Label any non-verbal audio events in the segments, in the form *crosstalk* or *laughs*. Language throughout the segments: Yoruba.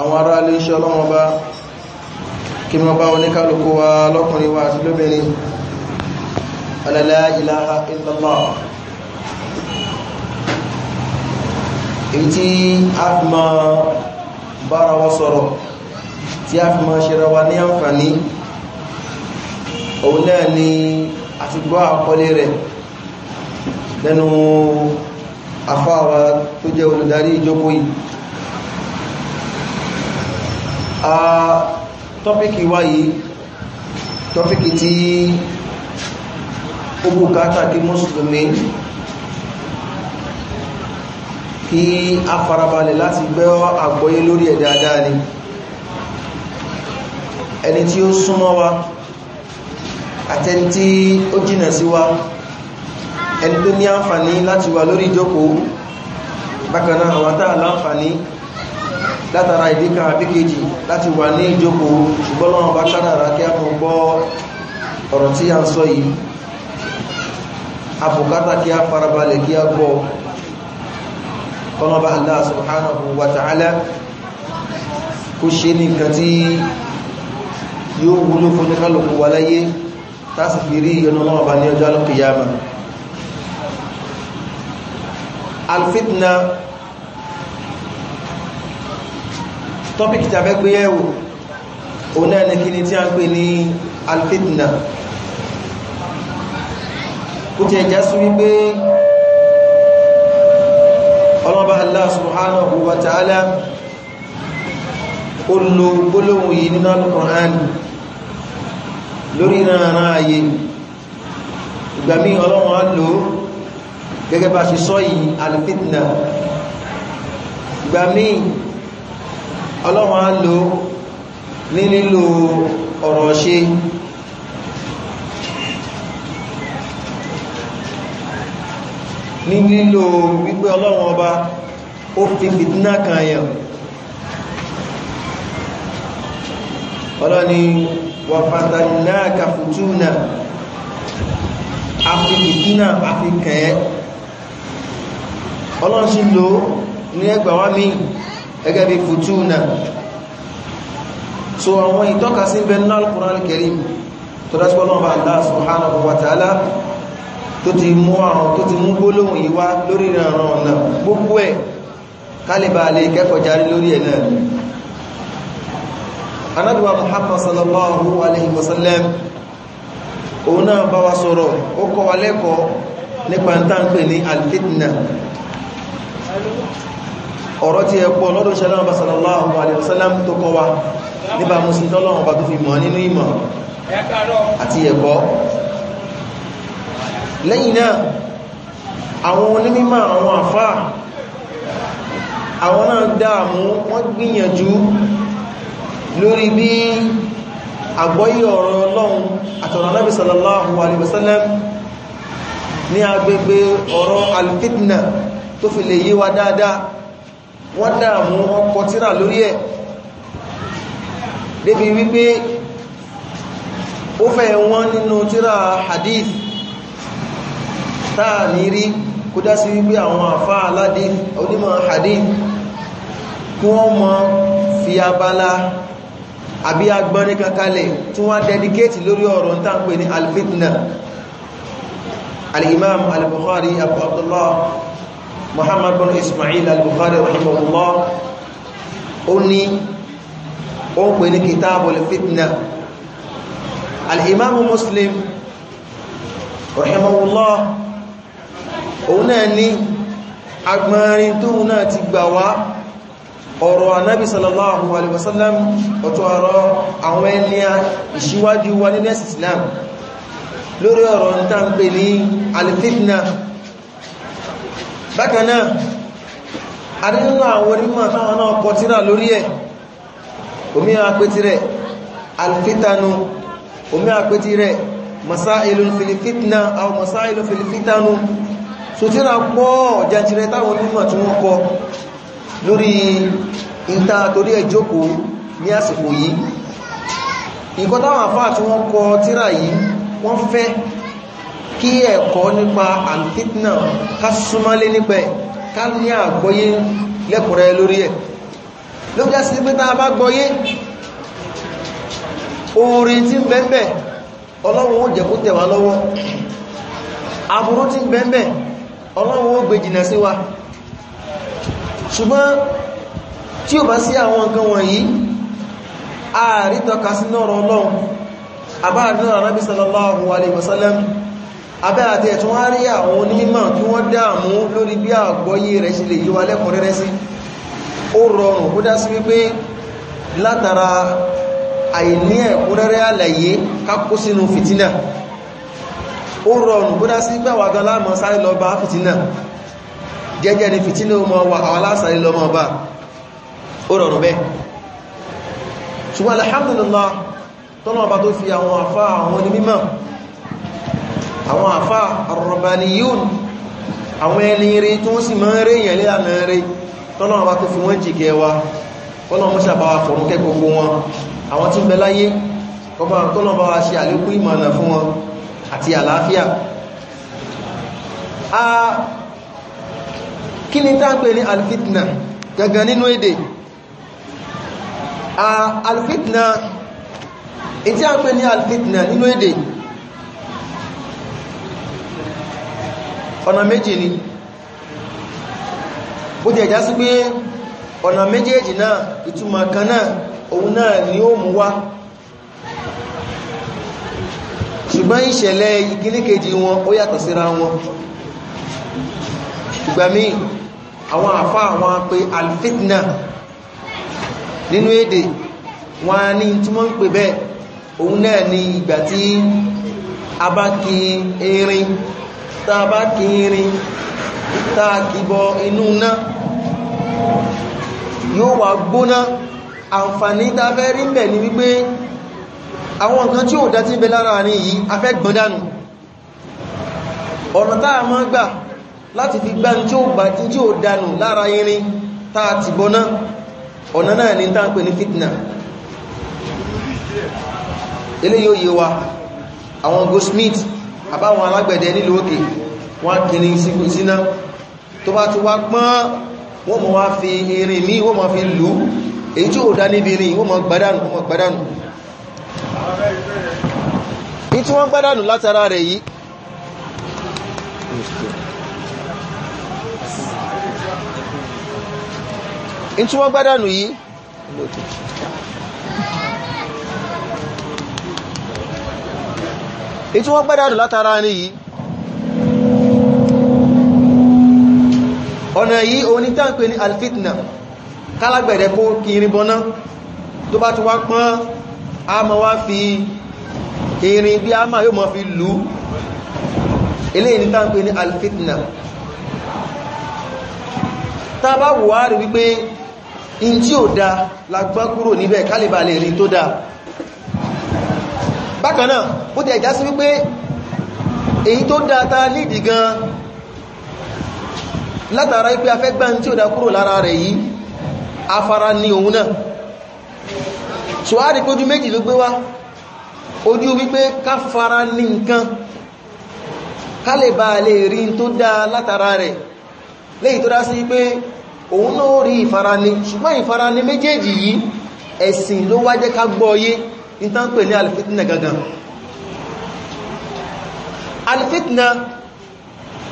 àwọn ará ilé iṣẹ́ ọlọ́wọ́n bá kí wọ́n bá oníkálukú wa lọ́kùnrin wa àti lóbìnrin alẹ́lẹ́ ìlàhà ìlọ́lá èyí tí a fi mọ́ bára wọ́n sọ̀rọ̀ tí a fi mọ́ ṣẹra wa ní àǹfàní òun náà ni a ti gbọ́ àkọlé rẹ̀ lẹ́nu afáwa tó jẹ́ olùdarí ìjókòó yìí a tọ́píkì wáyé tọ́píkì tí ó bùkátà kí mùsùlùmí kí a farabalẹ̀ láti gbẹ́ àgbọ́yé lórí ẹ̀ dáadáa ni ẹni tí ó súnmọ́ wa àtẹni tí ó jìnà sí wa ẹni tó ní àǹfààní láti wà lórí ìjókòó bákanáà àwọn táà látara ìdí kan àbí kejì láti wà ní ìjókòó ṣùgbọ́n lọ́wọ́ bá kádàrá kí a mọ̀ gbọ́ ọ̀rọ̀ tí a ń sọ yìí àfòkátà kí a farabalẹ̀ kí a gbọ́ kọlọ́bà Allah subhanahu wa ta'ala kó ṣe ní nǹkan tí yóò wúlò fún níkàlùkù wà láyé tásì tọ́píkì tàbẹ́ gbé ẹ̀wò òun náà ní kíni tí a ń pè ní alfitna kò tẹ̀ já sí wípé ọlọ́ba Allah subhanahu wa ta'ala ó lo gbólóhùn yìí nínú Al-Qur'an lórí ìrànà ààyè ìgbàmí ọlọ́run á lò gẹ́gẹ́ bá ṣe sọ yìí alfitna ìgbàmí ọlọ́run á lò ní lílo ọ̀rọ̀ ṣe ní lílo wípé ọlọ́run ọba ó fi fìtínà kan yàn ọlọ́ni wà pàtàkì náà kàfùtù náà àfi fìtínà àfi kẹ́ẹ̀ ọlọ́run lò ní ẹgbàwá míì gẹ́gẹ́ bí futuna so àwọn ìtọ́ka sí bẹnu al-Qur'an al-Karim tó dá sípọ́lọ́wọ́ bá Allah subhanahu wa ta'ala tó ti mú àwọn tó ti mú gbólóhùn yìí wá lórí ìrànràn ọ̀nà gbogbo ẹ̀ ọ̀rọ̀ tí ẹ pọ̀ lọ́dọ̀ ṣẹlẹ́ ọba sallallahu alaihi wasallam tó kọ́ wa nípa musulmi tọ́lọ́wọ́n ọba tó fi mọ̀ nínú ìmọ̀ àti ẹ̀kọ́ lẹ́yìn náà àwọn onímọ̀ àwọn àfá àwọn náà dáàmú wọ́n gbìyànjú lórí bí àgbọ́yí ọ̀rọ̀ ọlọ́run àtọ̀rọ̀ anábì sallallahu alaihi wasallam ní agbègbè ọ̀rọ̀ alfitna tó fi lè yíwa dáadáa wọ́n dààmú wọn kọ tírà lórí ẹ̀ débi wípé ó fẹ́ wọ́n nínú tírà hadith táà ní rí kó dá sí wípé àwọn àfá aládé onímọ̀ hadith kí wọ́n mọ́ fi abala àbí agbọ́nrí kankalẹ̀ tí wọ́n dedicate lórí ọ̀rọ̀ ń tàn alfitna al-imam al-bukhari abu abdullah Muhammad bin Ismail al-Bukhari rahimahullah ó ní ó ń pè ní kitabul fitna al-imamu Muslim rahimahullah òun náà ní agbọ́nrin tóun náà ti gbà wá ọ̀rọ̀ anábi sallallahu alaihi wasallam ọ̀tọ̀ ọ̀rọ̀ àwọn ẹni ìṣíwájú wa nínú Islam lórí ọ̀rọ̀ ń tàn pè ní al-fitna bákan náà adínú àwọn onímọ̀ táwọn náà kọ tírà lórí ẹ̀ omi àpẹtí rẹ̀ alfitanu omi àpẹtí rẹ̀ masailun filifitna aw masailun filifitanu so tírà pọ̀ jẹjẹrẹ táwọn onímọ̀ tí wọ́n kọ lórí ìta torí ẹ̀ jókòó ní àsìkò yìí nǹkan táwọn àfáà tí wọ́n kọ tírà yìí wọ́n fẹ́ kí ẹ̀kọ́ nípa àmìfitna ká súnmọ́lé nípa ẹ̀ ká ní àgbọ́yé lẹ́kùnrẹ́ lórí ẹ̀ ló já sí pé tàà bá gbọ́yé orin tí ń bẹ́ẹ̀bẹ̀ ọlọ́run ó jẹ̀kú tẹ̀wà lọ́wọ́ aburú tí ń bẹ́ẹ̀bẹ̀ ọlọ́run ó gbé jìnà sí wa ṣùgbọ́n tí ò bá sí àwọn nǹkan wọ̀nyí ààrí tọ́ka sí náà ọlọ́run àbáàdínà arábísàlọ́lọ́run alaihi wasallam abẹ́ràtẹ̀ ẹ̀tún wá rí àwọn onímọ̀ tí wọ́n dáàmú lórí bí àgbọ́yé rẹ̀ sí lè yíwa lẹ́kùn rẹ́rẹ́ sí ó rọrùn kó dá sí wípé látara àìní ẹ̀kúnrẹ́rẹ́ àlàyé kákó sínú fìtínà ó rọrùn kó dá sí wípé àwọn agan láàmọ́ sáré lọ bá fìtínà jẹ́jẹ́ ni fìtínà mọ́ wà àwọn lásàrí tọ́nà ọba tó fi àwọn àfá àwọn onímọ̀ àwọn àfá ar-rabbaniyun àwọn ẹni rí tó ń sì máa ń rí ìyẹ̀lé àmì rí tọ́nà àbá tó fi wọ́n jìkẹ́ wa kọ́nà mọ́sí àbáwà fọ̀rún kẹ́kọ̀ọ́ wọn àwọn tí ń bẹ láyé kọ́nà bá wa ṣe àlékún ìmọ̀nà fún wọn a kí ni tá ń pè ní ọ̀nà méjì ni bó ti ẹ̀já sí pé ọ̀nà méjèèjì náà ìtumọ̀ kan náà òun náà ni ó mú wá ṣùgbọ́n ìṣẹ̀lẹ̀ ìgínníkejì wọn ó yàtọ̀ síra wọn ìgbàmí àwọn àfá àwọn pé alfitna nínú èdè wọn ní tí ń pè bẹ́ẹ̀ òun náà ni ìgbà tí a bá kí erin tá bá kí irin tá kìbọ inú ná yóò wà gbóná àǹfààní tá fẹ́ rí mẹ́ ní wípé àwọn nǹkan tí ó dá tí bẹ lára ní yìí a fẹ́ gbọ́n dànù ọ̀nà táà máa gbà láti fi gbá tí ó gbà tí ó dànù lára irin táà ti bọ́ná ọ̀nà náà ní táàpẹ̀ ní fitna eléyìí ó yé wa àwọn goldsmith àbáwọn alágbẹ̀dẹ nílùú òkè wọ́n kìíní síná tó bá ti wá pọ́n wọ́n mọ̀ wá fi irin ní wọ́n mọ̀ fi lù èyí tí ó dá níbi irin wọ́n mọ̀ gbádànù wọ́n mọ̀ gbádànù ní tí wọ́n gbádànù látara rẹ̀ yìí ètí wọ́n gbẹ́dàdù látara ní yìí ọ̀nà yìí onítàǹpé ní alfitna kálágbẹ̀rẹ̀ kó kiri bọ́ná tó bá ti wá pọ́n a ma wá fi irin bí a máa yóò mọ́ fi lú ilé ìnítàǹpé ní alfitna ta bá wùwá wípé in tí ò da lagbá kúrò níbẹ̀ kálíbà lè rí tó dáa bákanáà ó ti ẹ̀já sí wípé èyí tó dáta léèdì gan látara wípé afẹ́ gbá tí ó dá kúrò lára rẹ̀ yìí afara ní òun náà so a rí pójú méjì ló gbé wá ojú wípé ká fara ní nǹkan ká lè bá lè rí tó dá látara rẹ̀ léyìí tó dá sí wípé òun náà rí ìfarani ṣùgbọ́n ìfarani méjèèjì yìí ẹ̀sìn ló wá jẹ́ ká gbọ́ yé ìtàn pè ní alfitna gangan alfitna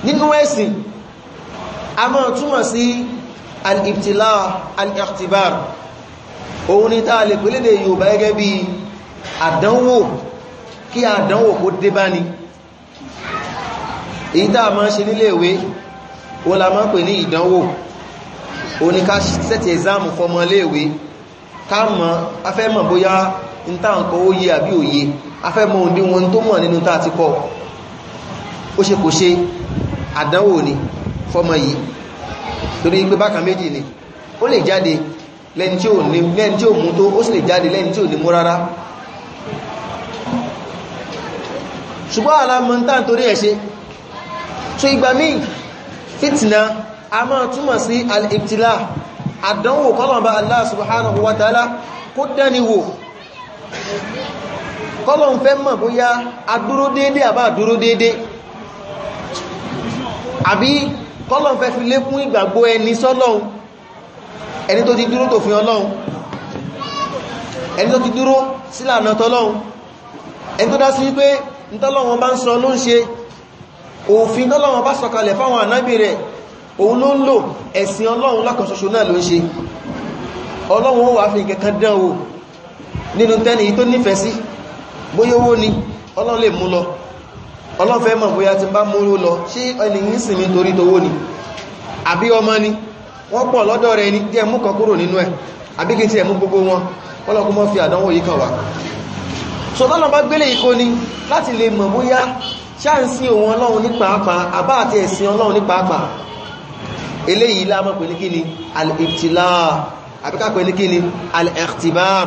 nínú ẹ̀sìn a máa túmọ̀ sí alìbtìlá alìyàktìbár òun ni tàà lè pèlédè Yorùbá gẹ́gẹ́ bí àdánwò kí àdánwò kó dé bá ni èyí tàà máa ṣe nílé ìwé wọ́n la máa pè ní ìdánwò òun ni ká sẹ́tì ẹ̀záàmù fọmọ léèwé ká mọ̀ afẹ́mọ̀ bóyá ń tá nǹkan ó yé àbí òye afẹ́ mọ òndí wọn tó mọ̀ nínú tàà ti kọ́ ó ṣe kò ṣe àdánwò ni fọ́mọ yìí torí pé bákan méjì ni ó lè jáde lẹ́ni tí ò mú tó ó sì lè jáde lẹ́ni tí ò ní mú rárá ṣùgbọ́n alamọ́ tàà torí ẹ̀ ṣe ìgbà míì fitna a máa túmọ̀ sí al-ibtila àdánwò kọ́lọ̀mbà Allah subhanahu kó dániwò kọ́lọ̀ ń fẹ́ mọ̀ bóyá adúró déédé àbá àdúró déédé àbí kọ́lọ̀ ń fẹ́ fi lékún ìgbàgbọ́ ẹni sọ́lọ́un ẹni tó ti dúró tòfin ọlọ́un ẹni tó ti dúró sílànà tọ́lọ́un ẹni tó dá sí pé ntọ́lọ́wọ́n bá ń sọ ló ń ṣe òfin tọ́lọ́wọ́n bá sọ̀kalẹ̀ fáwọn ànábì rẹ̀ òun ló ń lò ẹ̀sìn ọlọ́run lọ́kàn ṣoṣo náà ló ń ṣe ọlọ́run ó wà fi kẹ̀kẹ́ dán o nínú tẹ́ni tó nífẹ̀ẹ́ sí bóyá ni ọlọ́run lè mú lọ ọlọ́run fẹ́ mọ̀ bóyá ti bá mú lọ ṣé ẹni yìí sì mi torí towó ni àbí ọmọ ni wọ́n pọ̀ lọ́dọ̀ rẹ̀ ní díẹ̀ mú kan kúrò nínú ẹ̀ àbí kí ti ẹ̀mú gbogbo wọn so tọ́lọ bá gbélé ikó ni láti lè mọ̀ bóyá ṣáàǹsí òun ọlọ́run ní pàápàá àbá àti ẹ̀sìn ọlọ́run ní pàápàá eléyìí lámọ́ pẹ̀lú kí al-ibtila al-ikhtibar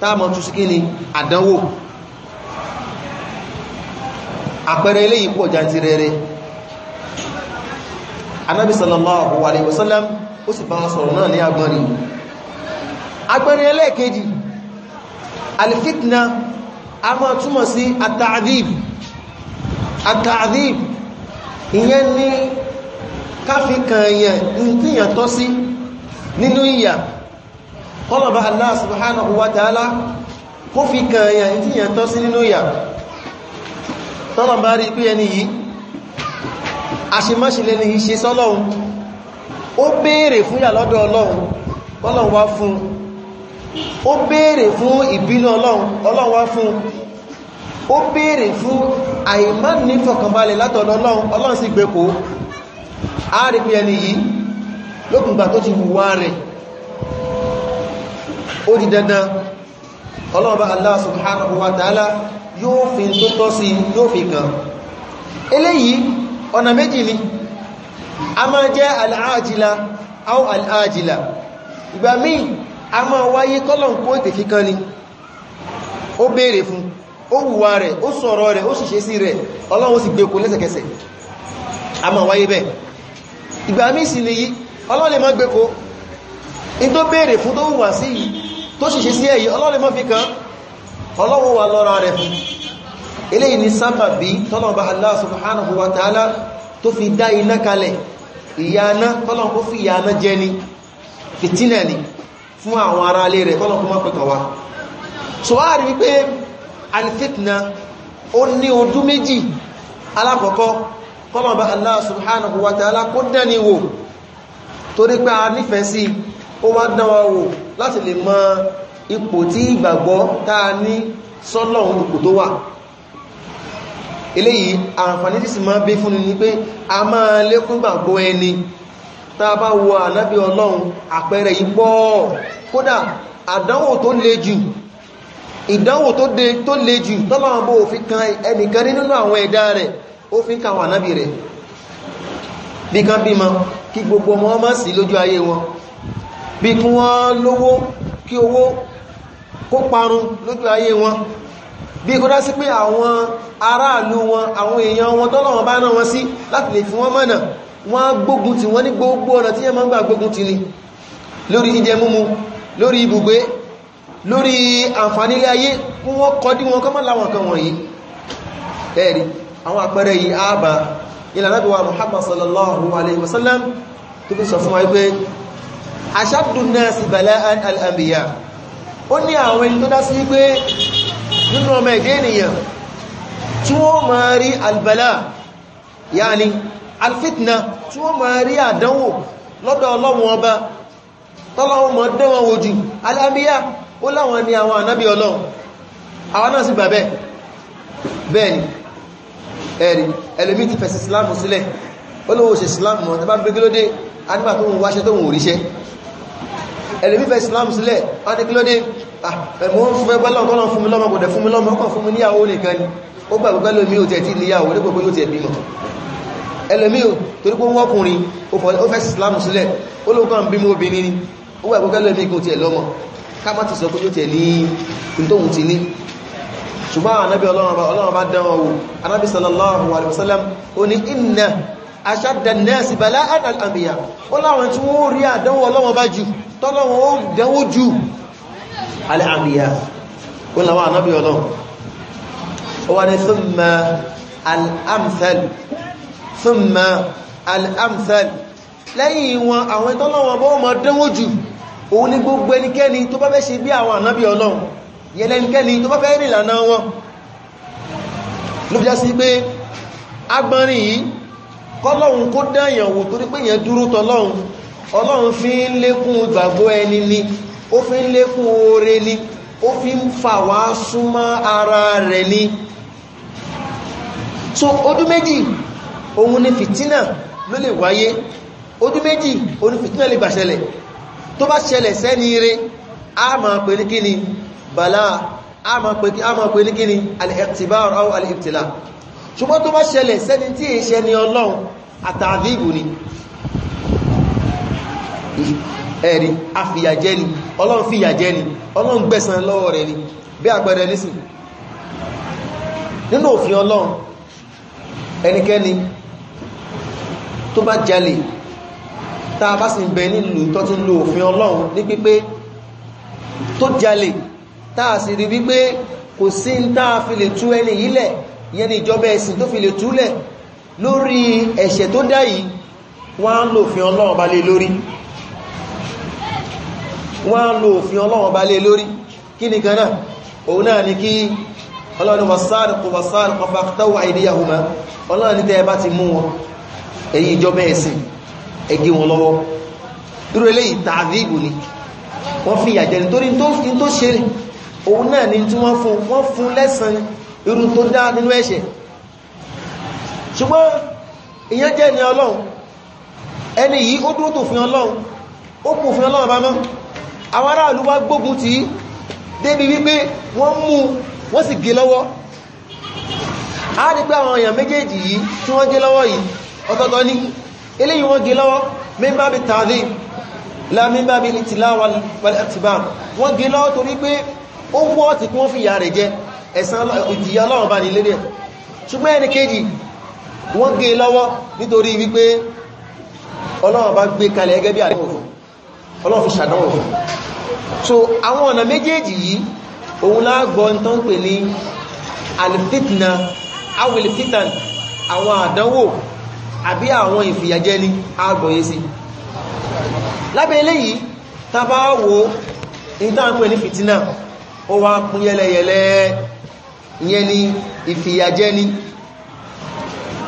táàmọ̀ tún sí kí ni àdánwò àpẹẹrẹ ilé yìí pọ̀ jantirẹrẹ anábi sallallahu alaihi wasallam ó sì bá wọn sọ̀rọ̀ náà ní agbọ́nrí agbọ́nrí ẹlẹ́ẹ̀kejì alifitna a máa túmọ̀ sí àtàdìb àtàdìb ìyẹn ní káfíkàn èèyàn ní tíyàn sí nínú ìyà kọ́lọ̀bá Allah subhanahu wa ta'ala kó fi kàn èyàn tí yẹn tọ́ sí nínú ya tọ́lọ̀ rí pé ẹni yìí àṣemáṣe lẹ́ni yìí ṣe sọ́lọ́run ó béèrè fún ìyà lọ́dọ̀ ọlọ́run ọlọ́run wá fún ó béèrè fún ìbínú ọlọ́run ọlọ́run wá fún ó béèrè fún ó di dandan ọlọ́ọ̀bá Allah subhanahu wa ta'ala yóò fi tó tọ́ sí yóò fi kàn eléyìí ọ̀nà méjì ni a máa jẹ́ al'ajila au al'ajila ìgbà míì a máa wáyé kọ́lọ̀n kó ètè kíkan ni ó béèrè fún ó wùwà rẹ̀ ó sọ̀rọ̀ rẹ̀ ó ṣìṣẹ́ sí rẹ̀ ọlọ́run sì gbé e kó e tó béèrè fún tó wùwà sí yìí tó ṣìṣe sí ẹ̀yí ọlọ́rẹ̀ mọ́ fi kan ọlọ́run wà lọ́ra rẹ̀ eléyìí ni sábàbí tọ́lọ̀bá Allah subhanahu wa ta'ala tó fi dá iná kalẹ̀ ìyáná tọ́lọ̀n kó fi ìyáná jẹ ni fìtínà ni fún àwọn ará alé rẹ̀ tọ́lọ̀n kó má pẹ̀kọ̀ wá so a rí wípé alifitna ó ní ojú méjì ó wá dán wa wò láti lè mọ ipò tí ìgbàgbọ́ táa ní sọ́lọ́run ipò tó wà eléyìí àǹfàní tí sì máa bí fún ni pé a máa lékún gbàgbọ́ ẹni táa bá wo ànábí ọlọ́run àpẹẹrẹ yìí pọ̀ kódà àdánwò tó le jù ìdánwò tó le jù tọ́lọ́run bó fi kan ẹnìkan nínú àwọn ẹ̀dá rẹ̀ ó fi kàwọn ànábí rẹ̀ bí kan bímọ kí gbogbo ọmọ ọmọ sí lójú ayé wọn bí kí wọ́n lówó kí owó kó parun lójú ayé wọn bí kó dá sí pé àwọn aráàlú wọn àwọn èèyàn wọn tọ́lọ̀wọ̀n bá náà wọn sí láti lè fi wọ́n mọ̀nà wọ́n gbógun ti wọ́n ní gbogbo ọ̀nà tí yẹn máa ń gbà gbógun ti ni lórí jíjẹ múmu lórí ibùgbé lórí àǹfààní ilé ayé kún wọ́n kọ́ dí wọn kọ́mọ́ láwọn kan wọ̀nyí ẹ̀rí àwọn àpẹẹrẹ yìí ààbà ìlànà bí Muhammad sallallahu alaihi wasallam tó fi sọ fún wa pé aṣáàdùn náà sì bẹ̀lẹ̀ al'ambiya ó ní àwọn ẹni tó dá sí pé nínú ọmọ ẹ̀dẹ́ ènìyàn tí wọ́n ma rí albala yàní alfitna tí wọ́n ma rí àdánwò lọ́dọ̀ ọlọ́run ọba tọ́lọ́run mọ̀ dẹ́wọ̀n ojú al'ambiya ó láwọn ni àwọn ànábì ọlọ́run àwọn náà sì bàbẹ́ bẹ́ẹ̀ni ẹ̀rì ẹlòmí ti fẹ̀sì islamu sílẹ̀ olówó ṣe islamu ọ̀tẹ́bá gbégélódé anígbà tó ń wáṣẹ́ tó ń òríṣẹ́ ẹlẹ́bífẹ́ islam sílẹ̀ wọ́n ti kílódé ah, ẹ̀mọ́ fẹ́ bọ́lọ̀ kọ́lọ̀ fún mi lọ́mọ kò dẹ̀ fún mi lọ́mọ kọ́ fún mi níyàwó nìkan ni ó gbà gbogbo ẹlòmí ò tẹ̀ tí níyàwó ní gbogbo fẹ́ islam sílẹ̀ kò ṣùgbọ́n anábì ọlọ́run bá wò anábì sallallahu alaihi wasallam ó ní inna ashadda an-nasi bala'an al-anbiya láwọn tí wọ́n rí àdánwò ọlọ́wọ́ jù tọ́lọ́wọ́ ó dánwó jù al'amìyà ó làwọn ànábì ọlọ́run ó wà ní thumma al'amthal thumma al'amthal lẹ́yìn wọn àwọn tọ́lọ́wọ́ bọ́ mọ́ dánwó jù òun ní gbogbo ẹnikẹ́ni tó bá fẹ́ ṣe bí àwọn ànábì ọlọ́run yẹlẹ́nikẹ́ni tó bá fẹ́ rìn lànà wọn ló bí já sí pé agbọ́nrin yìí kọ́lọ́run kó dáyànwò torí pé yẹn dúró tọ́lọ́run ọlọ́run fi ń lékún ìgbàgbọ́ ẹni ni ó fi ń lékún oore ni ó fi ń fà wá súnmọ́ ara rẹ̀ ni so ọdún méjì òun ni fìtínà ló lè wáyé ọdún méjì òun ni fìtínà lè bàṣẹlẹ̀ tó bá ṣẹlẹ̀ sẹ́ni ire a máa pè ní kíni bàlá a máa pè ní kíni al-iqtibar aw ṣùgbọ́n tó bá ṣẹlẹ̀ sẹ́ni tí èṣẹ́ ni ọlọ́run àtàdìbò ni ẹ̀rí afìyàjẹ́ ni ọlọ́run fìyàjẹ́ ni ọlọ́run gbẹ̀san lọ́wọ́ rẹ̀ ni bí àpẹẹrẹ nísìn nínú òfin ọlọ́run ẹnikẹ́ni tó bá jalè tá a bá sì bẹ nílùú tó ti lo òfin ọlọ́run ní pípé tó jalè tá a sì rí wípé kò sí ń tá fi lè tú ẹni yílẹ̀ yẹn ni ìjọba ẹ̀sìn tó fi lè túlẹ̀ lórí ẹ̀ṣẹ̀ tó dá yìí wọ́n á lòfin ọlọ́run balẹ̀ lórí wọ́n ń lo òfin ọlọ́wọ̀n bá lé lórí kí ni kan náà òun náà ni kí ọlọ́run wasáàrùkù wasáàrùkù fàktáwà ìdíyàwómá ọlọ́run ní tẹ́ẹ̀ bá ti mú wọn èyí ìjọba ẹ̀sìn ẹgbẹ́ wọn lọ́wọ́ irú eléyìí tààdìbò ni wọ́n fi ìyàjẹ́ ẹni yìí ó dúró tòfin ọlọ́run ó kò fún ọlọ́run bá mọ́ àwọn aráàlú wá gbógun ti débi wípé wọ́n mú wọ́n sì gé lọ́wọ́ a rí pé àwọn èèyàn méjèèjì yìí tí wọ́n gé lọ́wọ́ yìí ọ̀tọ̀tọ̀ ní eléyìí wọ́n gé lọ́wọ́ mímbábi tààdí lámímbábi ní tìláwà pẹ̀lẹ́tìbá wọ́n gé lọ́wọ́ torí pé ó wọ́ ti kún ọlọ́run fi ṣàdánwò fún so àwọn ọ̀nà méjèèjì yìí òun lágbọ́ tán pè ní alifitna awilifitan àwọn àdánwò àbí àwọn ìfìyàjẹni agbọ̀yé sí lábẹ́ eléyìí tàbá wo ìtànpẹ̀ ní fìtínà ó wá pín yẹlẹyẹlẹ ìyẹn ni ìfìyàjẹni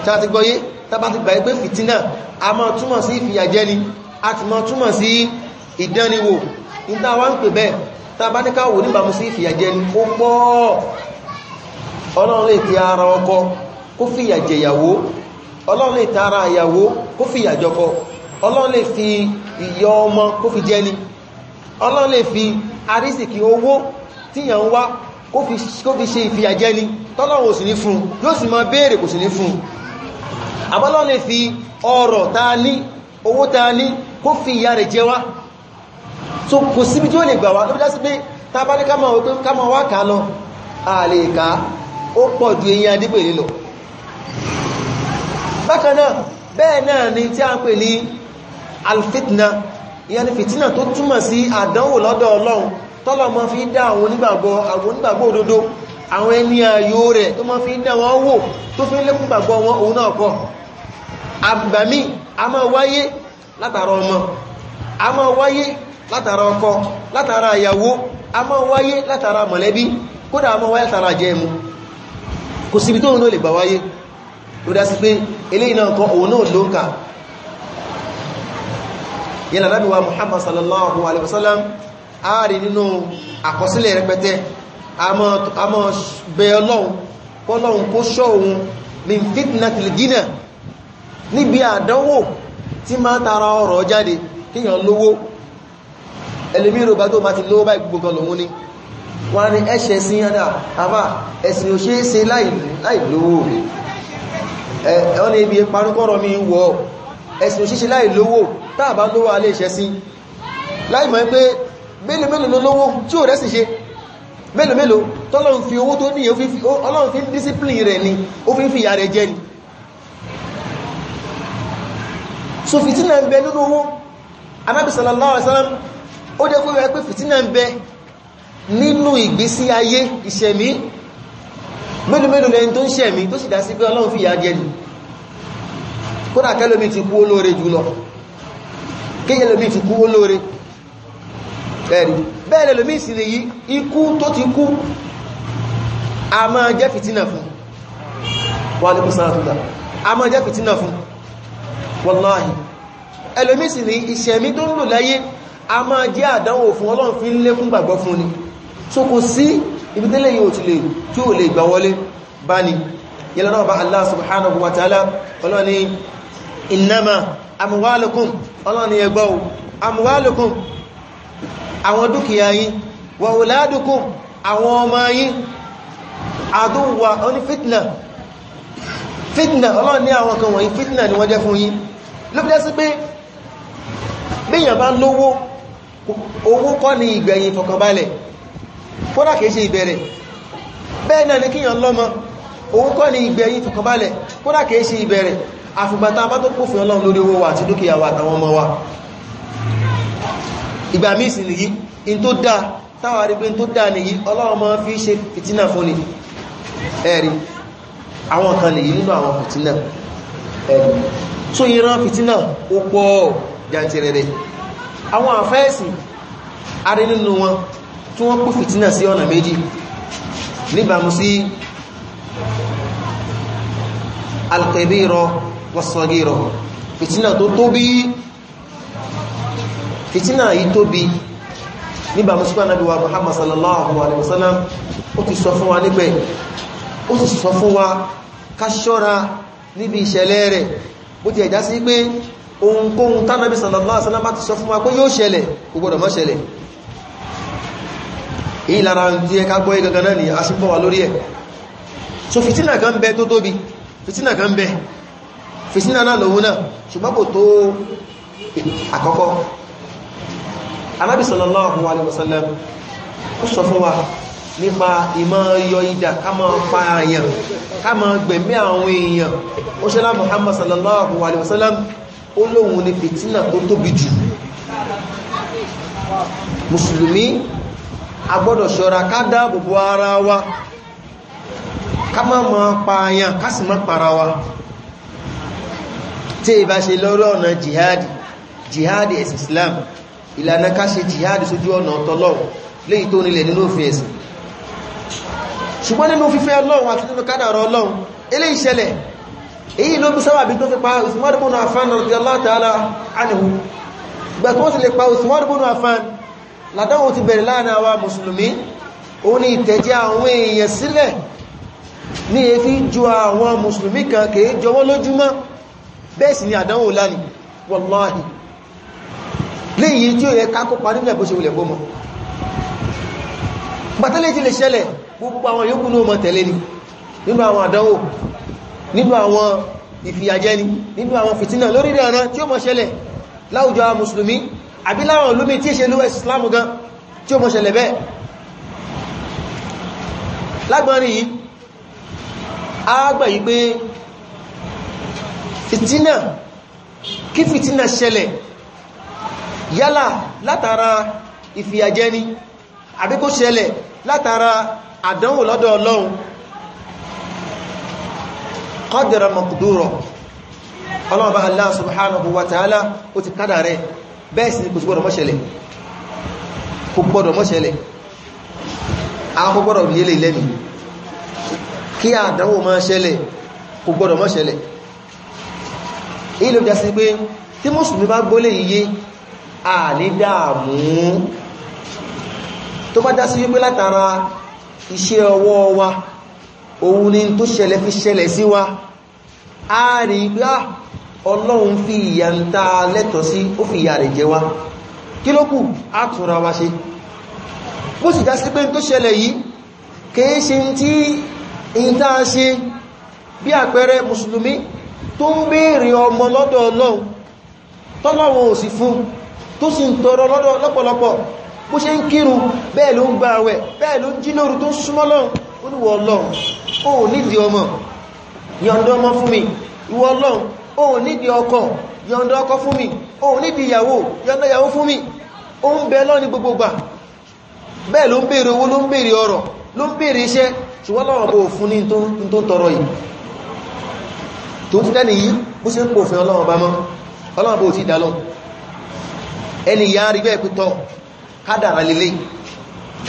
tàbí gbọ́yé tàbá ti gbà pé fìtínà a máa túmọ̀ sí ìfìyàjẹni a ti máa túmọ̀ sí ìdánniwò ìta wá ń pè bẹ́ẹ̀ tàbá ní káwò ní bàmú sí ìfìyàjẹ ni ó pọ́ ọlọ́run lè ti ara ọkọ kó fìyàjẹ ìyàwó ọlọ́run lè tara ìyàwó kó fìyàjọkọ ọlọ́run fi ìyọ ọmọ kó fi fi arísìkì owó tíyàn ń wá fi ṣe ìfìyàjẹ ni tọ́lọ́run ò sì ní fún fi ọrọ̀ ta ní owó ní kó fi ìyà rẹ̀ jẹ wá so kò síbi tí ó lè gbà wá ló bí dásí pé tábálí kámọ̀ wá kà lọ ààlè ìká ó pọ̀ ju eyín adígbè lílọ bákanáà bẹ́ẹ̀ náà ni tí a ń pè ní alfitna ìyẹn ni fìtínà tó túmọ̀ sí àdánwò lọ́dọ̀ ọlọ́run tọ́lọ̀ mọ́ fi dá àwọn onígbàgbọ́ àwọn onígbàgbọ́ òdodo àwọn ẹni ayò rẹ̀ tó mọ́ fi dá wọn wò tó fi lékún gbàgbọ́ wọn òun náà kọ́ àgbàmí a máa wáyé látàrọ ọmọ a máa wáyé látara ọkọ látara àyàwó a máa wáyé látara mọ̀lẹ́bí kódà a máa wáyé látara jẹ́mu kò síbi tó náà lè gbà wáyé ló dá sí pé eléyìí náà kan òun náà ló ń kà yẹn lábí wa Muhammad sallallahu alaihi wasallam a rí nínú àkọsílẹ̀ rẹpẹtẹ a máa bẹ ọlọ́run kọ́lọ́run kó ṣọ́ òun min fitnatil dina níbi àdánwò tí máa tara ọ̀rọ̀ jáde kíyàn lówó ẹlòmíràn bá tó máa ti lówó báyìí gbogbo kan lòun ní wọ́n ní ẹ̀ṣẹ̀ sí yánà àmà ẹ̀sìn ò ṣe é ṣe láì lówó ẹ̀wọ́n ní ibi parúkọ́rọ̀ mi wọ́ ẹ̀sìn ò ṣe ṣe láì lówó táàbá lówó alẹ́ ìṣẹ́ sí láì mọ̀ pé mélòó mélòó lówó tí ò rẹ́sì ṣe mélòó mélòó tọ́lọ́run fi owó tó ní ọlọ́run fi discipline rẹ̀ ni ó fi ń fi ìyà rẹ̀ jẹ ni so fìtínà ń bẹ nínú owó anábì sallallahu alaihi wasallam ó dé kúrò pé fìtínà ń bẹ nínú ìgbésí ayé ìṣẹ̀mí mélòó mélòó lẹ́yìn tó ń ṣẹ̀mí tó sì dá sí pé ọlọ́run fìyà jẹ ni kódà kẹ́lómi ti kú olóore jùlọ kéyẹlómi ti kú olóore ẹ̀rí bẹ́ẹ̀lẹ̀ lómi ìsìnlẹ̀ yìí ikú tó ti kú a máa jẹ́ fìtínà fún wà ní kùsànà tó dá a máa jẹ́ fìtínà fún wallahi ẹlòmí ìsìnlẹ̀ ìṣẹ̀mí tó ń lò láyé a máa jẹ́ àdánwò fún ọlọ́run fi ń lékún gbàgbọ́ fún ni so kò sí ibi tẹ́lẹ̀ yóò ti lè tí ò lè gbà wọlé bá ni yẹ́lá náà bá Allah subhanahu wa ta'ala ọlọ́run ni innama amwalukum ọlọ́run ni ẹgbọ́ amwalukum àwọn dúkìá yín wa auladukum àwọn ọmọ yín àdúwà oní fitna fitna ọlọ́run àwọn kan wọ̀nyí fitna ni wọ́n jẹ́ fún yín ló fi dá sí pé bá lówó Owu kọ ni ìgbẹ̀yìn fọkànbalẹ̀ fọ́dá kìí ṣe ìbẹ̀rẹ̀ bẹ́ẹ̀ náà ni kíyàn lọ́mọ owó ni ìgbẹ̀yìn fọkànbalẹ̀ fọ́dá kìí ṣe ìbẹ̀rẹ̀ àfìgbàta bá tó pófin ọlọ́run lórí owó wa àti wa àtàwọn ọmọ wa fi àwọn àfẹ́ẹ̀sì arí nínú wọn tí wọ́n pín fìtínà sí ọ̀nà méjì níbàmú sí alkebiro wasogiro fìtínà tó tóbi fìtínà yìí tóbi níbàmú sí pàdánù wa Muhammad sallallahu alaihi wasallam ó ti sọ fún wa ohunkóhun tánàbí sallallahu alaihi wasallam ti sọ fún wa pé yóò ṣẹlẹ̀ kò gbọdọ̀ má ṣẹlẹ̀ èyí lára tí ẹ ká gbọ́ gangan ni a sì ń bọ̀ wá lórí ẹ̀ so fìtínà kan bẹ tó tóbi fìtínà kan bẹ fìtínà náà lòun náà ṣùgbọ́n kò tó àkọ́kọ́ anábì sallallahu alaihi wasallam ó sọ fún wa nípa ìmọ̀ yọ ìdà ká má pa èèyàn ká má gbẹ̀mí àwọn èèyàn ó ṣẹlá Muhammad sallallahu alaihi wasallam ó lóhun ni fìtínà tó tóbi jù mùsùlùmí a gbọ́dọ̀ ṣọ́ra ká dáàbòbò ara wa ká má mọ́ pa àyàn ká sì má para wa tí ìbá ṣe lọ́rọ̀ ọ̀nà jihadi jihadi ẹ̀sìn islam ìlànà ká ṣe jihadi sójú ọ̀nà ọ̀tọ́lọ́ léyìí tó nílẹ̀ nínú òfin ẹ̀sìn ṣùgbọ́n nínú fífẹ́ ọlọ́run àti nínú kádàrọ ọlọ́run eléyìí ṣẹlẹ̀ èyí ló bí sábàbí tó fi pa Usman ibn Affan radiyallahu ta'ala anhu ìgbà tó ti lè pa Usman ibn Affan làdáwò ti bẹ̀rẹ̀ láàrin àwa mùsùlùmí òun ni ìtẹ̀jẹ́ àwọn èèyàn sílẹ̀ ní èéfí ju àwọn mùsùlùmí kan kèé jọwọ́ lójúmọ́ bẹ́ẹ̀ sì ni àdánwò láni wallahi léyìí tí ó nínú àwọn ìfìyàjẹni nínú àwọn fìtínà lórí ìrànà tí ó mọ̀ ṣẹlẹ̀ láwùjọ mùsùlùmí àbí láwọn olómi tí ṣe lówẹ́ islam gan tí ó mọ̀ ṣẹlẹ̀ bẹ́ẹ̀ lágbọ́nrí yìí a gbà yí pé fìtínà kí fìtínà ṣẹlẹ̀ yálà látara ìfìyàjẹni àbí ṣẹlẹ̀ látara àdánwò lọ́dọ̀ ọlọ́run qadra maqdura ọlọ́ọ̀bá Allah subhanahu wa ta'ala ó ti kádà rẹ̀ bẹ́ẹ̀ sì kò gbọ́dọ̀ mọ́ṣẹlẹ̀ kò gbọ́dọ̀ mọ́ṣẹlẹ̀ akọ́ gbọ́dọ̀ yẹlẹ̀ lẹ́nu kí àdánwò máa ṣẹlẹ̀ kò gbọ́dọ̀ mọ́ṣẹlẹ̀ ilé ìjà sí pé tí mùsùlùmí bá gbólé iye à ní dáàmú tó bá dá sí wípé látara iṣẹ́ ọwọ́ wa òun ni tó ṣẹlẹ̀ fi ṣẹlẹ̀ sí wa a rí gbá ah, ọlọ́run fi ìyà ń ta lẹ́tọ̀ sí ó fi ìyà rẹ̀ jẹ wá kí ló kù á túnra wá ṣe ó sì já sí pé tó ṣẹlẹ̀ yìí kìí ṣe tí ìta ṣe bí àpẹẹrẹ mùsùlùmí tó ń béèrè ọmọ lọ́dọ̀ ọlọ́run tọ́lọ́run ò fún tó ó ní wọ́n ọlọ́run ó nídìí ọmọ yọ̀ǹdọ́ ọmọ fún mi ìwọ ọlọ́run ó nídìí ọkọ yọ̀ǹdọ́ ọkọ fún mi ó nídìí ìyàwó yọ̀ǹdọ́ ìyàwó fún mi ó ń bẹ lọ́ni gbogbogbà bẹ́ẹ̀ ló ń bèèrè owó ló ń bèèrè ọrọ̀ ló ń bèèrè iṣẹ́ ṣùgbọ́n lọ́wọ́ bó fún ní tó ń tọrọ yìí tó ń tẹ́ni yìí bó ṣe ń pò fún ọlọ́wọ́ bá mọ́ ọlọ́wọ́ bó ti dálọ́ ẹni ìyá rí bẹ́ẹ̀ pítọ́ kádàrà lélẹ̀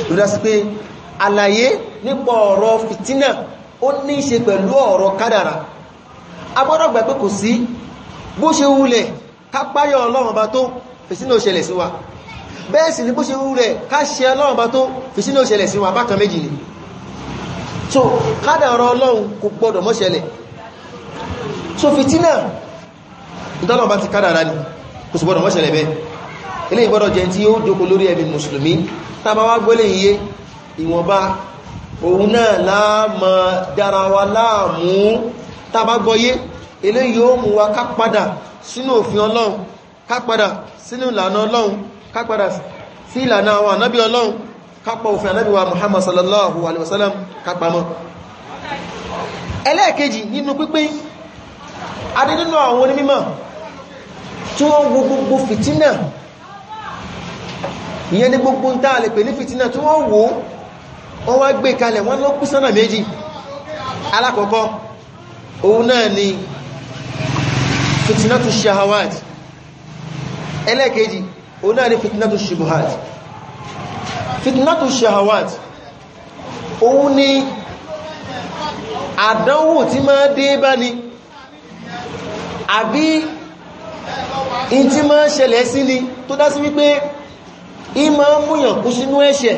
lódá sí pé àlàyé nípa ọ̀rọ̀ fìtínà ó ní ṣe pẹ̀lú ọ̀rọ̀ kádàrà agbọ́dọ̀ gbà pé kò sí bó ṣe wulẹ̀ ká páyọ̀ ọlọ́run bá tó fìtínà ó ṣẹlẹ̀ sí wa bẹ́ẹ̀ sì ni bó ṣe wulẹ̀ ká ṣe tó fìtínà ó sí wa bákan méjì ni so kádàrà ọlọ́run kò gbọ́dọ̀ mọ́ so fìtínà ìtọ́lọ́run bá ni kò sì gbọ́dọ̀ mọ́ ṣẹlẹ̀ bẹ́ẹ̀ eléyìí gbọ́dọ̀ jẹ́ tí ó jókòó lórí ẹ̀mí ìwọ̀nba òun náà láàmà dára wa láàmú tàbágbọ́yé eléyìí ó mú wa ká padà sínú òfin ọlọ́run ká padà sínú ìlànà ọlọ́run ká padà sí ìlànà àwọn ànábí ọlọ́run ká pa òfin ànábí wa muhammad sallallahu alaihi wasallam ká pamọ́ ẹlẹ́ẹ̀kejì nínú pínpín adé nínú àwọn onímọ̀ tí wọ́n wo gbogbo fìtínà ìyẹn ni gbogbo wọ́n wá gbé kalẹ̀ wọ́n ló kú sọ́nà méjì alákọ̀ọ́kọ́ òun náà ni fitinatu shahawat ẹlẹ́ẹ̀kejì òun náà ni fitinatu shubuhat fitinatu shahawat òun ni àdánwò tí máa dé bá ni àbí in tí máa ṣẹlẹ̀ sí ni tó dá sí wípé in máa múyàn kú sínú ẹ̀ṣẹ̀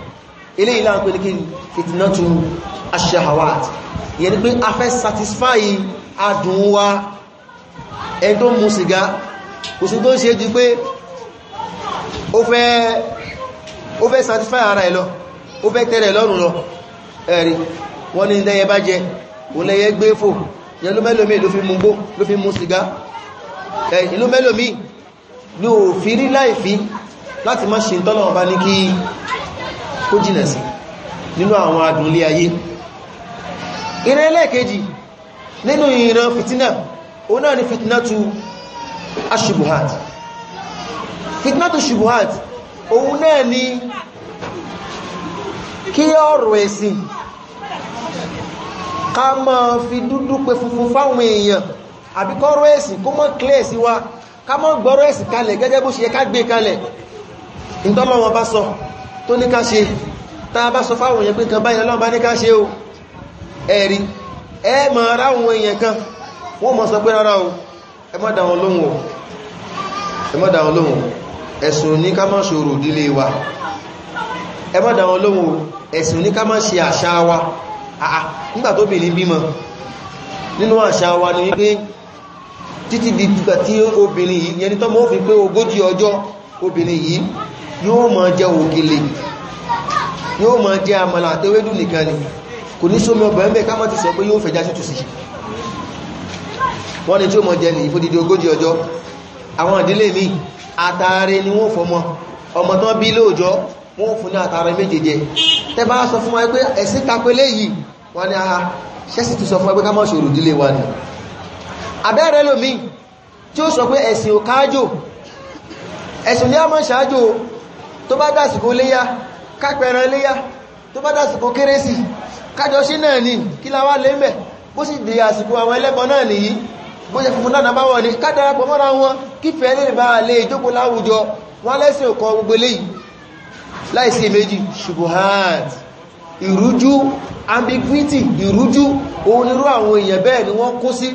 ilé ìlà pẹ̀lú kí fitnatu ash-shahawat ìyẹn ni pé a fẹ́ satisfy adùn wa ẹni tó mú sìgá kò sí tó ń ṣe jù pé ó fẹ́ satisfy ara ẹ̀ lọ ó fẹ́ tẹ́rẹ̀ lọ́rùn lọ ẹ̀rí wọ́n ní ìdẹ́yẹ bá jẹ òun lẹ́yẹ gbé fò ìyẹn ló mẹ́lòmí ló fi mú gbó ló fi mú sìgá ìlú mẹ́lòmí ni kó jìnà sí nínú àwọn adùnlé ayé ìran ẹlẹ́ẹ̀kejì nínú ìran fìtínà o náà ni fìtínà tu aṣubuhat fitina tu ṣubuhat òun náà ni kí ọ̀rọ̀ ẹ̀sìn ká má fi dúdú pé funfun fáwọn èèyàn àbí kọ́rọ̀ ẹ̀sìn kó mọ́ kílẹ̀ sí wa ká mọ́ gbọ́rọ̀ ẹ̀sìn kalẹ̀ gẹ́gẹ́ bó ṣe ká gbé kalẹ̀ ìtọ́lọ́wọ́n bá sọ tó ní ká ṣe bá sọ fáwọn èèyàn kan báyìí lọ́wọ́ ní ká o ẹ̀rí ẹ mọ̀ ráwọn èèyàn kan wọ́n mọ̀ sọ pé rárá o ẹ má ẹ̀sùn ní ká ṣòro dílé wa ẹ má ẹ̀sùn ní ká ṣe àṣà wa nígbà tó di tí obìnrin yìí yẹni tọ́mọ́ fi pé yóò máa jẹ ògèlè yóò máa jẹ àmàlà àtẹwédú nìkan ni kò ní sómi ọbẹ̀ ń bẹ̀ ká má ti sọ pé yóò fẹ̀já sí tùsí wọ́n ni tí ó mọ̀ jẹ ní ìfòdìdí ogójì ọjọ́ àwọn ìdílé mi àtààrẹ ni wọ́n fọmọ ọmọ tán bí lóòjọ́ wọ́n fún ní àtààrẹ méje jẹ tẹ́ bá sọ fún wa pé ẹ̀sí tapelé yìí wọ́n ni aha ṣẹ́sì tó sọ fún wa pé ká má ṣòro ìdílé wa ẹ̀sìn ẹ̀sìn ní a máa ṣáájò tó bá dásìkò léyá kápẹ̀rẹ̀ léyá tó bá dásìkò kérésì kájọ sí náà ni, kí láwá lé mẹ́ bó sì dé àsìkò àwọn ẹlẹ́bọn náà nìyí bó ṣe funfun náà bá wọ́n kádàrápọ̀ mọ́ra wọn kífẹ́ lè lè jókòó láwùjọ wọ́n lẹ́sìn ọkọ̀ gbogbo léyìí láìsí méjì ṣubuhat ìrújú ambiguity ìrújú onírú àwọn èèyàn bẹ́ẹ̀ ni wọ́n kó sí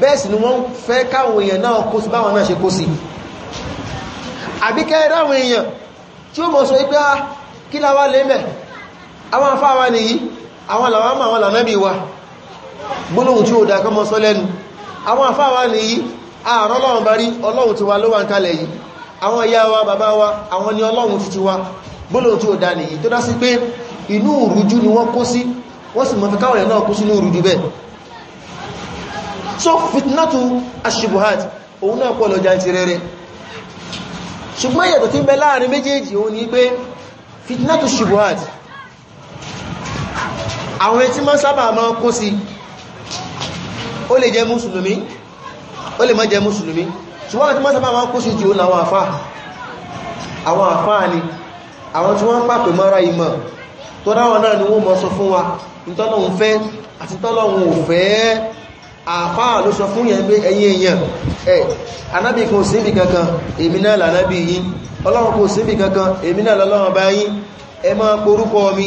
bẹ́ẹ̀ sì ni wọ́n fẹ́ káwọn èèyàn náà kó sí báwọn náà ṣe kó sí àbíkẹ́ ráwọn èèyàn tí ó mọ̀ sọ ipé á ah, kí láwá lè mẹ́ àwọn afáwa nìyí àwọn làwámà àwọn lànẹ́bí wa gbólóhùn tí ó dá kọmọ sọ lẹ́nu àwọn afáwa nìyí ààrọ ọlọ́run bá rí ọlọ́run ti wa ló wà ń kalẹ̀ yìí àwọn ìyá wa bàbá wa àwọn ni ọlọ́run ti ti wa gbólóhùn tí ó dá nìyí tó dá sí pé inú òrújú ni wọ́n kó sí wọ́n sì mọ̀ fi káwọn náà kó sí ní bẹ́ẹ̀ so fitnatu ashibuhat òun náà pọ̀ lọ jantirẹrẹ ṣùgbọ́n ìyàtọ̀ tí ń bẹ láàrin méjèèjì òun ni pé fitnatu shubuhat àwọn tí ma sábà ma kó sí ó lè jẹ mùsùlùmí ó lè má jẹ mùsùlùmí ṣùgbọ́n tí ma sábà ma kó sí jù láwọn àfá àwọn àfá ni àwọn tí wọ́n ń pàpẹ mọ́ra ìmọ̀ tó dáwọn náà ni wọ́n mọ́ sọ fún wa ìtọ́lọ́hun fẹ́ àti tọ́lọ́hun ò fẹ́ àfáà ló sọ fún yẹn pé ẹ̀yin èèyàn ẹ̀ anábì kò kankan èmi náà lànábì yín ọlọ́run kò kankan èmi náà lọ́lọ́run bá yín ẹ máa porúkọ mi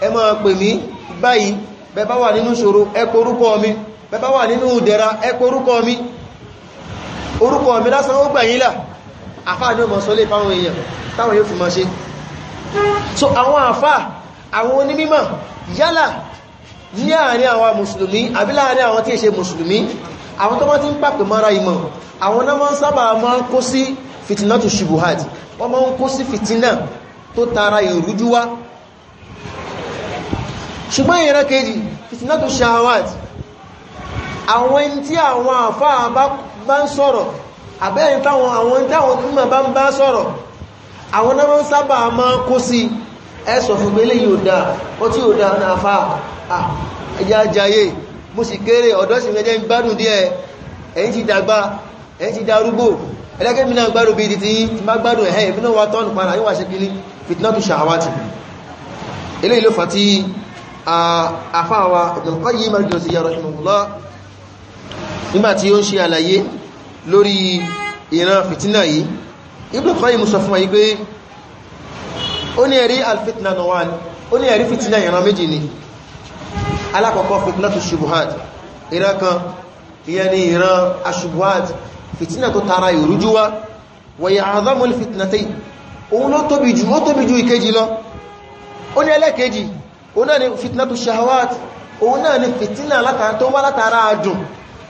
ẹ máa pè mí báyìí bẹ́ wà nínú ṣòro ẹ porúkọ omi bẹ́ wà nínú ìdẹ̀ra ẹ porúkọ mi orúkọ mi lásán ní àárín àwọn mùsùlùmí àbí láàárín àwọn tí è ṣe mùsùlùmí àwọn tó bá ti ń pàpẹ̀ mara ìmọ̀ àwọn náà máa ń sábà máa ń kó sí fìtínà tó ṣubuhat wọ́n máa ń kó sí fìtínà tó tara ìrújú wá ṣùgbọ́n ìran kejì fìtínà tó ṣahawat àwọn ma bá ń bá sọ̀rọ̀ àwọn náà sábà máa kó sí ẹsọ̀ fún gbélé yóò dáa ó yóò dáa náà fáà àjájáyé mo sì kéré ọ̀dọ́ sì mẹ́jẹ́ ń gbádùn díẹ̀ ẹ̀yin ti dàgbà ẹ̀yin ti darúgbò ẹlẹ́gẹ́mí náà gbádùn bí i ti má gbádùn ẹ̀hẹ́ ìbínú wa tọ́nù padà yíwà ṣe kiri fitnatu shahawati ilé ó ní ẹ̀rí alfitna nọwani ó ní ẹ̀rí fìtínà ìran méjì ni alákọ̀ọ́kọ́ fitnatu shubuhat ìran kan ìyẹn ni ìran ashubuhat fitna tó tara ìrújú wá wọ̀yẹ̀ azamul fitnatai òun ló tóbi jù ó tóbi jù ìkejì lọ ó ní ẹlẹ́kejì òun náà ni fitnatu shahawat òun náà ni fitna látara tó wá látara adùn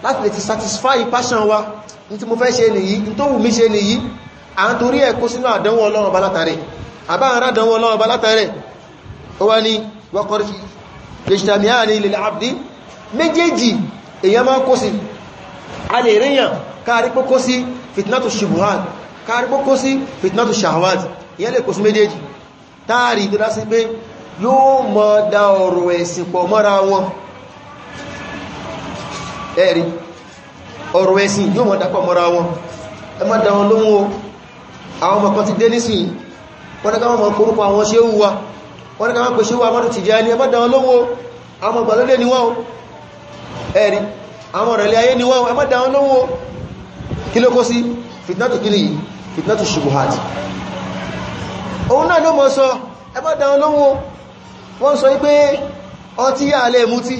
láti lè ti satisfy passion wa ní tí lèṣtàmíyàn ilẹ̀ àbdí méjèèjì èyàn máa kó sí a lè ríyàn káàrí pó kó sí fitnatu shibuhan káàrí pó sí fitnatu shahwad, ìyẹn lè kó sí méjèèjì táàrí tó dá sí pé yóò mọ́ dá ọ̀rọ̀ ẹ̀sìn pọ̀ mọ́ra wọn ẹ̀rí ọ̀rọ̀ ẹ̀sìn yóò mọ́ dápọ̀ mọ́ra wọn ẹ má dá wọn lóhun o àwọn ọmọ kan ti dé nísìn wọ́n ní ká máa pè ṣe wà mọ́dún Tìjàní ẹmọ́ dáwọn lóhun àwọn ọgbàlódé ni wọ́n ẹ̀rí àwọn ọ̀rẹ̀lẹ̀ ayé ni wọ́n ẹmọ́ dáwọn kí ló kó sí fitnatu kí nìyí fitnatu shubuhat òun náà ló mọ́ sọ dáwọn wọ́n sọ pé ọtí alẹ́ mutí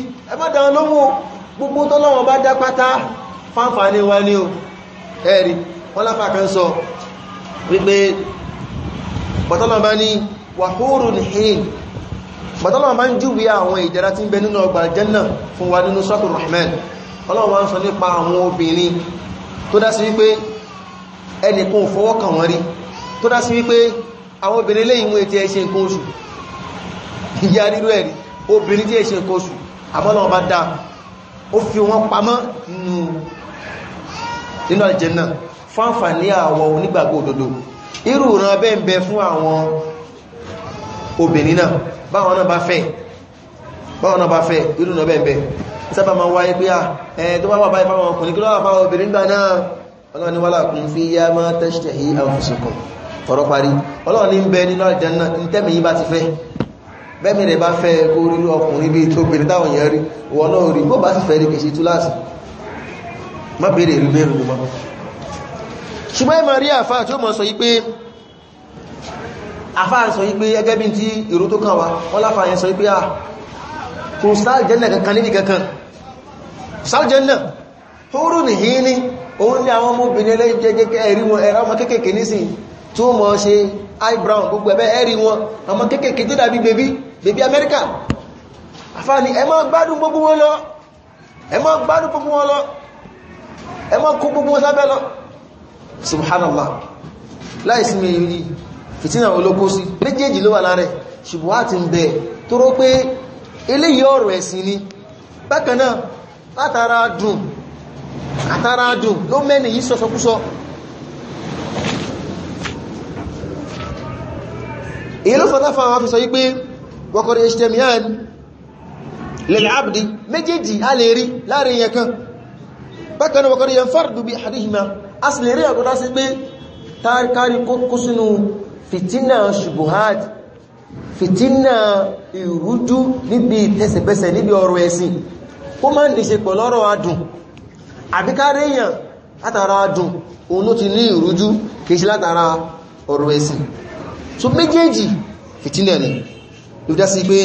dáwọn gbogbo Tọ́lọ́wọ́ bá dá pátá wá ni ẹ̀rí wọ́n wàhóró ní hìn bàtọ́lọ̀ ma ń júwé àwọn ìdẹ̀ra tí ń bẹ nínú ọgbà jẹ́nà fún wa nínú sọ́tù rahman ọlọ́run ma ń sọ nípa àwọn obìnrin tó dá sí wípé ẹnìkan ò fọwọ́ kàn wọ́n rí tó dá sí wípé àwọn obìnrin lè ìwọ̀n ètí ẹṣẹ́ nǹkan oṣù ìyá rírú ẹ̀rí obìnrin tí ẹṣẹ́ nǹkan oṣù àmọ́lọ́wọ́ bá dá ó fi wọ́n pamọ́ irú ìran bẹ́ẹ̀ bẹ fún àwọn obìnrin náà báwọn náà bá fẹ́ báwọn náà bá fẹ́ irú náà bẹ́ẹ̀ sábà máa wáyé pé à ah, ẹ̀ tó bá wà báyìí fáwọn ọkùnrin kí ló wà fáwọn obìnrin gbà náà ọlọ́run ni wàhálà kún fi yá máa tẹ́ṣẹ̀ yí anfusukum ọ̀rọ̀ parí ọlọ́run ní ń bẹ nínú àlùjánnà ní tẹ́mi yí bá ti fẹ́ bẹ́mi rẹ̀ bá fẹ́ kó rí ọkùnrin bíi tó bèrè táwọn èèyàn rí wọ́n náà rí bó bá sì fẹ́ rí kìí sí túláàsì má bèrè rí bẹ́ẹ̀ rú mọ́ ṣùgbọ́n ìmọ̀ rí àfáà tí ó mọ̀ sọ yí pé àfáà sọ wípé ẹgẹ́ bí tí ìrú tó kàn wá wọ́n láfà yẹn sọ wípé à ah, kò sáàjẹ́nà kankan níbi kankan sáàjẹ́nà hóró ní hí ní òun ní àwọn ọmọbìnrin ẹlẹ́jẹ́jẹ́ ẹ̀rí wọn ẹ̀rá ọmọ kéèkèé nísì tó mọ́ ṣe eyebrow gbogbo ẹ̀bẹ́ ẹ̀rí wọn ọmọ kéèkèé tó dàbí bèbí bèbí amẹ́ríkà àfáà ni ẹ má gbádùn gbogbo wọn lọ ẹ má gbádùn gbogbo wọn lọ ẹ má kó gbogbo wọn sábẹ́ lọ subhanallah láìsí mi yìí fìtínà olókó sí méjèèjì ló wà láàrẹ̀ ṣùgbọ́n àti ń bẹ̀ tó rò pé eléyìí ọ̀rọ̀ ẹ̀sìn ni bákan náà látara dùn àtara dùn ló mẹ́ni yìí sọsọkúsọ èyí ló fọ́tá afẹ́sọ yí pé wọ́kọ̀rọ̀ html lẹ́lẹ̀ abdi méjèèjì a lè rí láàrin yẹn kan bákan náà wọ́kọ̀rọ̀ yẹn fardù bí hadihima a sì kó sínú fitina ṣubuhat fitina iruju níbi ìtẹsẹ̀bẹsẹ̀ níbi ọ̀rọ̀ ẹ̀sìn ó máa ń dìṣe pọ̀ lọ́rọ̀ adùn àbíkárẹ́ látara adùn òun ti ní ìrújú kìí ṣe látara ọ̀rọ̀ ẹ̀sìn so méjèèjì fìtínà ni ló dá sí pé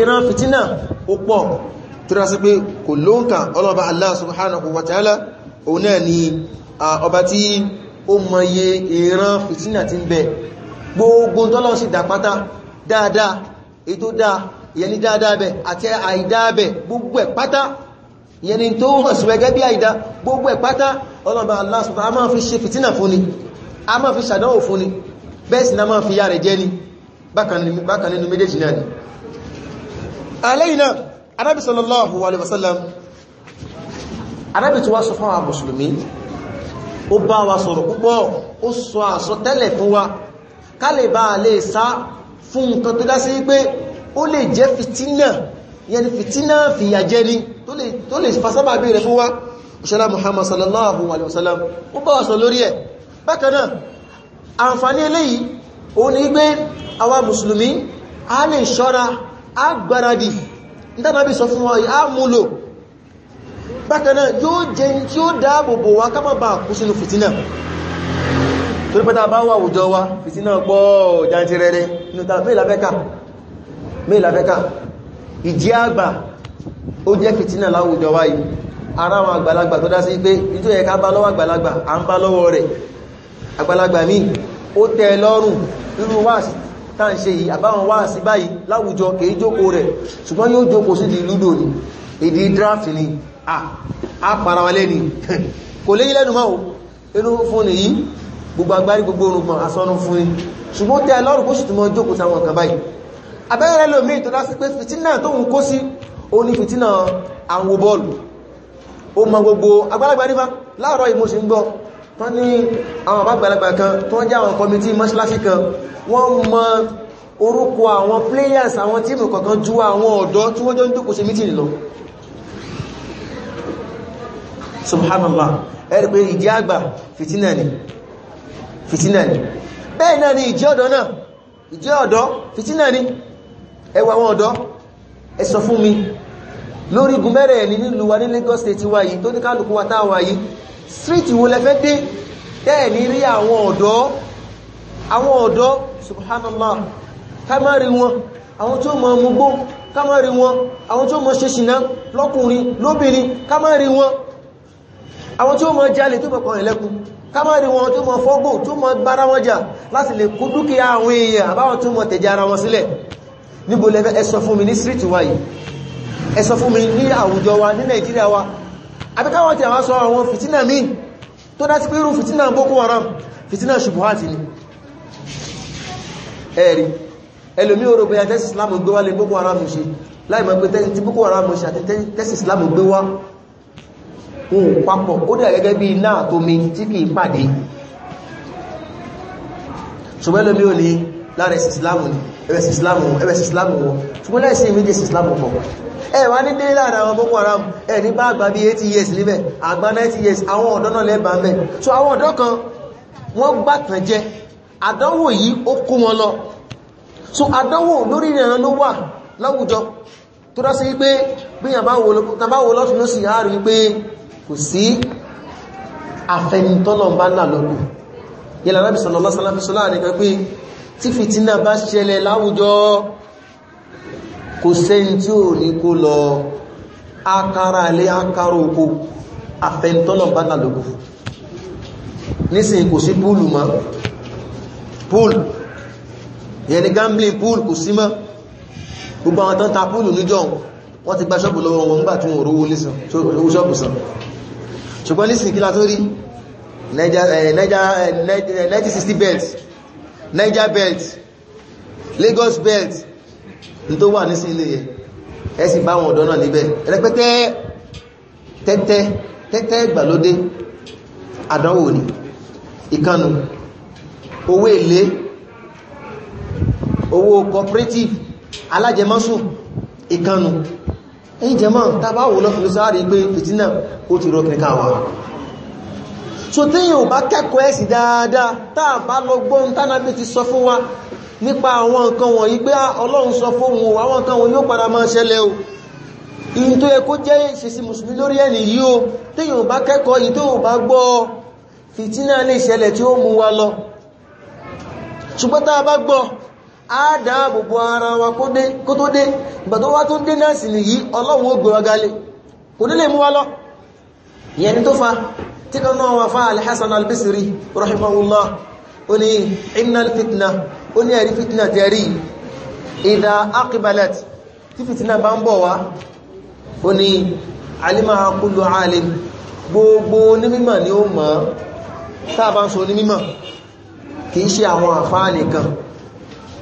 ìran fìtínà ó pọ̀ tó dá sí pé kò ni ọba ó mọye ìran fìtínà tí ń bẹ gbogbo tọ́lọ́n sì dàpátá dáadáa ètò dáa ìyẹni dáadáa bẹ̀ àti àìdáa bẹ̀ gbogbo ẹ̀ pátá ìyẹni tó hàn sí wẹ́gẹ́ bí àìdá gbogbo ẹ̀ pátá ọlọ́ba Allah subhanahu a máa fi ṣe fìtínà fún ni a máa fi ṣàdánwò fún ni alayhi wasallam anábì tó wá sọ fún àwọn mùsùlùmí ó bá wa sọ̀rọ̀ púpọ̀ ó sọ àsọtẹ́lẹ̀ fún wa ká lè bá lè sá fún nǹkan tó dá sí pé ó lè jẹ́ fìtínà yẹni fìtínà fìyàjẹ́ tó lè fasábà bí rẹ̀ fún wa ṣẹlá Muhammad sallallahu alaihi wasallam ó bá wa sọ lórí ẹ̀ bákanáà àǹfààní eléyìí ó a lè ṣọ́ra a gbáradì ìtànàbí bákanáà yóò jẹ́ tí ó dáàbòbò wa ká má baà kú sínú fìtínà torí pé tá bá wà àwùjọ wa fìtínà pọ̀ jantirẹrẹ inú ta mẹ́làfẹ́ká ìjí àgbà ó jẹ́ fìtínà láwùjọ wa yìí ara àwọn àgbàlagbà tó dá sí pé ìtò yẹ ká bá lọ́wọ́ àgbàlagbà à ń bá lọ́wọ́ rẹ̀ àgbàlagbà mi ó tẹ́ lọ́rùn irú wáàsí tá ṣe yìí àbáwọn wáàsí báyìí láwùjọ kèé jókòó rẹ̀ ṣùgbọ́n yóò jókòó sí di lúdò ni ìdí draft ni Ah, a àpàrà wọn lẹ́ni kò léyìn lẹ́nu máa inú fún ní yìí gbogbo agbárí gbogbo orùngbọ̀n asọ́nú fún ní ṣùgbọ́n tẹ́ lọ́rùn kó sì túnmọ̀ jókòó sáwọn kan báyìí abẹ́rẹ́ lómi tó dásí pé fìtínà tó ń kó sí ó ní fìtínà àwọn bọ́ọ̀lù ó mọ gbogbo agbálagbà nífà láàárọ̀ ìmọ̀ṣì ń gbọ́ tán ní àwọn àbágbàlagbà kan tó ń jẹ́ àwọn kọmití mọ́ṣíláṣí kan wọ́n mọ orúkọ àwọn players àwọn tíìmù kọ̀ọ̀kan ju àwọn ọ̀dọ́ tí wọ́n jọ ń jókòó sí mítìlì lọ subhanallah ẹ̀rì pé ìjẹ́ àgbà fìtínà ni fìtínà ni bẹ́ẹ̀ náà ni ìjẹ́ ọ̀dọ́ náà ìjẹ́ ọ̀dọ́ fìtínà ni ẹwà àwọn ọ̀dọ́ ẹ sọ fún mi lórí gùnmẹ́rẹ̀ ẹni nílùú wa ní Lagos State wa yìí tó ní kálùkù wa táwà yìí street wo lẹ́fẹ́ dé tẹ́ẹ̀ ní rí àwọn ọ̀dọ́ àwọn ọ̀dọ́ subhanallah kámárì wọn àwọn tó mọ̀ ọmọ gbó kámárì wọn àwọn tó mọ̀ ṣe ṣìná lọ́kùnrin lóbìnrin kámárì wọn àwọn tí ó mọ jalè tó pẹ̀pọ̀ ìlẹ́kùn kámọ́rí wọn tó mọ fọ́gbò tó mọ gbára wọn jà láti lè kú dúkìá àwọn èèyàn àbáwọn tó mọ tẹ̀jẹ̀ ara wọn sílẹ̀ níbo lẹ́fẹ́ ẹ sọ fún mi ní street wa yìí ẹ fún mi ní àwùjọ wa ní Nàìjíríà wa àbíkáwọn tí àwọn sọ àwọn fìtínà míì tó dá sí ni ẹ̀rí ẹlòmí orò bóyá Islam gbé wá lè Boko Haram ṣe láì mọ̀ Islam gbé wọn ò papọ̀ ó dẹ̀ gẹ́gẹ́ bí iná àtomi tí kìí pàdé ṣùgbọ́n lómi ò ní láàrin ìsìsìláàmù ní ẹ̀rẹ̀sì ìsìsìláàmù ẹ̀rẹ̀sì ìsìsìláàmù wọn ṣùgbọ́n láìsí ìmìdí ìsìsìláàmù pọ̀ ẹ̀ wá ní délé láàrin àwọn Boko Haram ẹ̀ ní bá years níbẹ̀ àgbà 90 years àwọn ọ̀dọ́ náà lẹ́bàá mẹ́ so àwọn ọ̀dọ́ kan wọ́n gbàtàn jẹ àdánwò yìí ó kó wọn lọ so àdánwò lórí ìrìnà ló wà láwùjọ tó dá sí pé bí kò sí afẹnitọ́lọ̀n bá là lọ́lù yẹ́lá rábì sallallahu alaihi wasallam nìkan pé tí fìtínà bá ṣẹlẹ̀ láwùjọ kò sẹ́yìn tí ò ní kó lọ ákára alẹ́ ákára oko afẹnitọ́lọ̀n bá là lọ́lù kò sí púùlù mọ́ púùlù yẹni gambling pool kò sí mọ́ gbogbo àwọn tán ta púùlù níjọ́ wọ́n ti gba ṣọ́pù lọ́wọ́ wọn nígbà tí wọ́n rówó lẹ́sàn tó rówó ṣọ́pù sàn ṣùgbọ́n ní sìnkí látó rí niger 60 eh, eh, eh, belt niger belt lagos belt ní tó wà ní sí ilé ẹ sì bá wọn ọ̀dọ́ náà níbẹ̀ rẹpẹtẹ tẹ́tẹ́ tẹ́tẹ́ ìgbàlódé àdánwò ni ìkanu owó èlé owó cooperative alájẹmọ́sùn ìkanu ẹ̀yìn jẹ́ máa tàbá wò lọ́fìlú sáàrí pé fìtínà ó ti rọ́kìnrin káwà so tí yíò bá kẹ́kọ̀ọ́ ẹ̀sì dáadáa táà bá lọ gbọ́n tánàbí ti sọ fún wa nípa àwọn nǹkan wọ̀nyí pé ah, ọlọ́run sọ fún wọn àwọn nǹkan wọn yóò padà máa ṣẹlẹ̀ o in tó yẹ kó jẹ́ ìṣesí mùsùlùmí lórí ẹni yìí o tí yíò bá kẹ́kọ̀ọ́ yìí tó bá gbọ́ fìtínà lè ṣẹlẹ̀ tí ó mú wa lọ ṣùgbọ́n tá a bá gbọ́ á dáàbòbò ara wa kó tó dé ìgbà tó wá tó dé náà sì nìyí ọlọ́run ó gbèrọ galẹ̀ kò nílé mú wá lọ ìyẹn ni tó fa tí kan náà wà fáà alhassan albisiri rahimahullah ó ní ṣe àwọn àfáà nìkan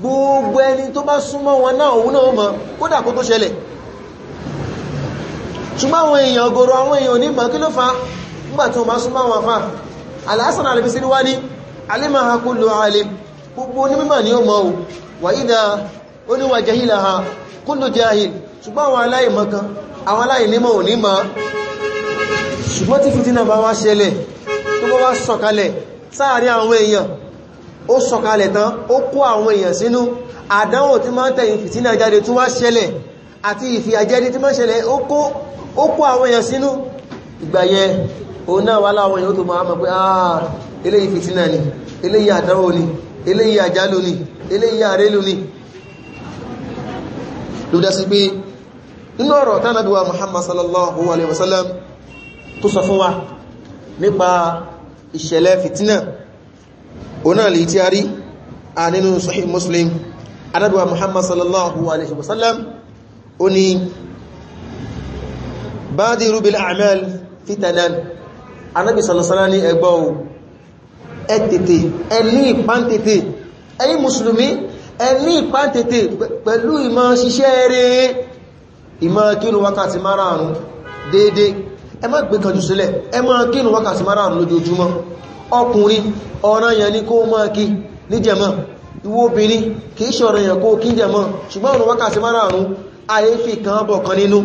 gbogbo ẹni tó bá súnmọ́ wọn náà òun náà mọ̀ kódà kó tó ṣẹlẹ̀ ṣùgbọ́n àwọn èèyàn ọ̀gọ̀rọ̀ àwọn èèyàn ní mọ̀ kí ló fa nígbà wọ́n bá súnmọ́ wọn fa ni wá ní alẹ́màá gbogbo ni o jahila ha alayi ó sọ̀kalẹ̀ tán ó kó àwọn èèyàn sínú àdánwò tí máa ń tẹ̀yìn fìtínà jáde tún wá ṣẹlẹ̀ àti ìfìyàjẹni tí máa ṣẹlẹ̀ ó kó àwọn èèyàn sínú ìgbàyẹ òun náà wà láwọn èèyàn tó máa mọ̀ pé àà ah, eléyìí fìtínà ni eléyìí àdánwò ni eléyìí àjálù ni eléyìí àrélù ni ló dá sí pé nínú ọ̀rọ̀ tánàdùwà Muhammad sallallahu alaihi wasallam tó sọ fún wa nípa ìṣẹ̀lẹ̀ fìtínà ona lè tí a rí a nínú sahih muslim anabuwa muhammad sallallahu alaihi wasallam o ni badiru bil a'mal fitanan anabi sallallahu ni ẹgbọ́ o ẹ tètè ẹ ní ìpán tètè ẹ̀yí musulmi ẹ ní ìpán tètè pẹ̀lú ìmọ̀ ṣiṣẹ́ rẹ̀ ìmọ̀ kínú wákàtí márùn-ún déédé ẹ má sílẹ̀ ẹ kínú wákàtí márùn-ún lójoojúmọ́ ọkùnrin ọ̀ranyàn ni kó máa kí ní jẹ̀mọ́ ìwọ obìnrin kìí ṣe ọ̀ranyàn kó kí jẹ̀mọ́ ṣùgbọ́n ọ̀nà wákàtí márààrún ayé fi kan bọ̀ kan nínú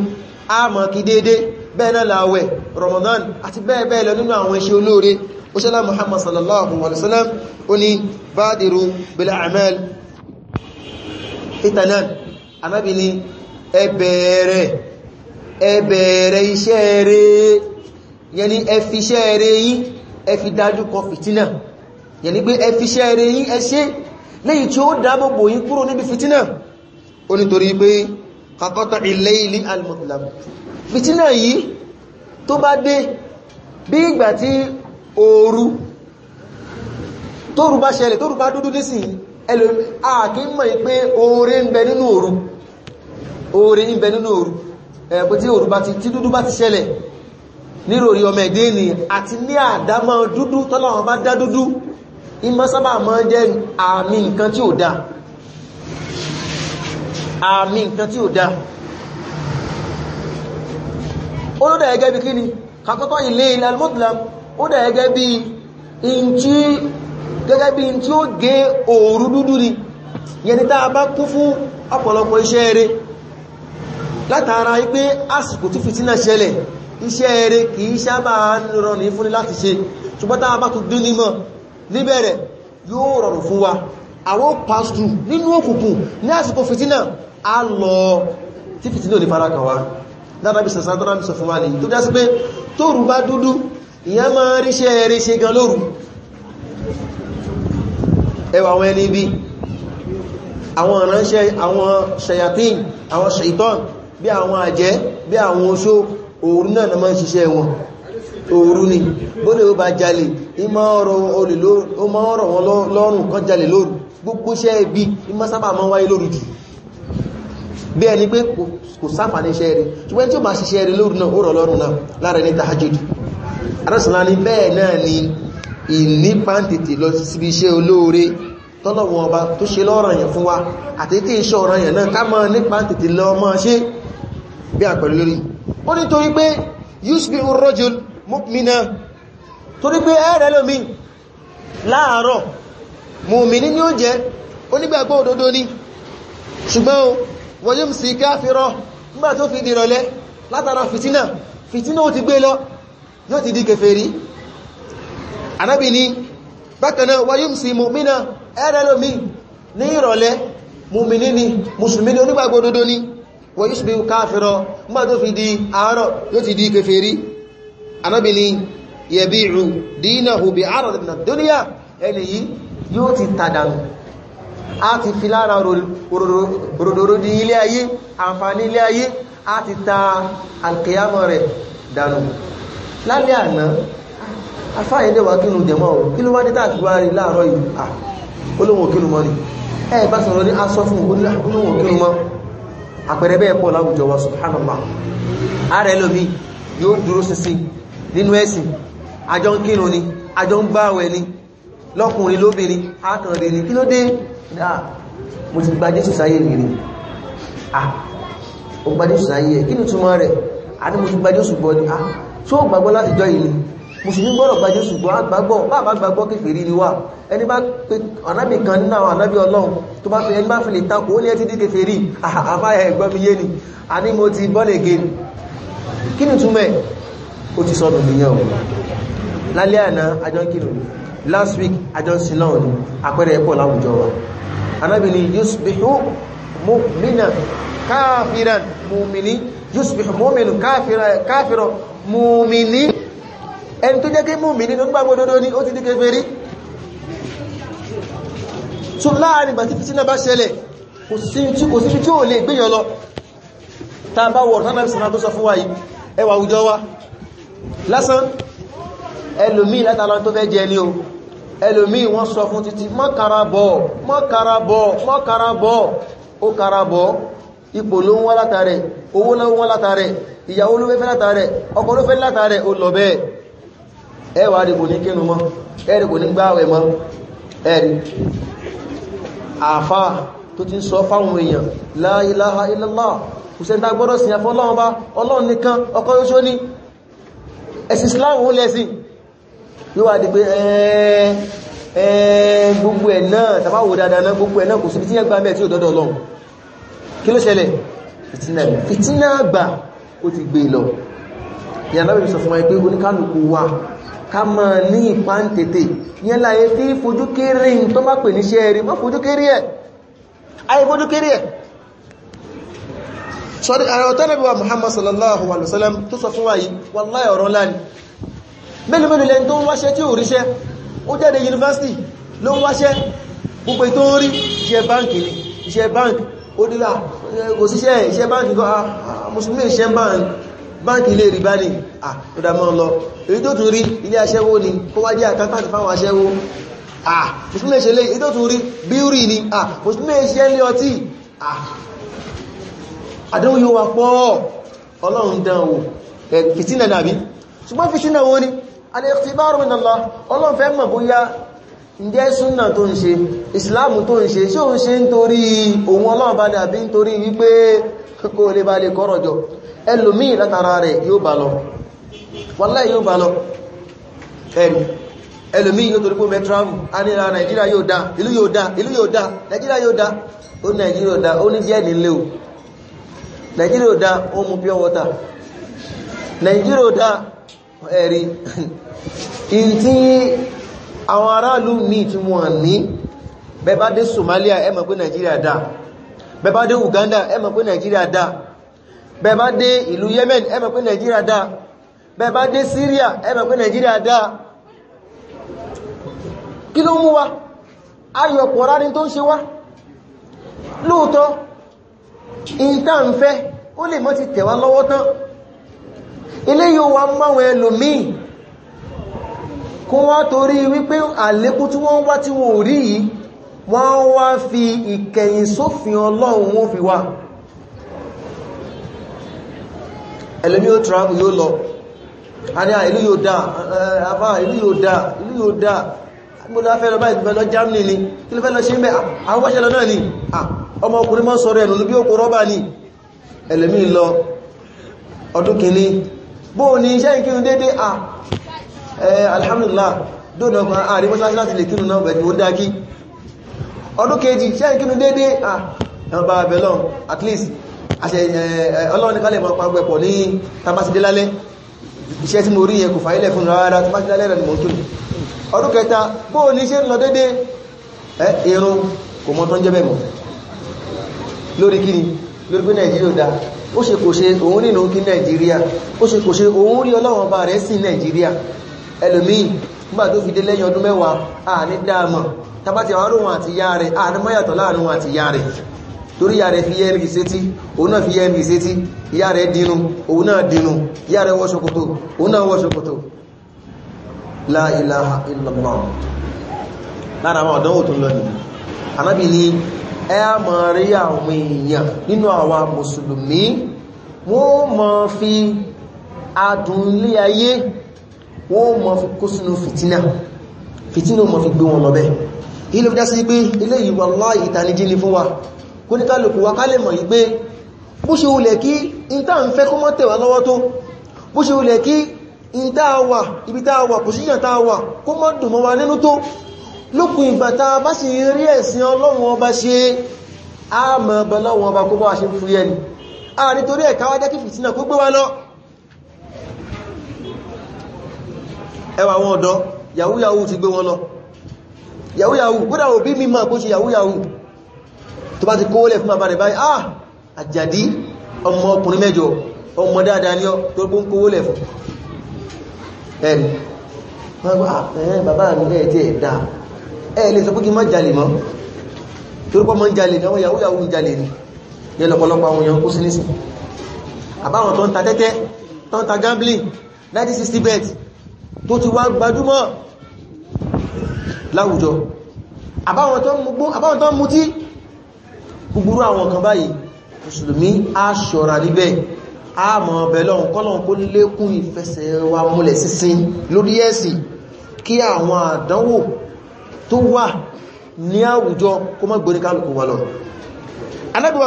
a máa kí déédé bẹ́ẹ̀ náà láwẹ̀ Ramadan àti bẹ́ẹ̀ bẹ́ẹ̀ lọ nínú àwọn iṣẹ́ olóore òṣèlá Muhammad sallallahu alaihi wasallam ó ní yẹni ẹ rẹ̀ yìí ẹ fi dájú kọ fìtínà yẹni pé ẹ fi ṣẹ́ rẹ̀ yín ẹ ṣe léyìí tí ó dáàbòbò yín kúrò níbi fìtínà ó nítorí pé kakọ́tọ̀ ilẹ̀ ilé almutlaq fìtínà yìí tó bá dé bí ìgbà tí ooru tóru bá ṣẹlẹ̀ tóru bá dúdú nísìn ẹlò ti dúdú bá ti níròrí ọmọ ẹ̀dẹ́ ni àti ní àdámọ́ dúdú tọ́láwọn bá dá dúdú ìmọ́ sábà máa jẹ́ àmì nǹkan tí ó dá àmì nǹkan tí ó dá ó ló dẹ̀ẹ́gẹ́ bí kíni kàkọ́kọ́ ilé ilẹ̀ almọ́tìlam ó dẹ̀ẹ́gẹ́ bí in tí gẹ́gẹ́ bí in tí ó gé òòrù dúdú ni yẹni tá a bá kú fún ọ̀pọ̀lọpọ̀ iṣẹ́ rẹ̀ látara wípé àsìkò tí fìtínà ṣẹlẹ̀ iṣẹ́ eré kìí sábà rọrùn ní fún ní láti ṣe ṣùgbọ́n tá a bá tún dín nímọ̀ níbẹ̀rẹ̀ yóò rọrùn fún wa àwọn pass through nínú òkùnkùn ní àsìkò fìtínà a lọ tí fìtínà ní fara kan wa lábàbí sàṣàtọ́rà mi sọ fún wa ní tó dásí pé tóòrù bá dúdú ìyá máa bí àwọn àjẹ́ bí àwọn oṣó òru náà na máa ń ṣiṣẹ́ wọn òru ni bóde ó bá jalè ìmá ọ̀rọ̀ olè wọn lọ́rùn kan jalè lóru gbogbo iṣẹ́ ibi ìmá sábà máa wáyé lóru jù bí ẹni pé kò sáfà ní iṣẹ́ rẹ̀ ṣùgbọ́n tí ó máa ṣiṣẹ́ rẹ̀ lóru náà ó rọ̀ lọ́rùn náà lára ni ìnípa tètè lọ síbi iṣẹ́ olóore tọ́lọ̀wọ̀n ọba tó ṣe lọ́ranyàn fún wa àti tí iṣẹ́ ọ̀ranyàn náà ká máa nípa tètè lọ bí àpẹẹrẹ lórí ó ní torí pé yusbi urrojul mu'mina torí pé ẹ̀rẹ̀ lómi láàárọ̀ mu'mini ni ó jẹ́ onígbàgbọ́ òdodo ni ṣùgbọ́n wọ́n yóò sì káfírọ́ nígbà tó fi dìrọ̀lẹ́ látara fìtínà fìtínà ó ti gbé lọ yóò ti di kèfèrí anábì ni bákanáà wọ́n yóò sì mu'mina lómi ní ìrọ̀lẹ́ mu'mini ni mùsùlùmí ni onígbàgbọ́ òdodo ni wọ́n yóò ṣubí káàfirọ́ mọ́ tó fi di àárọ̀ yóò ti di kèfèrí anábìlì yẹ̀bíru dínàhù bí àárọ̀ lẹ́bìnà dúníyà ẹni yìí yóò ti tàdánù a ti fi lára òròdòrò di ilé ayé àǹfààní ilé ayé a ti ta alkiyama rẹ̀ dànù lálẹ́ àná afáyẹ̀dẹ̀wà kínú àpẹẹrẹ bẹ́ẹ̀ pọ̀ láwùjọ wa subhanallah ààrẹ ẹlòmí yóò dúró ṣinṣin nínú ẹ̀sìn àjọ ń kírun ni àjọ ń gbààwẹ̀ ni lọ́kùnrin lóbìnrin àkànrin ni kí ló dé náà mo ti gba jésù sáyé mi rí ah o gba jésù sáyé ẹ̀ kí ni túmọ̀ rẹ̀ àti mo ti gba jésù gbọ́ ni ah tó gbàgbọ́ láti jọ yìí ni mùsùlùmí gbọ́dọ̀ gba jésù gbọ́ àgbàgbọ́ bàbá gbàgbọ́ kèfèrí ni wá ẹni bá pé ànábì kan nínú àwọn ànábì ọlọ́run tó bá fi ẹni bá fi lè takò ó ní ẹ ti di kèfèrí àbáyẹ ni a ní mo ti born again ni túmẹ̀ ó ti sọnù nìyẹn o lálẹ́ àná ajọ́ kìlò last week ajọ́ sí náà ni àpẹẹrẹ ẹ̀pọ̀ láwùjọ wa ànábì ni yusbihu mu'mina káfíran mu'mini ẹni tó jẹ́ kí múmi nínú gbàgbọ́ dodo ni ó ti di kèfèrí so láàrin bàtí fi sínà bá ṣẹlẹ̀ kò sí tí ó lè gbéyàn lọ ta bá wọ̀ tánà ìsinmi tó sọ fún wa yìí ẹwà àwùjọ wa lásán ẹlòmí látàlá tó fẹ́ jẹ ní o ẹlòmí wọ́n sọ fún títí mọ́karabọ̀ mọ́karabọ̀ mọ́karabọ̀ ó karabọ̀ ipò ló ń wá látàrẹ owó ló ń wá látàrẹ ìyàwó ló fẹ́ látàrẹ ọkọ ló fẹ́ látàrẹ ó lọ bẹ́ẹ̀ ẹwà rí kò ní kínú mọ́ ẹ̀rí kò ní gbáwẹ̀ mọ́ ẹ̀rí àfá tó ti ń sọ fáwọn èèyàn la ilaha illallah kùsẹ̀ntà gbọ́dọ̀ sí àfọ́ ọlọ́run bá ọlọ́run nìkan ọkọ̀ yóò ṣó ní ẹ̀sìn islam ó lẹ́sìn yóò wá di pé ẹ̀ẹ́ gbogbo ẹ̀ náà tàbáwò dáadáa náà gbogbo ẹ̀ náà kò sí bí tí yẹn gbá mẹ́ tí ó dọ́dọ̀ ọlọ́run kí ló ṣẹlẹ̀ fìtínà gbà ni anábìbì sọ fún wa pé oníkálùkù wa ká mọ́ ní ìpá ń tètè yẹn láyé tí fojú kéré tó bá pè níṣẹ́ rí mọ́ fojú kéré ẹ̀ ayé fojú kéré ẹ̀ sọ́rí ara ọ̀tọ́ Muhammad sallallahu alaihi wasallam tó sọ fún wa yìí wallahi ni mẹ́lú mẹ́lú lẹ́ni tó ń wáṣẹ́ tí ò ríṣẹ́ ó jáde yunifásitì ló ń wáṣẹ́ gbogbo tó ń rí iṣẹ́ báǹkì ni ah, kò síṣẹ́ iṣẹ́ báǹkì kọ́ ah, musulmi iṣẹ́ báǹkì báńkì ilé rí bá ní àtọ́dámọ́ lọ èyí tó tún rí ilé aṣẹ́wó ni kó wá jẹ́ àkántàtì fáwọn aṣẹ́wó ah musulmi ṣe lé èyí tó tún rí bíúrì ni ah musulmi ṣe lé ọtí ah àdánwò yóò wà pọ̀ ọlọ́run dánwò fìtínà nàbí ṣùgbọ́n fìtínà wọ́n ni al-ikhtibaru Allah ọlọ́run fẹ́ mọ̀ bóyá ǹjẹ́ súnà tó ń ṣe ìsìláàmù tó ń ṣe ṣe òun ṣe ń torí Elumi látara rẹ̀ yóò bá lọ wallahi yóò bá lọ ẹ̀rù ẹlòmíì yóò torípò mẹ́tíràmù a ní nàìjíríà yóò dá ìlú yóò dá ìlú yóò dá nàìjíríà yóò dá ó nàìjíríà dá ó ní o nàìjíríà dá ó mú pure water nàìjíríà dá ẹ̀rí in *laughs* àwọn aráàlú ní ìtumọ̀ ní bẹ́bá Somalia ẹ mọ̀ pé nàìjíríà dá Uganda ẹ mọ̀ pé bẹ́ẹ̀ bá dé ìlú Yemen ẹ mọ̀ pé Nàìjíríà dá bẹ́ẹ̀ bá dé Syria ẹ mọ̀ pé Nàìjíríà dá kí ló mú wa ayọ̀pọ̀ rárí tó ń ṣe wá lóòtọ́ ìta ń fẹ́ ó lè mọ́ ti tẹ̀wá lọ́wọ́ tán ilé yóò wá máwọn ẹlòmíì kó wá torí wípé àlékún tí wọ́n wá tí wọ́n rí yìí wọ́n wá fi ìkẹyìn sófin Ọlọ́run wọ́n fi wá ẹlẹ́mí ó travel yóò lọ àríà ìlú yóò dáa àbá ìlú yóò dáa ìlú yóò dáa gbogbo afẹ́ lọ báyìí lọ Germany ni kí ló fẹ́ lọ ṣe ń bẹ́ àwọn wáṣẹ́ lọ náà ni ọmọ ọkùnrin mọ́ sọ̀rọ̀ ẹ̀nù bí òkú rọ́bà ni ẹlẹ́mí lọ ọdún kìíní bó ní iṣẹ́ ìkírun dédé à alhamdulillah dóòdó ọkùn àrí mọ́sálásí láti lè kírun náà bẹ̀rẹ̀ ó dákí ọdún kejì iṣẹ́ ìkírun dédé à ẹ̀mọ́ bá bẹ̀lọ́ at least àṣẹ ọlọ́run nìkan lè mọ́ pa gbẹ̀pọ̀ ní tabaside lálẹ́ iṣẹ́ tí mo rí yẹn kò fàílẹ̀ fún rárá tabaside lálẹ́ rẹ̀ ni mo tún ọdún kẹta bó o ní ṣe ń lọ dédé ẹ irun kò mọ́ tó ń jẹ́ bẹ́ẹ̀ mọ́ lórí kíni lórí pé nàìjíríà da ó ṣe kò ṣe òun nínú kí nàìjíríà ó ṣe kò ṣe òun rí ọlọ́run ọba rẹ̀ sí nàìjíríà ẹlòmíì nígbà tó fi dé lẹ́yìn ọdún mẹ́wàá à ní dáa mọ̀ tabati àwọn àrùn àti yá rẹ̀ à ní mọ́yàtọ̀ láàrin àti yá rẹ̀ torí ìyá rẹ̀ fi yẹ́ rí sétí òun náà fi yẹ́ rí sétí ìyá rẹ̀ dínú òun náà dínú ìyá rẹ̀ òun náà wọ ṣòkòtò la ilaha illallah lára àwọn ọ̀dánwò tó lọ nìyí anábì ní ẹ mọ̀ rí àwọn èèyàn nínú àwọn mùsùlùmí wọ́n mọ̀ fi adùn ilé ayé wọ́n mọ̀ fi kó sínú fìtínà kó ní kálùkù wa ká lè mọ̀ yí pé bó ṣe wulẹ̀ kí ìta ń fẹ́ kó mọ́ tẹ̀wà lọ́wọ́ tó bó ṣe wulẹ̀ kí ìta wà ibi ta wà pòsíṣàn ta wà kó mọ́ dùn mọ́ wa nínú tó lókùn ìgbà ta bá sì rí ẹ̀sìn ọlọ́run ọba ṣe a mọ̀ ọba lọ́wọ́ ọba kó bá wa ṣe fún yẹ a nítorí ẹ̀ka wá jẹ́kí fìtínà kó gbé wa lọ ẹwà wọn ọ̀dọ́ yahoo yahoo ti gbé wọn lọ yahoo yahoo kódà òbí mi mọ̀ kó ṣe yahoo yahoo tó bá ti kó lẹ̀ fún bàbá rẹ̀ báyìí ah àjàdí ọmọ ọkùnrin mẹ́jọ ọmọ dáadáa ní ọ tó gbó ń kó lẹ̀ fún ẹni ah, bàbá mi ẹ̀ tí ẹ̀ dá ẹ̀ lè sọ pé kí má jalè mọ́ torípọ́ mọ́ ń jalè ní àwọn yahoo yahoo ń jalè ní ní lọ́pọ̀lọpọ̀ àwọn èèyàn kó sí nísìn àbáwọn tó ń ta tẹ́tẹ́ tó ń ta gambling 1960 bet tó ti wá gbajúmọ̀ láwùjọ àbáwọn tó ń mutí gbogbo àwọn kan báyìí mùsùlùmí a ṣọ́ra níbẹ̀ a mọ̀ bẹ̀lọ́un kọ́lọ̀un kó lékún ìfẹsẹ̀ wa múlẹ̀ sísìn lórí ẹ̀sìn kí àwọn àdánwò tó wà ní àwùjọ kó má gbóní kálùkù wà lọ alaihi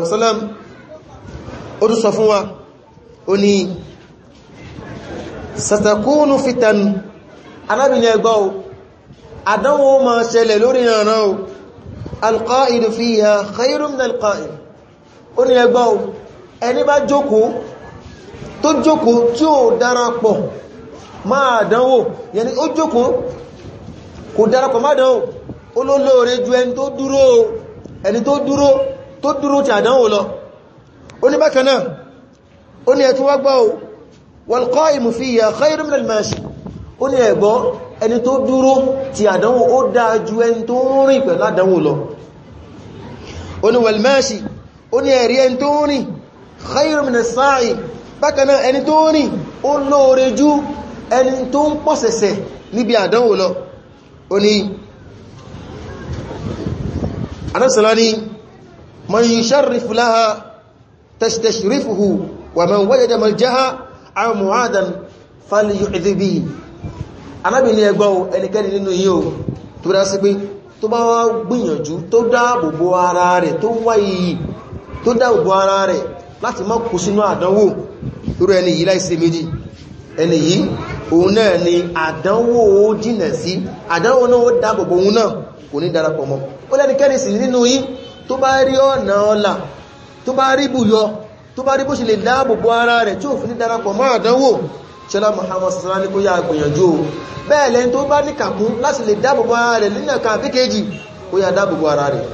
wasallam ó tún sọ fún fitan Ànábì ní ẹgbọ́ àdánwò máa ṣẹlẹ̀ alqa'idu fiha khayrun min alqa'im ó ní ẹgbọ́ ẹni bá jókòó tó jókòó tí ó darapọ̀ máa dánwò yẹni ó jókòó kò darapọ̀ máa dánwò ó ló lóore ju ẹni tó dúró ẹni tó dúró tó dúró ti àdánwò lọ ó ní bákanáà ó ní ẹ̀tún wá gbọ́ walqa'imu fiha khayrun min almashi ó ní ẹni tó dúró ti àdánwò ó dáa ju ẹni tó ń rìn pẹ̀lú àdánwò lọ ó ní wẹ̀lmẹ́ṣì ó ní ẹ̀rí ẹni tó ń rìn khairu min as-sa'i bákanáà ẹni tó ń rìn ó lóore ju ẹni tó ń pọ̀sẹ̀sẹ̀ níbi àdánwò lọ ó anásàlá ní man yusharrifu laha tashtashrifuhu anábìnrin ẹgbọ́ ẹnikẹ́ni nínú yìí o tó dá sí pé tó bá wá gbìyànjú tó dáàbòbò ara rẹ̀ tó wá iyì tó dáàbòbò ara rẹ̀ láti má kú sínú àdánwò irú ẹni yìí láìsí méjì ẹni yìí òun náà ni àdánwò ó jìnà sí àdánwò náà ó dáàbòbò òun náà kò ní darapọ̀ mọ́ ó lẹ́nikẹ́ni sì nínú yìí tó bá rí ọ̀nà ọlà tó àdánwò ṣẹlá Muhammad sọ́lá ní kó yá gbìyànjú o bẹ́ẹ̀ lẹ́yìn tó bá ní kàkún láti lè dáàbòbò ara rẹ̀ nínú ẹ̀ka àbí kejì ó yá dáàbòbò ara rẹ̀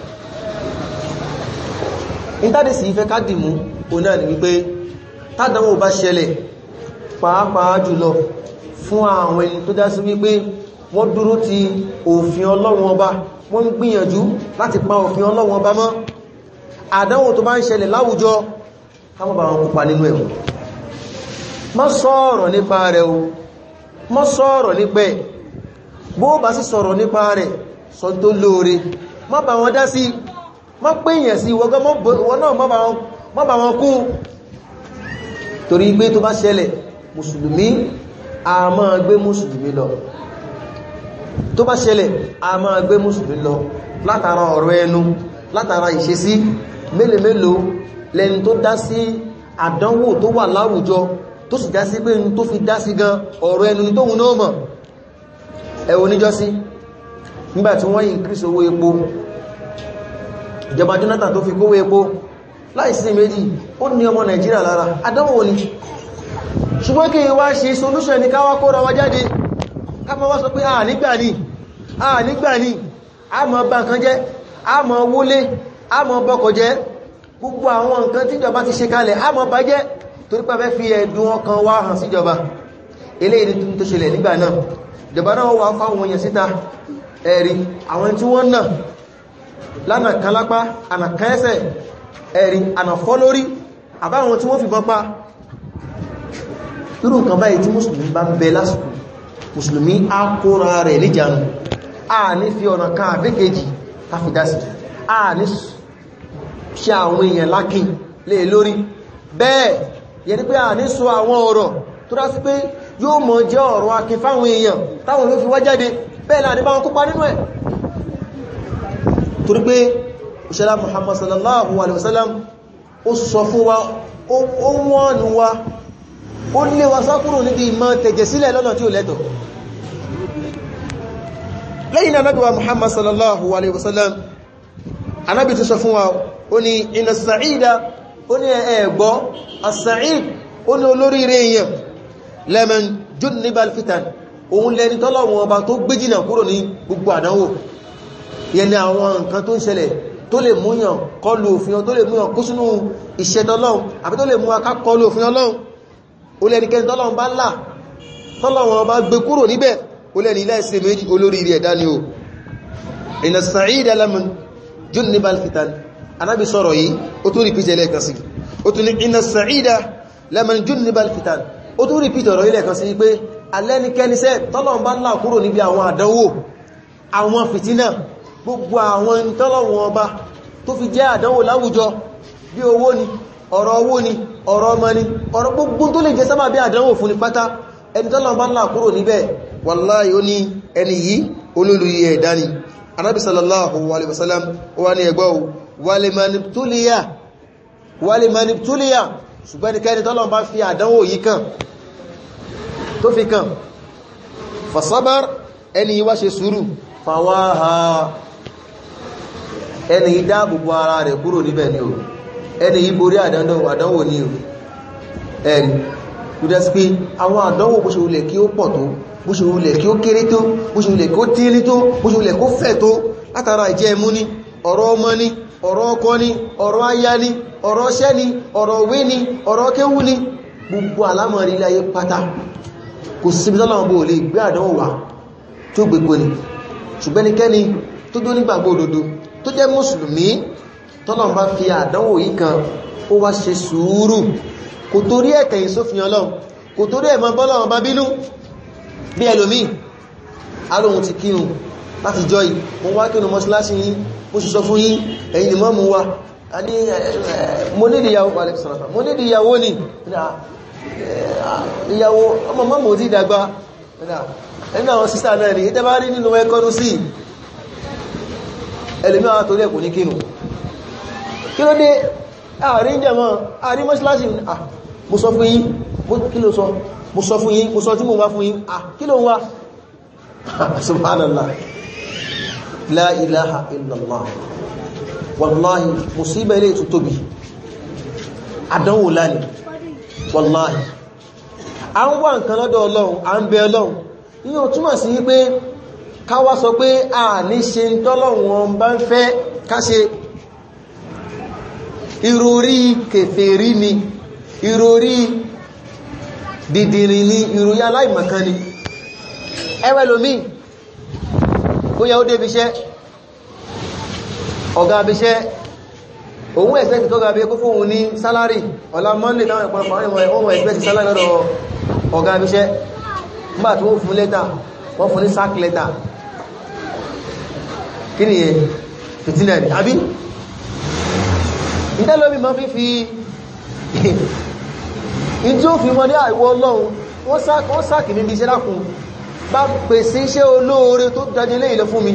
ìtàdìsí ìfẹ́ kádìmú òun náà ni wípé tádánwò bá ṣẹlẹ̀ pàápàá jùlọ fún àwọn ẹni tó dá sí wípé wọ́n dúró ti òfin ọlọ́run ọba wọ́n gbìyànjú láti pa òfin ọlọ́run ọba mọ́ àdánwò tó bá ń ṣẹlẹ̀ láwùjọ táwọn bá wọn kópa nínú ẹ̀wọ̀n má sọ̀rọ̀ nípa rẹ̀ o má sọ̀rọ̀ nípa ẹ̀ bó bá sì sọ̀rọ̀ nípa rẹ̀ sọ tó lóore má bá wọn dá sí má pèèyàn sí wọ́gán wọ́n náà má bá wọn kún torí pé tó bá ṣẹlẹ̀ mùsùlùmí a máa gbé mùsùlùmí lọ tó bá ṣẹlẹ̀ a máa gbé mùsùlùmí lọ látara ọ̀rọ̀ ẹnu látara ìṣesí mélòó mélòó lẹni tó dá sí àdánwò tó wà láwùjọ tó sì dá sí pé n tó fi dá sí gan ọ̀rọ̀ ẹnu tó hun náà mọ̀ ẹ̀wọ̀ níjọ́sí nígbàtí wọ́n yìí increase owó epo ìjọba Jonathan tó fi kówó epo láìsí méjì ó ní ọmọ lára ni ṣùgbọ́n kí wá ṣe jáde sọ pé nígbà nígbà mọ̀ bá jẹ́ mọ̀ gbogbo àwọn nǹkan tí torí pàbẹ́ fi ẹ̀dùn ọkàn wá hàn síjọba eléyìí tó ṣẹlẹ̀ nígbà náà ìjọba náà wà fáwọn èèyàn síta ẹ̀rí àwọn tí wọ́n náà lánà kan lápá ànà kan ẹsẹ̀ ẹ̀rí ànà fọ́ lórí àbáwọn tí wọ́n fi bọ́ pa irú nǹkan báyìí tí mùsùlùmí bá ń bẹ lásìkò mùsùlùmí á kóra rẹ̀ níjànú a ní fi ọ̀nà kan àbíkejì káfídásì a ní ṣe àwọn lórí bẹ́ẹ̀ yẹni pé a ní sọ àwọn ọ̀rọ̀ tó dá sí pé yóò mọ̀ jẹ́ ọ̀rọ̀ akin fáwọn èèyàn táwọn ló fi wá jáde bẹ́ẹ̀ láàrin bá wọn kópa nínú ẹ̀ torí pé òṣèlá Muhammad sallallahu alaihi wasallam ó sọ fún wa ó wọ́n wa ó lé wa sákúrò níbi ó ní ó ní ẹ̀ẹ̀gbọ́ as-sa'id ó ní olórí rẹ̀ èèyàn lẹ́mẹ̀n junnibal fitan òun lẹni tọ́lọ̀wọ̀n ọba tó gbé jìnà kúrò ní gbogbo àdánwò yẹni àwọn nǹkan tó ń ṣẹlẹ̀ tó lè múyàn kọlu òfin tó lè múyàn kó sínú iṣẹ́ tọ́lọ́un àbí tó lè mú aká kọlu òfin ọlọ́un ó lẹ́nikẹ́ni tọ́lọ́un bá là tọ́lọ́un anábi sọ̀rọ̀ yìí ó tún rìpítẹ̀ lẹ́ẹ̀kan sí ó tún ní iná sa'ida lẹ́mọ̀n jù ní balkitan ó tún rìpítẹ̀ ọ̀rọ̀ ilẹ̀kan sí pé alẹ́nikẹ́nisẹ́ tọ́lọ̀n bá ńlá kúrò níbi àwọn àdánwò àwọn fìtínà gbogbo àwọn tọ́lọ̀wọ̀n ọba tó fi jẹ́ àdánwò láwùjọ bí owó ni ọ̀rọ̀ owó ni ọ̀rọ̀ ọmọ ni ọ̀rọ̀ gbogbo tó ẹni yìí olólùyẹ ẹ̀dá ni anábi sallallahu alaihi wasallam wá ní ẹgbọ́ wàlìmániptúlìyà wàlìmániptúlìyà ṣùgbọ́n ní kẹ́ni tọ́lọ̀ bá fi àdánwò yìí kàn tó fi kàn fasabar ẹni yíwá ṣe sùúrù fàwáhà ẹni yí dáàbùbù ara rẹ̀ kúrò níbẹ̀ ni o ẹni yí borí àdánwò ni o ẹni lódá àwọn àdánwò bó ṣe wulẹ̀ kí ó pọ̀ tó bó ṣe wulẹ̀ kí ó kéré tó bó ṣe wulẹ̀ kí ó tíírí bó ṣe wulẹ̀ kó fẹ̀ tó látara ìjẹ́ ẹmú ní ọ̀rọ̀ ọmọ ní ọ̀rọ̀ ọkọ ni ọ̀rọ̀ aya ni ọ̀rọ̀ iṣẹ́ ni ọ̀rọ̀ òwe ni ọ̀rọ̀ kéwú ni gbogbo àlámọ̀ ilé ayé pátá kò síbi tọ́lọ́wọ́ bó gbé àdánwò wá tó gbogbo ni ṣùgbẹ́nikẹ́ni tó dó nígbàgbọ́ òdodo tó jẹ́ mùsùlùmí tọ́lọ́wọ́ bá fi àdánwò yìí kan ó wá ṣe sùúrù kò torí ẹ̀kẹ̀yìn sófin láti jọ yìí mo wá kí ní mọ́sílásí yìí mo sì sọ fún yín ẹ̀yin ìmọ́ mú wa mo nídi ìyàwó mo nídi ìyàwó ni ah, eh, ah, ìyàwó ọmọ mọ́ mọ́ tí ìdàgbà ah, ẹni àwọn sísà náà ni ìtẹ́bá rí nínú ẹkọ́nú sí ẹlẹ́mí àwọn torí ẹ̀kù ní kínú kí ló dé ààrí jẹmọ́ ààrí mọ́sílásí mo sọ fún yín kí ló sọ mo sọ fún yín mo sọ tí mo wá *laughs* subhanallah la ilaha illallah wallahi musiba ilé tó tóbi àdánwò lánìí wallahi a ń wá nǹkan lọ́dọ̀ ọlọ́run a ń bẹ ọlọ́run yíò túmọ̀ sí wípé káwá sọ pé a ní ṣe ń tọ́lọ́run wọn bá ń fẹ́ káṣe ìrorí ni ìrorí dìdìrì ni ìròyìn aláìmọ̀kan ni ẹwẹ́lòmíì bóyá ó débi iṣẹ́ ọ̀gá abiṣẹ́ òun ẹ̀sẹ̀kì tó ga bí kó fóun ní sálárì ọ̀la monday láwọn ìpọ̀lọpọ̀ àwọn ìwọ̀n ẹ̀sẹ̀kì sálárì lọ́dọ̀ ọ̀gá abiṣẹ́ nígbà tí wọ́n fún lẹ́tà wọ́n fún ní sack lẹ́tà kí ni yẹn fìtínà ni àbí ìtẹ́lómi ma fi fi *laughs* ìtí ó fi mọ́ ní àìwọ́ ọlọ́run wọ́n sáàkì níbi iṣẹ́ lákùn bá pèsè iṣẹ́ olóore tó dájú ilé ìlọ fún mi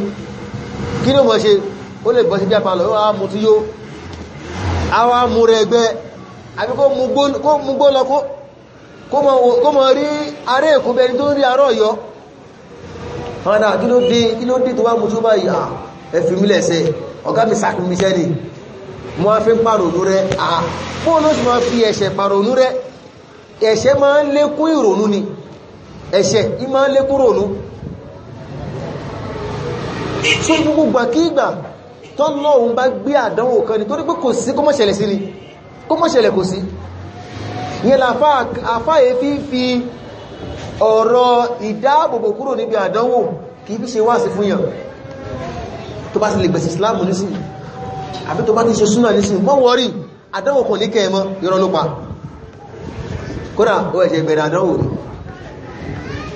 kí ní mọ̀ ṣe ó lè bọ́ sí bí apalọ̀ yóò mú tí yóò àwọn amúrẹ̀ ẹgbẹ́ àbí kó mú gbó lọ kó mọ̀ rí aré ìkúnbẹni tó ń rí arọ́ yọ ọ̀nà kí ló dé kí ló dé tó wá mú tó báyìí à ẹ̀fì mílẹ̀ ṣe ọ̀gá mi sàkúnmiṣẹ́ ni mo wá fi ń pàrònú rẹ̀ à fóònù sì máa fi ẹ̀ṣẹ̀ pàrònú rẹ̀ ẹ̀ṣẹ̀ máa ń lékún ìrònú ni ẹ̀ṣẹ̀ ìmá lé kúrò nú so gbogbo gbà kí ìgbà tọ́lọ́hun bá gbé àdánwò kan ní torí pé kò sí kó má ṣẹlẹ̀ sí ni kó má ṣẹlẹ̀ kò sí yẹn àfáà fi fi ọ̀rọ̀ ìdáàbòbò kúrò níbi àdánwò kìí fi ṣe wá sí fún yàn tó bá sì lè gbẹ̀sì islamu nísìn àbí tó bá ti ṣe súnà nísìn mọ́ wọ́rí àdánwò kan ní kẹ́ẹ̀mọ́ ìrọlọ́pàá kódà ó ẹ̀ṣẹ̀ ìbẹ̀rẹ̀ àdánwò ni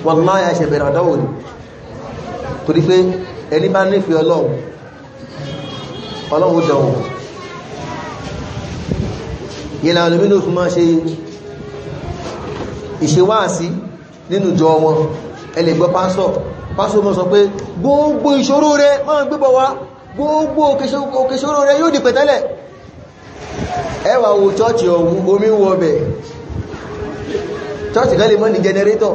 wallahi ẹ̀ṣẹ̀ bẹ̀rẹ̀ àdánwò ni torí pé ẹni bá nífẹ̀ẹ́ ọlọ́run ọlọ́run dẹ̀wọ̀n yẹnà olómìnà fún máa ṣe ìṣewáàsí nínú ìjọ wọn ẹlẹ̀ gbọ́ pásọ̀ pásọ̀ mọ́ sọ pé gbogbo ìṣòro rẹ máa gbébọ̀ wá gbogbo òkèṣòro rẹ yóò di pẹ̀tẹ́lẹ̀ ẹwà wo chọ́ọ̀chì ọ̀hún omi wọ bẹ̀ chọ́ọ̀chì kan lè mọ́ ní jẹnẹrétọ̀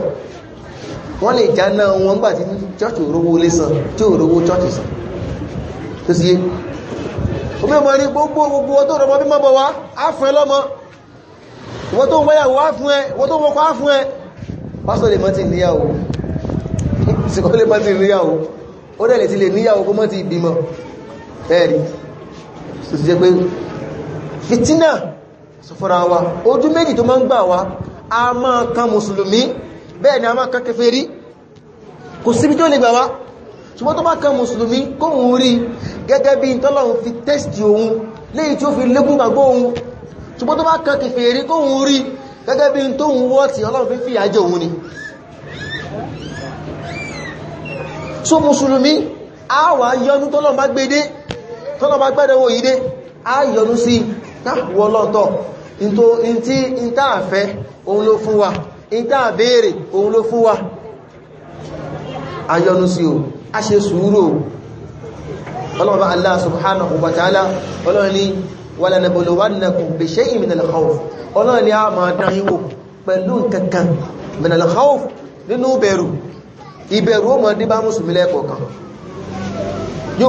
wọ́n lè jáná wọn gbà tí church òrówó lé san tí òrówó church san tó sì yé omi ọmọ ní gbogbo gbogbo tó rọmọ bí mọ́bọ̀ wá á fún ẹ lọ́mọ wọ́n tó wọ́yàwó á fún ẹ wọ́n tó wọ́kọ́ á fún ẹ pásọ̀ lè mọ́ ti níyàwó síkọ́ lè mọ́ ti níyàwó ó dẹ̀ lè ti lè níyàwó kó mọ́ ti bímọ ẹ̀rí tó ti jẹ́ pé fitina sọ fọ́ra wa ojú méjì tó máa ń gbà wá a máa kan mùsùlùmí bẹ́ẹ̀ ni a máa kan kèfèrí kò síbi tó lè gbà wá ṣùgbọ́n tó bá kan mùsùlùmí kóhun rí gẹ́gẹ́ bí tọ́lọ́run fi tẹ́sì òun léyìí tí ó fi lékún gbàgbọ́ òun ṣùgbọ́n tó bá kan kèfèrí kóhun rí gẹ́gẹ́ bí tóhun wọ́tí ọlọ́run fi fìyà jẹ òun ni so mùsùlùmí a wà yọnu tọ́lọ́run bá gbé dé tọ́lọ́run bá gbẹ́dẹ̀wò yìí dé a yọnu sí táwọn ọlọ́ntọ́ in tí in táàfẹ́ òun ló fún wa ìta àbèèrè òun ló fún wa ayọnu sí o a ṣe sùúrù ọlọ́ọ̀bá Allah subhanahu wa ta'ala ọlọ́ọ̀ni walanabuluwannakum bi shay'in min al-khawf ọlọ́ọ̀ni a máa dáyíwò pẹ̀lú kankan min al-khawf nínú bẹ̀rù ìbẹ̀rù ó mọ̀ ní bá mùsùlùmí lẹ́ẹ̀kọ̀ọ̀kan wá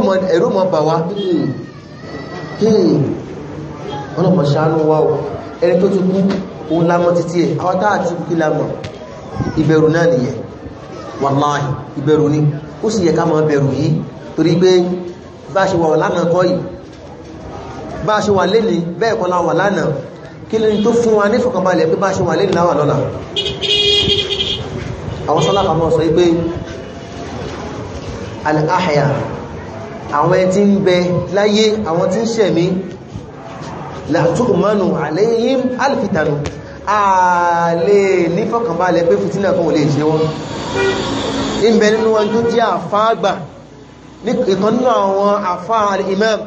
ọlọ́mọ̀ ẹni tó ti kú òun lámọ́ títí ẹ̀ àwọn táà ti kí lámọ́ ìbẹ̀rù náà nìyẹn wàláhì ìbẹ̀rù ni ó sì yẹ ká máa bẹ̀rù yìí torí pé bá ṣe wà lánàá kọ́ yìí bá ṣe wà lẹ́ni bẹ́ẹ̀ kọ́ láwà lánàá kí lórí tó fún wa nífọ̀kànbalẹ̀ pé bá ṣe wà lẹ́ni láwà lọ́la àwọn sọ́lápà sọ pé al-ahya àwọn tí látúrùmánù àléyìn alfitanu ààlè nífọ̀kànbalẹ̀ pé fìtínà kan ò lè ṣe wọ́n ìbẹ̀ nínú wọn tó jẹ́ àfáàgbà ìkannú àwọn àfáà al-imam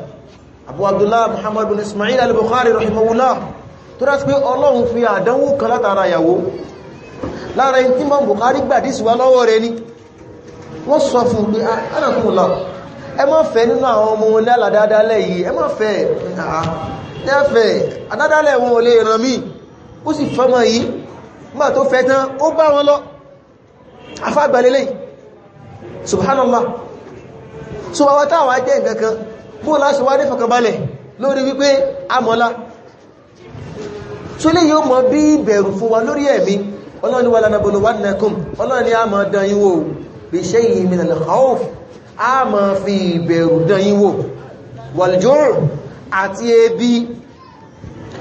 abu abdullah muhammad bin ismail al-bukhari rahimahullah tó rá sí pé wọ́n sọ fún pé ánàkùnlá ah, ẹ má fẹ́ nínú àwọn ọmọ lẹ́làdáadáa lẹ́yìí ẹ fẹ́ tẹ́fẹ̀ adádálẹ̀ wọn ò lè ràn mí ó sì fọ́mọ̀ yìí nígbà tó fẹ́ tán ó bá wọn lọ afágbàlélẹ̀ subhanallah so wa wata wa jẹ́ nǹkankan bó láti wá ní fọkànbalẹ̀ lórí wípé amọ́lá so lè yóò mọ̀ bí bẹ̀rù fún wa lórí ẹ̀mí ọlọ́ni wà lánàbò ebi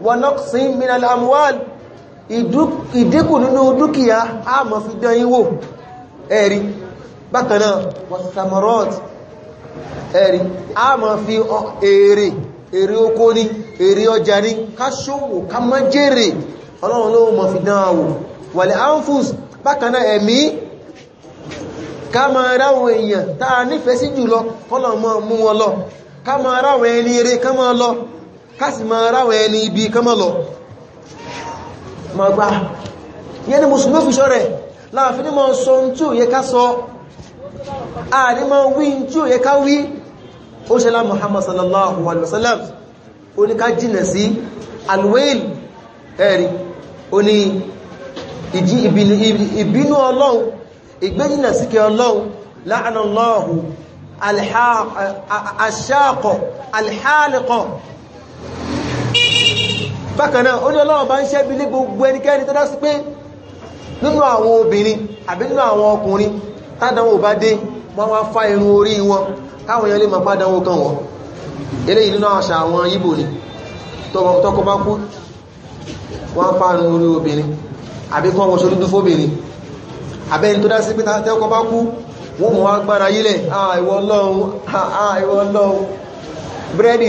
wa naqsin min al-amwal ìdínkù nínú dúkìá a máa fi dán yín ẹ̀rí bákan náà wasamarot ẹ̀rí a máa fi èrè èrè oko ní èrè ọjà ní káṣòwò ká má jèrè ọlọ́run ló máa fi dán wò wal anfus bákan náà ẹ̀mí ká máa ráwọn èèyàn táa kásì máa ráwọn ẹni ibi kánmọ́ lọ ma gbá yẹ́ ni musulmi fi ṣọ́rẹ̀ láàfin ní ma sọ tí ò yẹ ká sọ ààrí ma wí tí ò yẹ ká wí ó ṣẹlá muhammad sallallahu alaihi wasallam ó ní ká jìnà sí alwail ẹ̀rí ó ní bákanáà ó ní ọlọ́run bá ń ṣẹ́bi ní gbogbo ẹnikẹ́ni tó dásí pé nínú àwọn obìnrin àbí nínú àwọn ọkùnrin tádánwò bá dé wọ́n wá fá irun orí wọn káwọn èèyàn lè máa pádánwò kan wọ́n eléyìí nínú àṣà àwọn Ìgbò ni tọ́kọ bá kú wọ́n fá irun orí obìnrin àbí kọ́ wọ́n ṣolúdú fóbìnrin àbẹ́ni tó dásí pé tọ́kọ bá kú wọ́n mọ̀ wá gbára yílẹ̀ àìwọ̀ ah, ọlọ́run àìwọ̀ *laughs* ah, ọlọ́run búrẹ́dì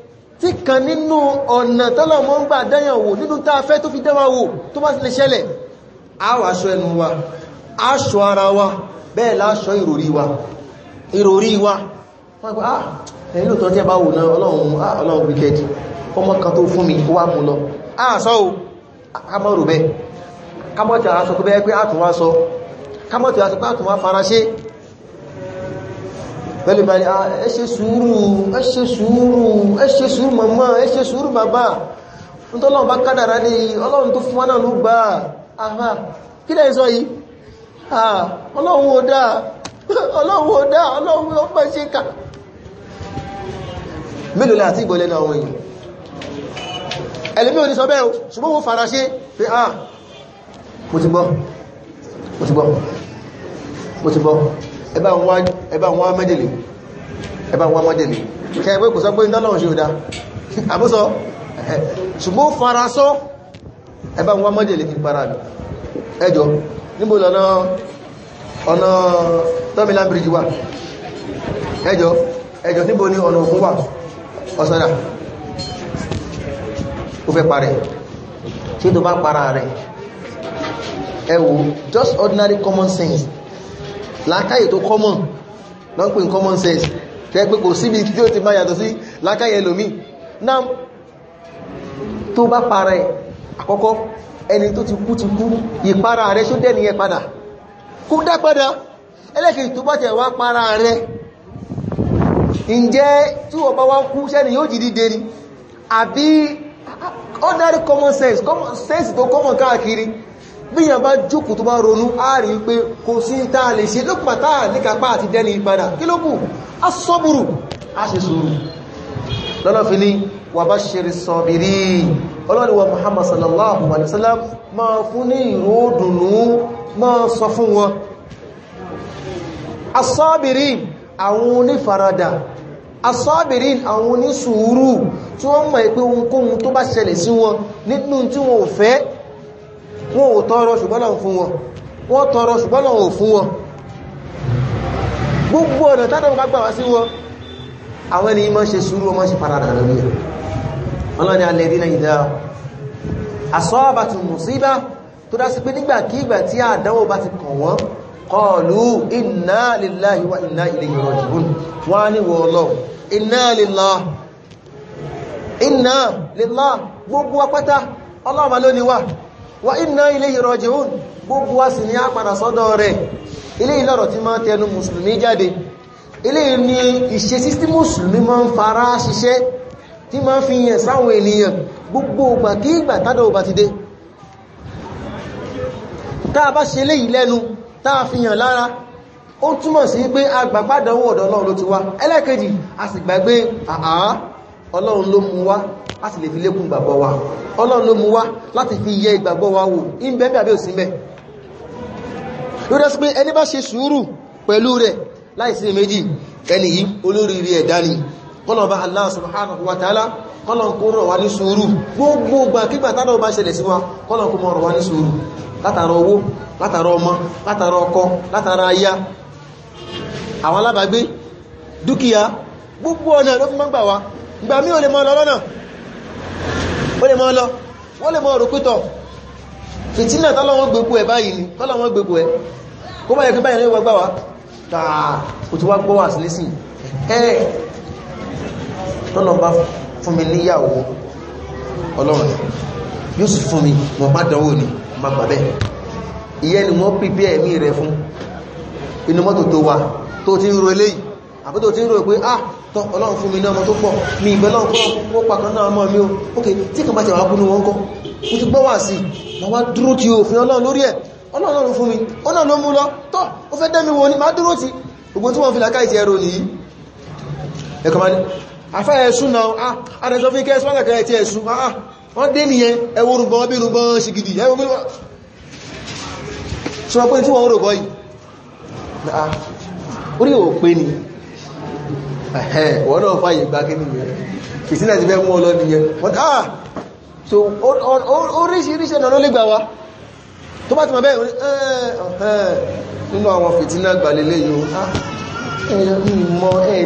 tí kan nínú ọ̀nà tọ́lọ̀ mọ́ ń gbà dáyàn wò nínú tá a fẹ́ tó fi dáwà wò tó bá lè ṣẹlẹ̀ àwọ̀ aṣọ ẹnu wa aṣọ ara wa bẹ́ẹ̀ láṣọ ìròrí wa ìròrí wa wọ́n ah ẹ̀yìn ló tọ́jẹ́ bá wò náà ọlọ́run ah, ọlọ́run wíkẹ́dì ọmọ kan tó fún mi wá mú lọ àṣọ́ o kámọ́rù bẹ́ẹ̀ kámọ́tì àṣọ tó bẹ́ẹ̀ pé àtúnwá sọ kámọ́tì àṣọ pé pẹ̀lú ma ní ah, ẹ ṣe sùúrù ẹ ṣe sùúrù ẹ ṣe sùúrù màmá ẹ ṣe sùúrù bàbá ń tó lọ́wọ́ bá kádàrá ní ọlọ́run tó fún wa náà ló gbà áhà kí lẹ́ sọ yìí ọlọ́run ò dáa ọlọ́run ò dáa ọlọ́run ò bá ṣe kà mélòó láti ìgbọ̀lẹ́ náà wọ́n ẹbá wọn mẹ́dẹ̀lẹ̀ ẹbá wọn mẹ́dẹ̀lẹ̀ kẹwẹ́ kò sọ pé ìdánlọ́run ṣe òdá àbúsọ ṣùgbọ́n farasọ́ ẹbá wọn mẹ́dẹ̀lẹ̀ fi para rẹ̀ ẹjọ́ níbo lọ́nà ọ̀nà tọ́mílá bíríjì wà ẹjọ́ ẹjọ́ níbo ní ọ̀nà òkú wà ọ̀sọ́dà ó fẹ́ parẹ́ tí tó bá para rẹ̀ ẹwù just ordinary common sense lákáyè tó common lọ́n pè common sense tẹ́ pé kò síbi tí ó ti máa yàtọ̀ sí lákáyè ẹlòmí náà tó bá para ẹ̀ àkọ́kọ́ ẹni tó ti kú ti kú ìpara rẹ̀ ṣó dẹ́ni ẹ padà kó dá padà ẹlẹ́kẹ̀ẹ́ tó bá tẹ̀ wá para rẹ̀ ǹjẹ́ tí wọ́n bá wá kú sẹ́ni yóò jìdí dẹni àbí ordinary common sense common sense tó common káàkiri bíyàn bá jókòó tó bá ronú ààrí pé kò sí táà lè ṣe lókùnmà táà ní kàpá àti dẹni ìpadà kí ló kù a sọ́bùrù a ṣe sùúrù lọ́lọ́fin ní wà bá ṣeré sọ̀bìrí ọlọ́niwà Muhammad sallallahu alaihi wasallam ma fún ní ìró dùnú ma sọ fún wọn asọ́bìrí àwọn onífaradà asọ́bìrín àwọn onísùúrù tí wọ́n mọ̀ pé ohunkóhun tó bá ṣẹlẹ̀ sí wọn nínú tí wọn wọn ò tọrọ ṣùgbọ́n Ọlọ́run fún wọn wọ́n tọrọ ṣùgbọ́n Ọlọ́run ò fún wọn gbogbo ọ̀nà tádọ̀ bá gbà wá sí wọn àwọn ẹni máa ṣe sùúrù wọn máa ṣe paradà lórí ẹ̀ ọlọ́ni alladhina idha asabatuhum musiba wà wa inna ilayhi raji'un gbogbo wa sì ní a padà sọ́dọ̀ rẹ̀ ilé ìlọ́rọ̀ tí máa tẹnu mùsùlùmí jáde ilé ní ìṣe sísí mùsùlùmí máa ń fara ṣiṣẹ́ tí máa fi yẹn sáwọn ènìyàn gbogbo ìgbà kí ìgbà tádọ̀ ọba ti dé tá bá ṣe léyìí lẹ́nu tá fi yàn lára ó túmọ̀ sí pé agbàpádàwọ̀ ọ̀dọ̀ Ọlọ́run ló ti wá ẹlẹ́kejì a sì gbàgbé àá ọlọ́run ló mú wá láti lè fi lékún ìgbàgbọ́ wa ọlọ́run ló mú wá láti fi yẹ ìgbàgbọ́ wa wò in bẹ́ẹ̀ bẹ́ẹ̀ sí bẹ́ẹ̀ lórí ẹsùn pé ẹni bá ṣe sùúrù pẹ̀lú rẹ̀ láìsí méjì ẹni yìí olóríire ẹ̀dá ni kọ́lọ̀ bá Allah subhanahu wa ta'ala kọ́lọ̀ kó rọ̀ wá ní sùúrù gbogbo gbà kígbà ọ̀nà ló fi mọ́ gbà ìgbà mí o lè mọ́ lọ lọ́nà ó lè mọ́ lọ wọ́n lè mọ́ ọ̀rọ̀ pítọ̀ fìtínà tọ́lọ́wọ́n gbogbo ẹ̀ báyìí ni tọ́lọ́wọ́n gbogbo ẹ̀ kó báyẹ̀ kí báyẹ̀ ní wọ́gbà wá tàà kò tó wá gbọ́ wà sí lẹ́sìn ẹ̀ tọ́lọ́ bá fún mi mi mọ̀ bá ni má gbà bẹ́ẹ̀ ìyẹn ni àbútó tí ń rò pé ah tọ́ ọlọ́run fún mi ní ọmọ tó pọ̀ mi ìbẹ̀lọ́n kọ́ ó pàkan náà mọ́ mi ó ok tí kàn bá ti wà kúrú wọn kọ́ ó ti gbọ́wà sí ma wá dúró ti òfin ọlọ́run lórí ẹ̀ ọlọ́run fún mi ọlọ́run ló mú lọ tọ́ ó fẹ́ dẹ́mi wọn ni ma dúró ti ogun tí wọ́n fi làkáì ti ẹrù nìyí ẹ̀kọ́ ma ní afẹ́ ẹ̀ṣù náà ah adẹ́sọ fi kẹ́ ẹ̀ṣùn kẹ́ ah wọ́n dé nìyẹn ẹwọ rúgbọ́n bí rúgbọ́n ṣe gidi ẹwọ bí rúgbọ́n ṣe wọ́n pé tí ah, orí ò ni wọ́n náà fàyè gbá kí nìyẹn fìtínà ti fẹ́ mú ọlọ́ nìyẹn but ah so oríṣiríṣi ọ̀nà ló lè gbà wá tó bá ti mọ̀ bẹ́ẹ̀ nínú àwọn fìtínà gbàlélé yóò ah! mọ́ ẹ̀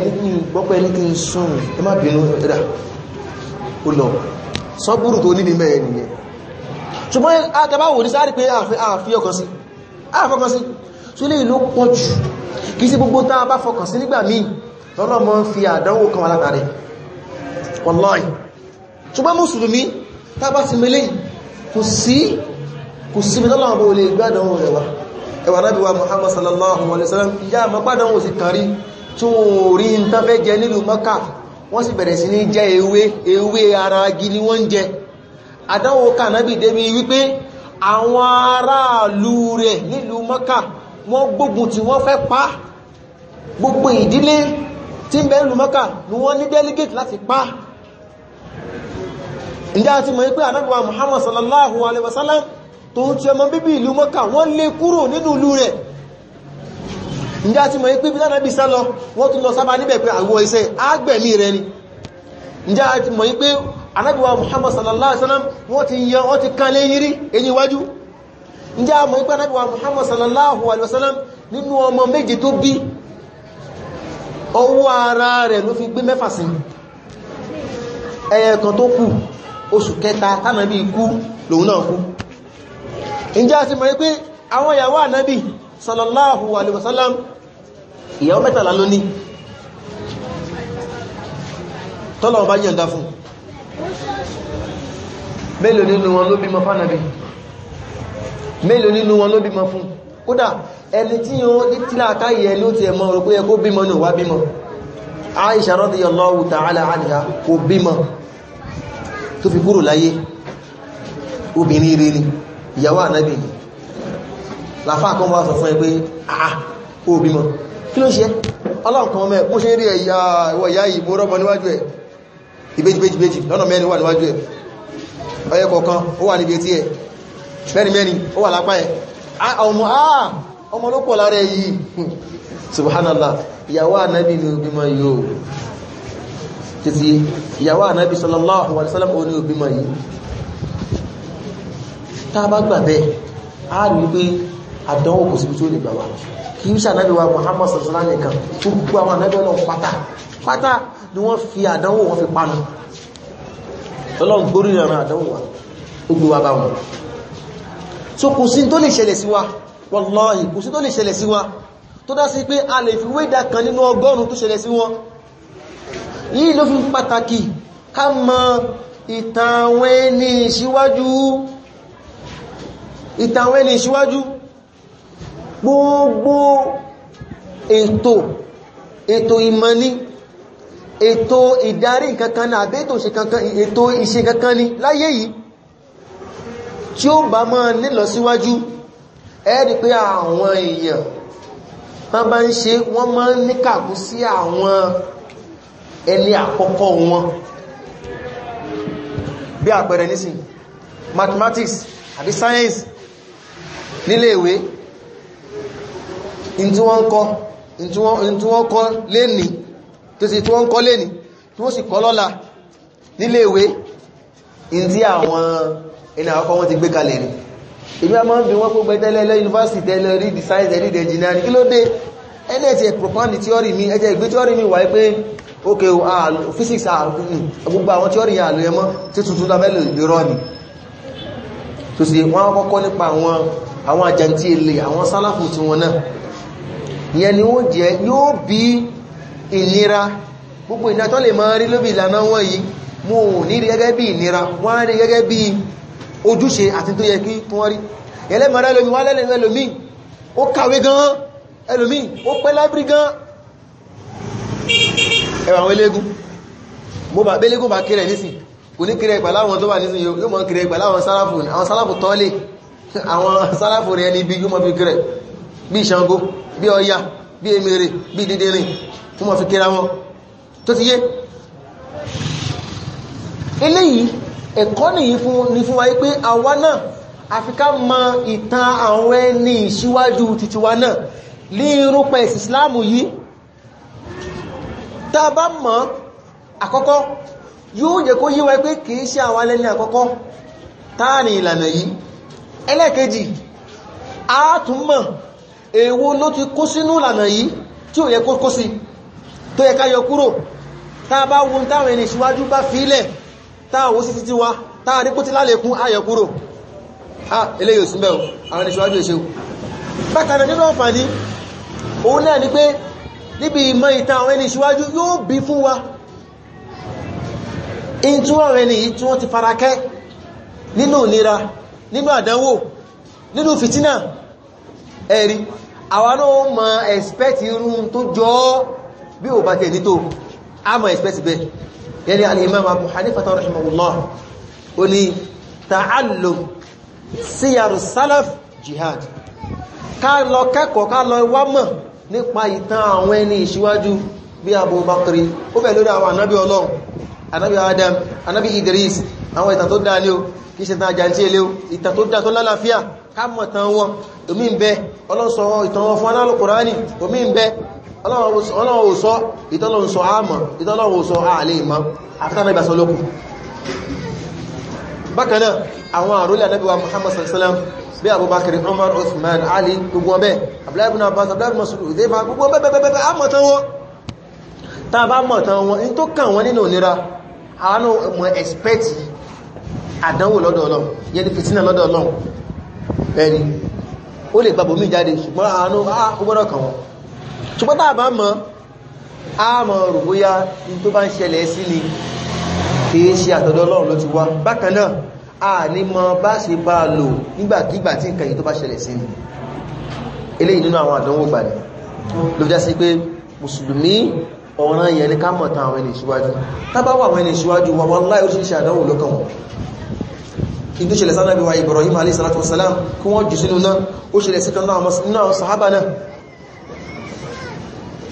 gbọ́pẹ́ ní kí n sùn ẹ má bínú ẹ̀dà ó lọ sọ́búrù tó níbi mẹ́ẹ̀ nìyẹn ṣùgbọ́n àtàbáwò ní sáré pé àfi ọkàn sí àfọkàn sí tó lè ló pọ̀ jù kìí sí gbogbo tá a bá fọkàn sí nígbà míì lọ́lọ́ mọ́ fi àdánwò kan alátàrí wallahi ṣùgbọ́n mùsùlùmí tàbá ti mẹ́lẹ̀ kò sí kò sí mi lọ́lọ́ àbò olè gbádánwò rẹ̀ wá ẹwà náà bí wa Muhammad sallallahu alaihi wasallam ìyá àmọ́ gbádánwò sí kàrí tí wọ́n rí ń tán fẹ́ jẹ nílùú Mẹ́kà wọ́n sì bẹ̀rẹ̀ sí ní jẹ ewé ewé ara agi ni wọ́n jẹ àdánwò kànábì débi wípé àwọn aráàlú rẹ̀ nílùú Mẹ́kà wọ́n gbógun tí wọ́n fẹ́ pa gbogbo ìdílé tí ń bẹ ìlú Mẹ́kà ni wọ́n ní delegate láti pa ǹjẹ́ àti mọ̀ pé anábíwá Muhammad sallallahu alaihi wasallam tó ń ti ọmọ bíbí ìlú Mẹ́kà wọ́n lé kúrò nínú ìlú rẹ̀ ǹjẹ́ àti mọ̀ pé bílá náàbí sálọ wọ́n tún lọ sábà níbẹ̀ pé àwọ̀ iṣẹ́ agbẹ̀mí rẹ̀ ni Ndị àti mọ̀ pé anábíwá Muhammad sallallahu alaihi wasallam wọ́n ti ọwọ́ ara rẹ̀ ló fi gbé mẹ́fà sí ẹ̀ẹ̀kan tó kù oṣù kẹta tánàbí ikú lòun náà kú ìjá sí mọ̀ wípé àwọn ìyàwó ànábì sallallahu alaihi wasallam ìyàwó mẹ́tàlá ló ní tọ́lọ̀ bá yẹ̀ǹda fún mélòó nínú wọn ló bímọ fún kódà ẹni tí ó títílà káyẹ ló ti ẹmọ rò pé ẹ kó bímọ ní wá bímọ Aisha radiyallahu ta'ala anha kò bímọ tó fi kúrò láyé obìnrin rere ìyàwó ànábì láfá kan wá sọ fún ẹgbẹ́ àà ó bímọ kí ló ṣe ọlọ́nkan ọmọ ẹ̀ bó ṣe rí ẹ̀yà ìwọ̀ ìyá ìbò rọ́mọ níwájú ẹ̀ ìbejìbejìbejì lọ́nà mẹ́rin wà níwájú ẹ̀ ọyẹ́ kọ̀ọ̀kan ó wà níbi etí ẹ̀ mẹ́rin mẹ́rin ó wà lápá ẹ̀ ọmọ ah ọmọ ló pọ̀ lára èyí subhanallah ìyàwó ànábì ni obìmọ yóò títí ìyàwó ànábì sallallahu alaihi wasallam oní yìí tá bá a rí àdánwò kò síbi tó lè wa Muhammad sallallahu alaihi àwọn ànábì so kò sí tó lè ṣẹlẹ̀ sí wa wallahi kò sí tó lè ṣẹlẹ̀ sí wa tó dá sí pé a lè fi wédà kan nínú ọgọ́rùn tó ṣẹlẹ̀ sí wọn yìí ló fi pàtàkì ká mọ ìtàn àwọn ẹni ìṣíwájú ìtàn àwọn ẹni ìṣíwájú gbogbo ètò ètò ìmọ̀ni ètò ìdarí kankan náà àbẹ́tò ètò ìṣe kankan ní láyé yìí tí ó bá máa nílọ síwájú ẹ́ẹ̀dì pé àwọn èèyàn wọ́n bá ń ṣe wọ́n máa ń níkàkú sí àwọn ẹni àkọ́kọ́ wọn bí àpẹẹrẹ nísìn mathematics àbí science nílé ìwé in tí wọ́n kọ́ in tí wọ́n kọ́ lẹ́ni tó sì tí kọ́ lẹ́ni tí wọ́n sì kọ́ lọ́la nílé ìwé àwọn iná àkọ́kọ́ wọ́n ti gbé kalẹ̀ rí ìbí àmọ́ bí wọ́n gbogbo ẹ̀tẹ́lẹ̀ lọ yunifásitì tẹ́lẹ̀ rí di science ẹ̀rí di engineering kí ló dé ẹ̀lẹ́ ti propound theory mi ẹ̀jẹ̀ ìgbé theory mi wáyé pé ok physics gbogbo àwọn theory yà lóyẹ mọ́ tí tuntun tafẹ́ lè rọ́ ni tó sì wọ́n kọ́kọ́ nípa àwọn àjàntí ilé àwọn sálàfù tí wọn náà ìyẹn ni ó jẹ́ yóò bí ìnira gbogbo ìnà tó lè máa rí lóbi ìlànà wọn yìí mo ò ní rí gẹ́gẹ́ bí ìnira wọ́n á rí gẹ́gẹ́ bí ojúṣe àti tó yẹ kí wọ́n rí ẹlẹ́mọ̀rá ẹlòmí wà lẹ́lẹ̀ ẹlòmí ó kàwé gan ẹlòmí ó pẹ́ lábírí gan ẹwà àwọn elégún mo bà bélégún bà kéré nísìn kò ní kéré ìgbà láwọn tó wà nísìn yóò mọ̀ kéré ìgbà láwọn sáláfù àwọn sáláfù tọ́lé *laughs* àwọn sáláfù rẹ̀ ní ibi yóò mọ̀ fi kéré bí ìṣàngó bí ọya bí emere bí dídírin tó mọ̀ fi kéré wọn tó ẹ̀kọ́ nìyí fún ní fún wáyé pé àwa náà afika mọ ìtàn àwọn ẹni ìṣíwájú títí wa náà ní irúpẹ̀ ìsìsìláàmù yìí tá a bá mọ̀ àkọ́kọ́ yóò jẹ́ kó yíwa pé kìí ṣe àwa lẹ́ni àkọ́kọ́ táàrin ìlànà yìí ẹlẹ́ẹ̀kejì a tún mọ̀ èwo ló ti kó sínú ìlànà yìí tí ò yẹ kó kó sí tó yẹ ká yọ kúrò tá bá wo táwọn ẹni ìṣíwájú bá fi ilẹ̀ táàwó sí títí wá táà ní kútí lálẹ́kún ayẹ̀ kúrò ha eléyìí òsùn bẹ́ẹ̀ àwọn ìṣòwájú èṣe bákan nínú àǹfààní òun náà ni pé níbi ìmọ̀ ìtàn àwọn ẹni ìṣòwájú yóò bí fún wa in tí wọ́n rẹ̀ nìyí tí wọ́n ti farakẹ́ nínú ìnira nínú àdánwò nínú fìtínà ẹ̀rí àwa náà mọ̀ expect irú tó jọ bí ò bá tẹ̀ nítò a mọ̀ expect bẹ́ẹ̀ يعني الإمام أبو حنيفة رحمه الله وني تعلم سير السلف jihad ká lọ kẹ́kọ̀ọ́ ká lọ wámọ̀ nípa ìtàn àwọn ẹni ìṣíwájú bí abubakari ó bẹ̀ lórí àwọn anábí ọlọ́run anábí adam anábí idris àwọn ìtàn tó dáa ní o kì í ṣe tán àjàntí ilé o ìtàn tó dáa tó lálàáfíà ká mọ̀ tán wọn omi ń bẹ ọlọ́sọ ìtàn wọn fún alálùkùránì omi ń ala sọ ìtọ́lọ́wọ́ sọ àmà ìtọ́lọ́wọ́ sọ ààlè ìmá àfẹ́tàmà bá mọ̀tán wọn in tó kàn wọn nínú àánú mọ̀ àdánwò ṣùgbọ́n tá a bá mọ̀ á mọ̀ rò bóyá in tó bá ń ṣẹlẹ̀ sí ni kìí ṣe àtọ̀dọ̀ Ọlọ́run ló ti wá bákan náà a ní mọ̀ bá ṣe bá lò nígbàkígbà tí nǹkan yìí tó bá ṣẹlẹ̀ sí ni eléyìí nínú àwọn àdánwò gbà ní ló já sí pé mùsùlùmí ọ̀ràn Ibrahim alayhi salatu wasalam kí wọ́n jù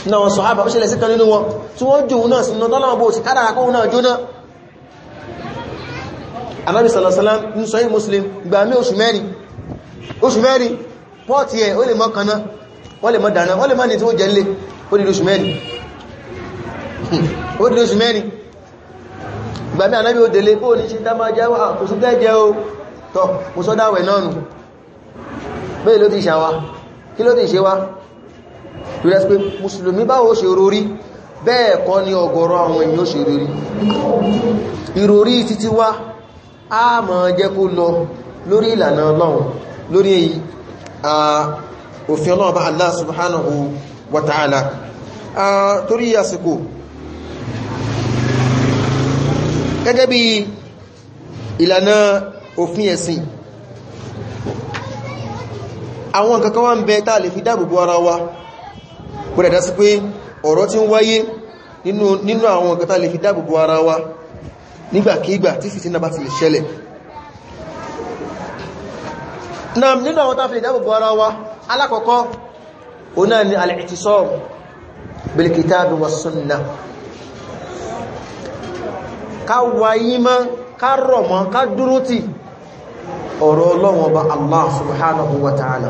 na wọn sọ̀hábà ó ṣẹlẹ̀ síkan nínú wọn tí wọ́n jù náà sínú tọ́lọ́wọ́ bó ti kára àkọ́ náà jóná anábi sàlọ̀sálá ń sọ Muslim gbà mí oṣù mẹ́rin oṣù mẹ́rin pọ́ọ̀tì ẹ̀ ó lè mọ́ kaná wọ́n lè mọ́ dáná wọ́n lè mọ́ ní tí ó jẹ́ lé ó dìdó oṣù mẹ́rin ó dìdó oṣù mẹ́rin gbà mí anábi ó délé bó ní ṣe dámá jẹ́ wà kò sí tẹ́ jẹ́ o tọ́ mo sọ́dáwẹ̀ náà nù bẹ́ẹ̀ ló ti ṣàwá kí tó rẹ́ pé mùsùlùmí báwo ṣe rorí bẹ́ẹ̀ kọ́ ní ọ̀gọ̀rọ̀ àwọn èèyàn ṣe rorí ìrorí títí wá a máa jẹ́ kó lọ lórí ìlànà ọlọ́run lórí òfin ọlọ́run bá Allah subhanahu torí àsìkò gẹ́gẹ́ bí ìlànà òfin ẹ̀sìn àwọn kankan wá ń bẹ tá fi dáàbòbò ara wa bọ́dẹ̀ dá sí pé ọ̀rọ̀ tí ń wáyé nínú àwọn nǹkan tá lè fi dáàbòbò ara wa nígbàkígbà tí fìtínà bá ti lè ṣẹlẹ̀ náà nínú àwọn tá fi lè dáàbòbò ara ọ̀rọ̀ Ọlọ́run Ọba Allah subhanahu wa ta'ala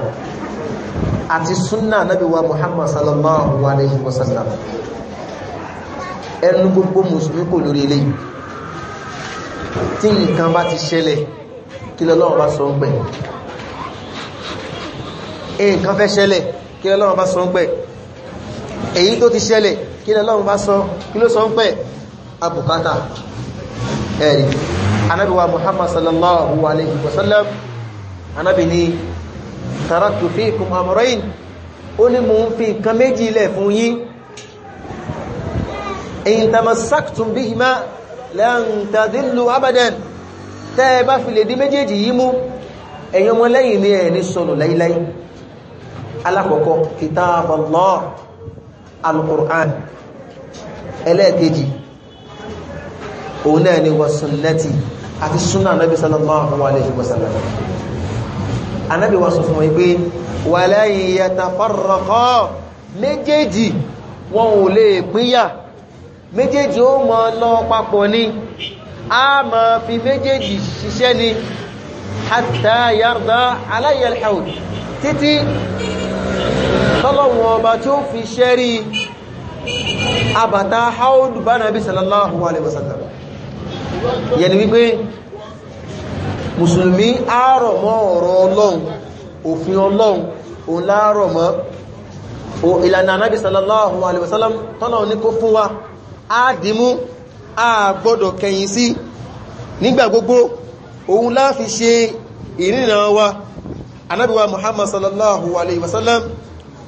àti súnà nábi wa muhammad sallallahu alayhi wa sallam ẹnu gbogbo mùsùlùmí kò lórí ilé tí nǹkan bá ti ṣẹlẹ̀ kí lọ́lọ́wọ́ bá sọ ń pẹ̀ nǹkan fẹ́ ṣẹlẹ̀ kí lọ́lọ́wọ́ bá sọ ń pẹ̀ èyí tó ti ṣẹlẹ̀ kí lọ́lọ́wọ́ bá sọ kí ló sọ ń pẹ̀ abùkátà ẹ̀rí anábíwa muhammad sallallahu alayhi wa anábí ni taraktu fikum amrayn ó ní mo ń fi nǹkan méjì ilẹ̀ fún yín in tamassaktum bihima lan tadillu abadan tẹ́ bá fi lè dí méjèèjì yìí mú ẹ̀yin ọmọ lẹ́yìn ní ẹni sọnù láíláí alákọ̀ọ́kọ́ kitab Allah al-Qur'an ni wa sunnati àti anábì wa sọ fún wọn pé wala yatafarraqa méjèèjì wọn ò lè pínyà méjèèjì ó mọ lọ papọ̀ ni a mọ fi méjèèjì ṣiṣẹ́ ni hatta yarda alayya al-hawd títí tọ́lọ̀wọ̀n ọba tí ó fi ṣẹ́rí àbàtà haudu bá nàbí sallallahu alaihi wasallam yẹni wípé mùsùlùmí àárọ̀ mọ́ ọ̀rọ̀ ọlọ́run òfin ọlọ́run òun láàárọ̀ mọ́ ìlànà anábi sallallahu alaihi wasallam tọ́nà ní kó fún wa áàdìmú àgbọ́dọ̀ kẹyìn sí nígbà gbogbo òun láàfi ṣe ìrìnà wa anábi wa muhammad sallallahu alaihi wasallam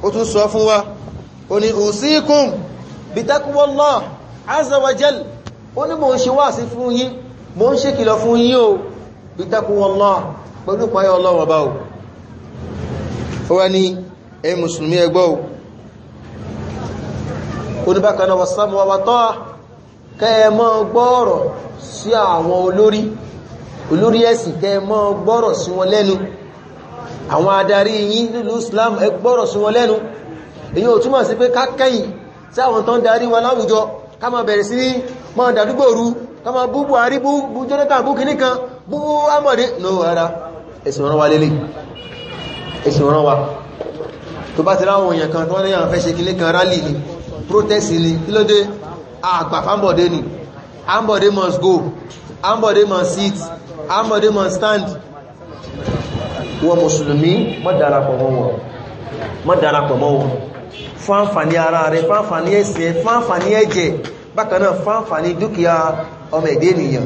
ó tún sọ fún wa ó usikum bi taqwallah azza wa jal ó mo ń ṣe wá sí fún yín mo ń ṣe kìlọ̀ fún yín o bitakuwallah pẹ̀lú payọ ọlọ́wọ̀n bá o ó wá ní ẹ mùsùlùmí ẹgbọ́ o oníbákaná wasamu wa tọ́ kẹ́ẹ̀mọ́ gbọ́ọ̀rọ̀ sí àwọn olórí olórí ẹ̀sìn kẹ́ẹ̀mọ́ gbọ́ọ̀rọ̀ sí wọn lẹ́nu àwọn adarí yín nílùú Islam ẹ gbọ́ọ̀rọ̀ sí wọn lẹ́nu èyí ò túmọ̀ sí pé kákẹ́yìn sí àwọn tó ń darí wa láwùjọ ká máa bẹ̀rẹ̀ sí ní máa dàdúgbòrú ká máa bú Buhari bú Jonathan bú kìníkan gbogbo wa mọ̀ dé ní ara ẹ̀sìn ọ̀rọ̀ wa lélẹ̀ ẹ̀sìn ọ̀rọ̀ wa tó bá ti ráwọn èèyàn kan tó ní àwọn fẹ́ ṣe kílé kan rálì ni protest ni kí ló dé àgbà fámbọ̀dé ni ambọ̀dé must go ambọ̀dé must sit ambọ̀dé must stand wọ́n mùsùlùmí má darapọ̀ mọ́ wọn má darapọ̀ mọ́ wọn fún àǹfààní ara rẹ̀ fún àǹfààní ẹ̀sìn fún àǹfààní ẹ̀jẹ̀ bákan náà fún àǹfààní dúkìá ọmọ ẹ̀dẹ́ ènìyàn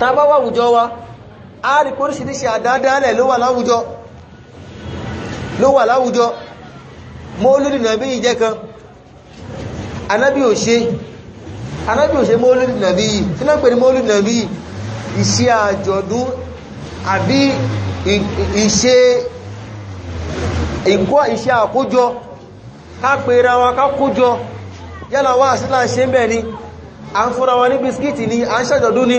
tàbá wà àwùjọ wa a rí póríṣìíríṣìí àdádálẹ̀ ló wà láwùjọ ló wà láwùjọ mọ́lúdì nàbí ìjẹ́ kan anábí ò ṣe anábí ò ṣe mọ́lúdì nàbí yìí tí náà pè ní mọ́lúdì nàbí yìí iṣẹ́ àjọ̀dún àbí iṣẹ́ ìkọ́ iṣẹ́ àkójọ ká wọn ká yálà wá sílá ṣe ń bẹ̀ ni à ń fúnra wọn ní bisikíìtì ni à ń ṣàjọ̀dún ni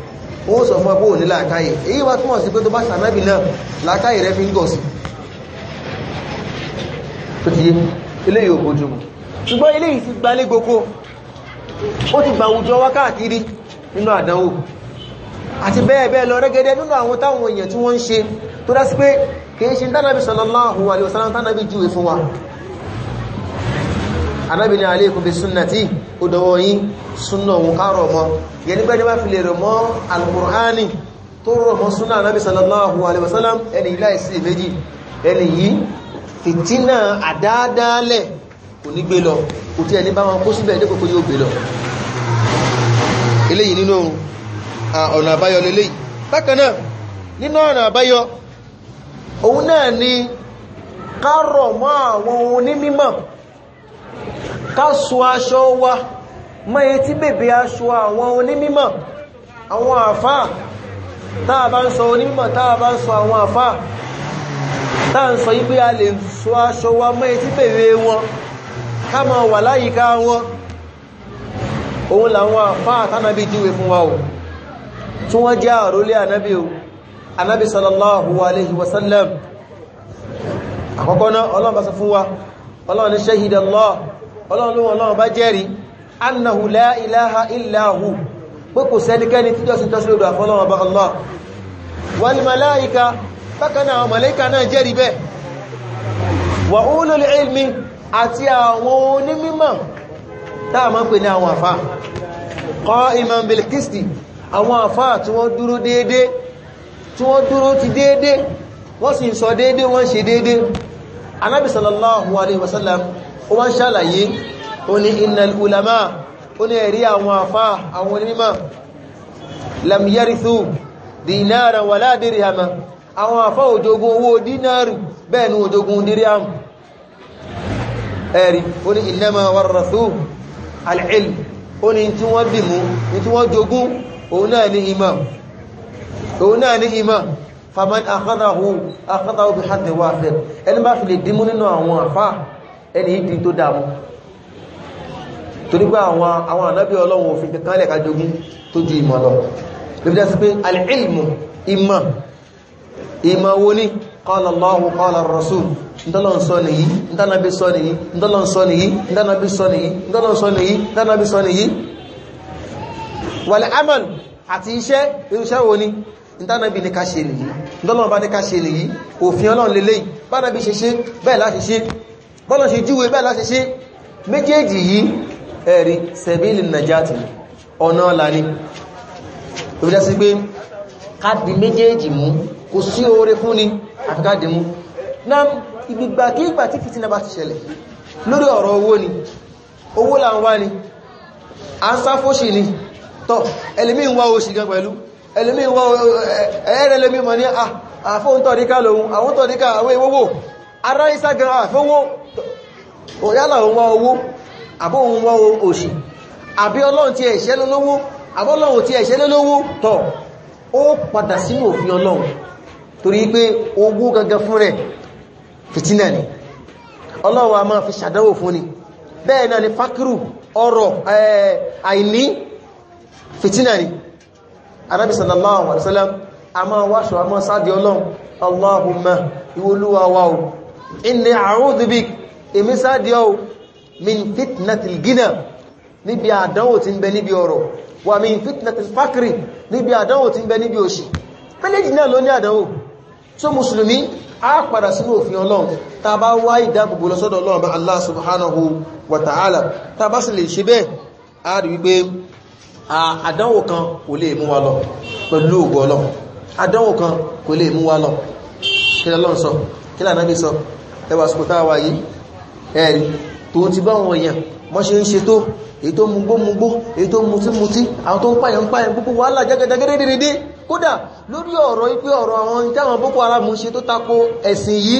ó sọ fún ẹgbó ní làákàyè èyí wá túnmọ̀ sí pé tó bá sànábì náà làákàyè rẹ fi ń gọ̀ sí tó ti yé eléyìí ògbójú mù ṣùgbọ́n eléyìí ti gbalé gboko ó ti gba àwùjọ wa káàkiri nínú àdánwò àti bẹ́ẹ̀ bẹ́ẹ̀ lọ rẹ́gẹ́dẹ́ nínú àwọn táwọn èèyàn tí wọ́n ń ṣe tó dá sí pé kìí ṣe tánàbí sallallahu alaihi wasallam tánàbí jíwe fún wa anábì ní alaykum bi sunnati ó dọwọ́ yín súnà òun kárọ̀ mọ́ yẹni pé ní bá fi lè rọ̀ mọ́ alkùránì tó rọ̀ mọ́ súnà anábì sallallahu alaihi wasallam ẹni ilá ìsì méjì ẹni yìí fìtínà àdáadáalẹ̀ kò ní gbé lọ kò tí ẹni bá wọn kó síbẹ̀ dé kòkó yóò mọ́ àwọn onímímọ̀ ká sọ aṣọ wa mọ́ye tí bèbè aṣọ àwọn onímímọ̀ àwọn àfá táà bá ń sọ onímímọ̀ táà bá ń sọ àwọn àfá táà ń sọ ipé a lè sọ aṣọ wa mọ́ye tí bèbè wọn ká ma wà láyìíká wọn òun làwọn àfá àtànàbí jíwe fún wa o tí wọ́n jẹ́ àrólé ànábí o ànábí sallallahu alaihi wasallam àkọ́kọ́ náà ọlọ́mbà sọ ọlọ́run ní ṣehid Allah ọlọ́run ló ọlọ́run bá jẹ́rìí annahu la ilaha illa hu pé kò sẹ́nikẹ́ni tí jọ́sìn tọ́sílẹ̀ òdò àfọ́lọ́run ọba Allah wal malaika bákanáà àwọn malaika náà jẹ́rìí bẹ́ẹ̀ wa ulul ilmi àti àwọn onímímọ̀ táà máa tí wọ́n dúró ti déédé wọ́n sì ń sọ déédé wọ́n ṣe déédé anábì sallallahu alaihi wasallam ó wá ń ṣàlàyé ó ní innal ulama ó ní ẹ̀rí àwọn àfá àwọn onímọ̀ lam yarithu dinara wala dirhama àwọn àfá òjogun owó dínárì bẹ́ẹ̀ ni òjogun dirham ẹ̀rí ó ní innama warrathu al-ilm ó ní tí wọ́n dìmú ní tí wọ́n jogún òun náà ní ìmọ̀ faman akhadahu akhadahu bi haddi wafir ẹni bá fi lè dímú nínú àwọn àfá ẹni ìdí tó dámú torí pé àwọn ànábí ọlọ́run òfin kankan lẹ́ka jogún tó ju ìmọ̀ lọ lóbi dá sí pé al-ilmu ìmọ̀ ìmọ̀ wo ní qala Allahu qala ar-rasul ndọ́lọ́n sọ nìyí ndánàbí sọ nìyí ndọ́lọ́n sọ nìyí ndánàbí sọ nìyí ndọ́lọ́n sọ nìyí ndánàbí sọ nìyí ní ndánàbí nìyí dọ́lọ́run bá ní ká ṣe nìyí òfin ọlọ́run lélẹ̀ bára bí ṣe ṣe bẹ́ẹ̀ láti ṣe bọ́lọ̀ ṣe júwe bẹ́ẹ̀ láti ṣe méjèèjì yìí ẹ̀rí sẹ̀bílì nàjáàtì ọ̀nà ọ̀la ni tó fi jásí pé káàdì méjèèjì mú kò sí oore fún ni àfikáàdì mú na ìgbìgbàkígbà tí fìtínà bá ti ṣẹlẹ̀ lórí ọ̀rọ̀ owó ni owó là ń wá ni à ń sáfóṣì ni tọ́ ẹlẹ́mí ń wá oṣì gan pẹ̀lú ẹlẹ́mí wọ́n ẹ̀ẹ́rẹ́ lẹ́mí mọ̀ ní ah, àfóhun tọ̀ríká lòun àwọn àwọn ìwówò ara instagram àfówó yálà wọn owó àbóhun wọn òṣì àbí ọlọ́run ti ẹ̀ṣẹ́ lólówó àbọ́lọ́run ti ẹ̀ṣẹ́ lólówó tọ̀ ó padà sínú òfin ọlọ́run torí pé owó gangan fún rẹ̀ fìtínà ni ọlọ́run a máa fi ṣàdánwò fún ni bẹ́ẹ̀ náà ni fákírù ọrọ̀ àìní fìtínà ni anábì sallallahu alaihi wasallam a máa wáṣọ a máa sáàdì ọlọ́run allahumma ìwolúwa wa o inni a'udhu bik èmi sáàdì ọ min fitnatil gina níbi àdánwò tí ń bẹ níbi ọ̀rọ̀ wà min fitnatil fakri níbi àdánwò tí ń bẹ níbi òṣì méjèèjì náà ló ní àdánwò tó mùsùlùmí a padà sínú òfin ọlọ́run ta bá wá ìdábòbò lọ ọlọ́run Allah subhanahu wa ta'ala ta bá sì lè ṣe bẹ́ẹ̀ a rí wípé àdánwò kan kò lè mú wa lọ pẹ̀lú ògbò ọlọ́run àdánwò kan kò lè mú wa lọ kí lọ́n sọ kí lànà bí sọ ẹwà sùkútà wà yìí ẹ̀rí tó ti bá wọn èèyàn mọ́ ṣe ń ṣe tó èyí tó mugbó mugbó èyí tó mutí mutí àwọn tó ń pààyàn pààyàn púpọ̀ wàhálà jẹ́gẹ́jẹ́gẹ́rẹ́ dédé kódà lórí ọ̀rọ̀ ipé ọ̀rọ̀ àwọn ìtàwọn Boko Haram ṣe tó tako ẹ̀sìn yìí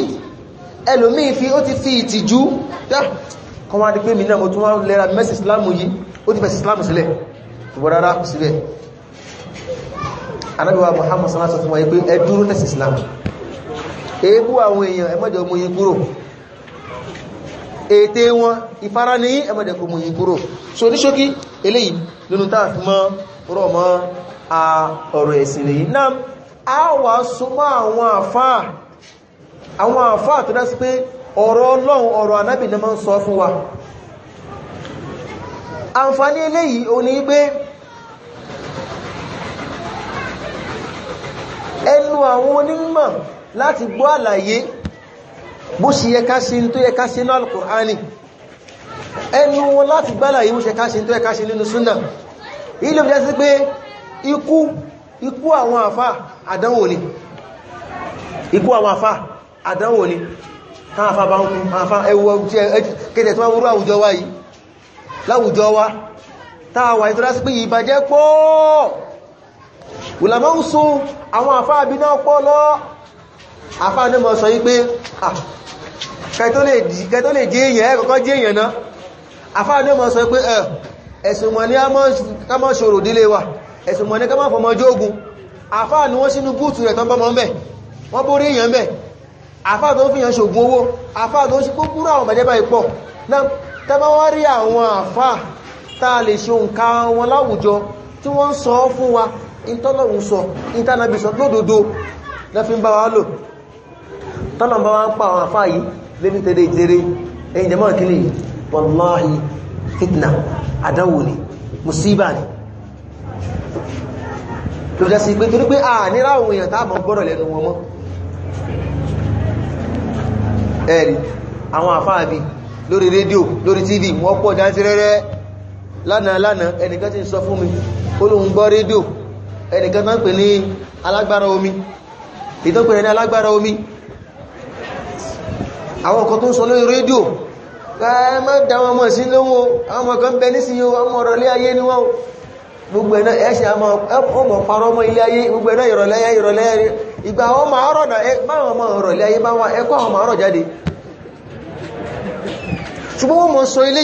ẹlòmí fi ó ti fi ìtìjú kọwàá di pé mi náà mo tún wá lẹ́ra mẹ́sì Islam yìí ó ti fẹ̀sì Islam sílẹ̀ ṣùgbọ́n rárá kù síbẹ̀ anábíwá Muhammad sallallahu alaihi wasallam pé ẹ dúró Islam èébú àwọn èèyàn ẹ má jẹ́ mú yín kúrò ète wọn ìfara ní ẹ má jẹ́ kúrò so ní ṣókí eléyìí nínú táà fi mọ́ rọ̀ mọ́ ọ̀rọ̀ ẹ̀sìn lèyí náà a wà súnmọ́ àwọn àfáà àwọn àfáà tó dá sí pé ọ̀rọ̀ ọlọ́run ọ̀rọ̀ eléyìí o ní pé ẹnu àwọn onímọ̀ láti gbọ́ àlàyé bó ṣe yẹ ká ṣe tó yẹ ká ṣe nínú Al-Qur'ani ẹnu wọn láti gbálàyé bó ṣe ká ṣe tó yẹ ká ṣe nínú súnà ilé ìjẹ́ sí pé ikú ikú àwọn àfá àdánwò ni ikú àwọn àfá àdánwò ni táwọn àfá bá ń kú àfá ẹwọ kẹtẹ̀ ìlàmọ́ ń sún àwọn àfáà bí náà pọ́ lọ àfáà ní mọ̀ sọ yí pé kẹtó lè jẹ́ èèyàn ẹ̀kọ́kọ́ jẹ́ èèyàn náà àfáà ní mọ̀ sọ pé ẹ̀sùn mọ̀ ní ká má ṣòro dílé wa ẹ̀sùn mọ̀ ní ká má fọmọ jógun àfáà ni wọ́n sínú búùtù rẹ̀ tán bọ́mọ ń bẹ̀ wọ́n borí èèyàn bẹ̀ àfáà tó fi hàn ṣògùn owó àfáà tó ṣe kúkúrú àwọn bàjẹ́ báyìí pọ̀ náà tẹ́bá wá rí àwọn àfáà tá a lè ṣe òǹkà wọn láwùjọ tí wọ́n ń sọ fún wa ìtọ́lọ̀run sọ ìtànàbí sọ lódòdó lẹ́fí ń bá wá lò tọ́lọ̀n bá wá ń pa àwọn àfáà yìí lé ní tẹ́lẹ̀ ẹ̀yìn wallahi fitna Adawuli, ni musíbà ni tó jẹ́ sí pé torí pé à nírà àwọn èèyàn táàmọ̀ gbọ́rọ̀ lẹ́nu wọn mọ́ lori tv lana lana mi ẹnìkan tán pè ní alágbára omi ìtọ́ pè ní alágbára omi àwọn kan tó ń sọ lórí rédíò ẹ má dá wọn mọ̀ sí lówó àwọn ọmọ kan bẹ nísìnyí ọmọ ọ̀rọ̀ ilé ayé ni wọ́n gbogbo ẹ̀nà ẹ̀ṣẹ̀ àmọ́ ọmọ parọ́ ọmọ ilé ayé gbogbo ẹ̀nà ìrọ̀lẹ́yà ìrọ̀lẹ́yà ìgbà ọmọ àárọ̀ náà báwọn ọmọ ọ̀rọ̀ ilé ayé bá wà ẹkọ́ ọmọ àárọ̀ jáde ṣùgbọ́n wọ́n mọ̀ sọ ilé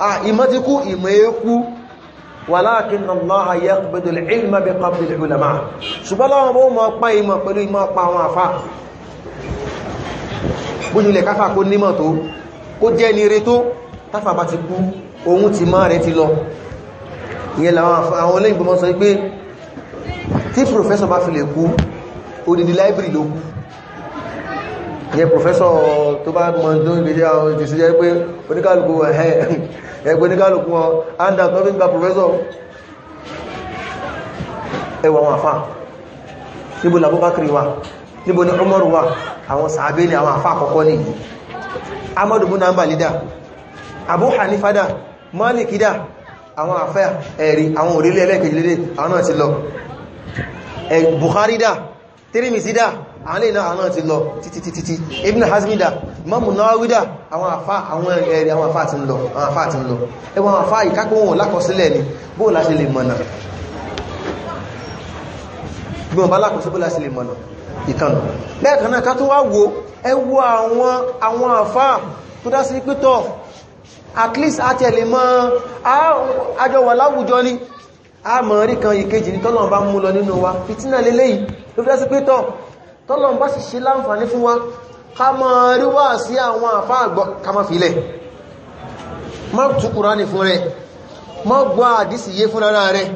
Ah, ìmọ̀ ti kú ìmọ̀ ekú walakin Allah yaqbidu al-ilma bi qabdi al-ulama ṣùgbọ́n láwọn bó mọ́ pa ìmọ̀ pẹ̀lú ìmọ̀ pa àwọn àfá bójúlẹ̀ káfà kó nímọ̀ tó kó jẹ́ ní rí tó táfà bá ti kú ohun ti máa rẹ̀ ti lọ ìyẹn ìyẹn pòfẹ́sọ̀ tó bá mọ̀ tó ń gbèsè àwọn ìjìsí jẹ́ pé oníkàlùkù ẹ̀hẹ́ ẹgbẹ́ oníkàlùkù wọn ándà tó fi ń gba pòfẹ́sọ̀ ẹwà wọn àfá níbo làbúbákiri wà níbo ní ọmọrù wà àwọn sàábé ní àwọn àfá àkọ́kọ́ ní amadu bunamba lida abu hanifada malikida àwọn àfẹ́ ẹ̀rí àwọn òrílẹ̀ ẹlẹ́kẹ̀ẹ́lẹ́lẹ́ àwọn náà ti lọ bukhari da tirimisi da àwọn ilẹ̀ àwọn ti lọ títítítí Ibn Hazmida Imamu Nawawida àwọn àfá àwọn ẹ̀rẹ̀ àwọn àfá ti ń lọ àwọn àfá ti ń lọ ẹwọ àwọn àfá ìkákòwọ̀n lákọsílẹ̀ ni bóò láti lè mọ̀nà bí wọ́n bá lákọsí bóò láti lè mọ̀nà ìkànnà lẹ́ẹ̀kan náà ká tó wá wo ẹwọ àwọn àwọn at least àti ẹ̀lẹ̀ mọ́ àjọ wà láwùjọ a mọ̀ rí kan ìkejì ní tọ́lọ̀ bá mú lọ nínú wa fìtínà lélẹ́yìn ló fi dá sí pítọ̀ tọ́lọ̀ bá sì ṣe láǹfàní fún wa ká mọ́ rí wá sí àwọn àfá àgbọ́ ká má filẹ̀ má tú Kùránì fún rẹ̀ má gbọ́ àdísì yé fún rárá rẹ̀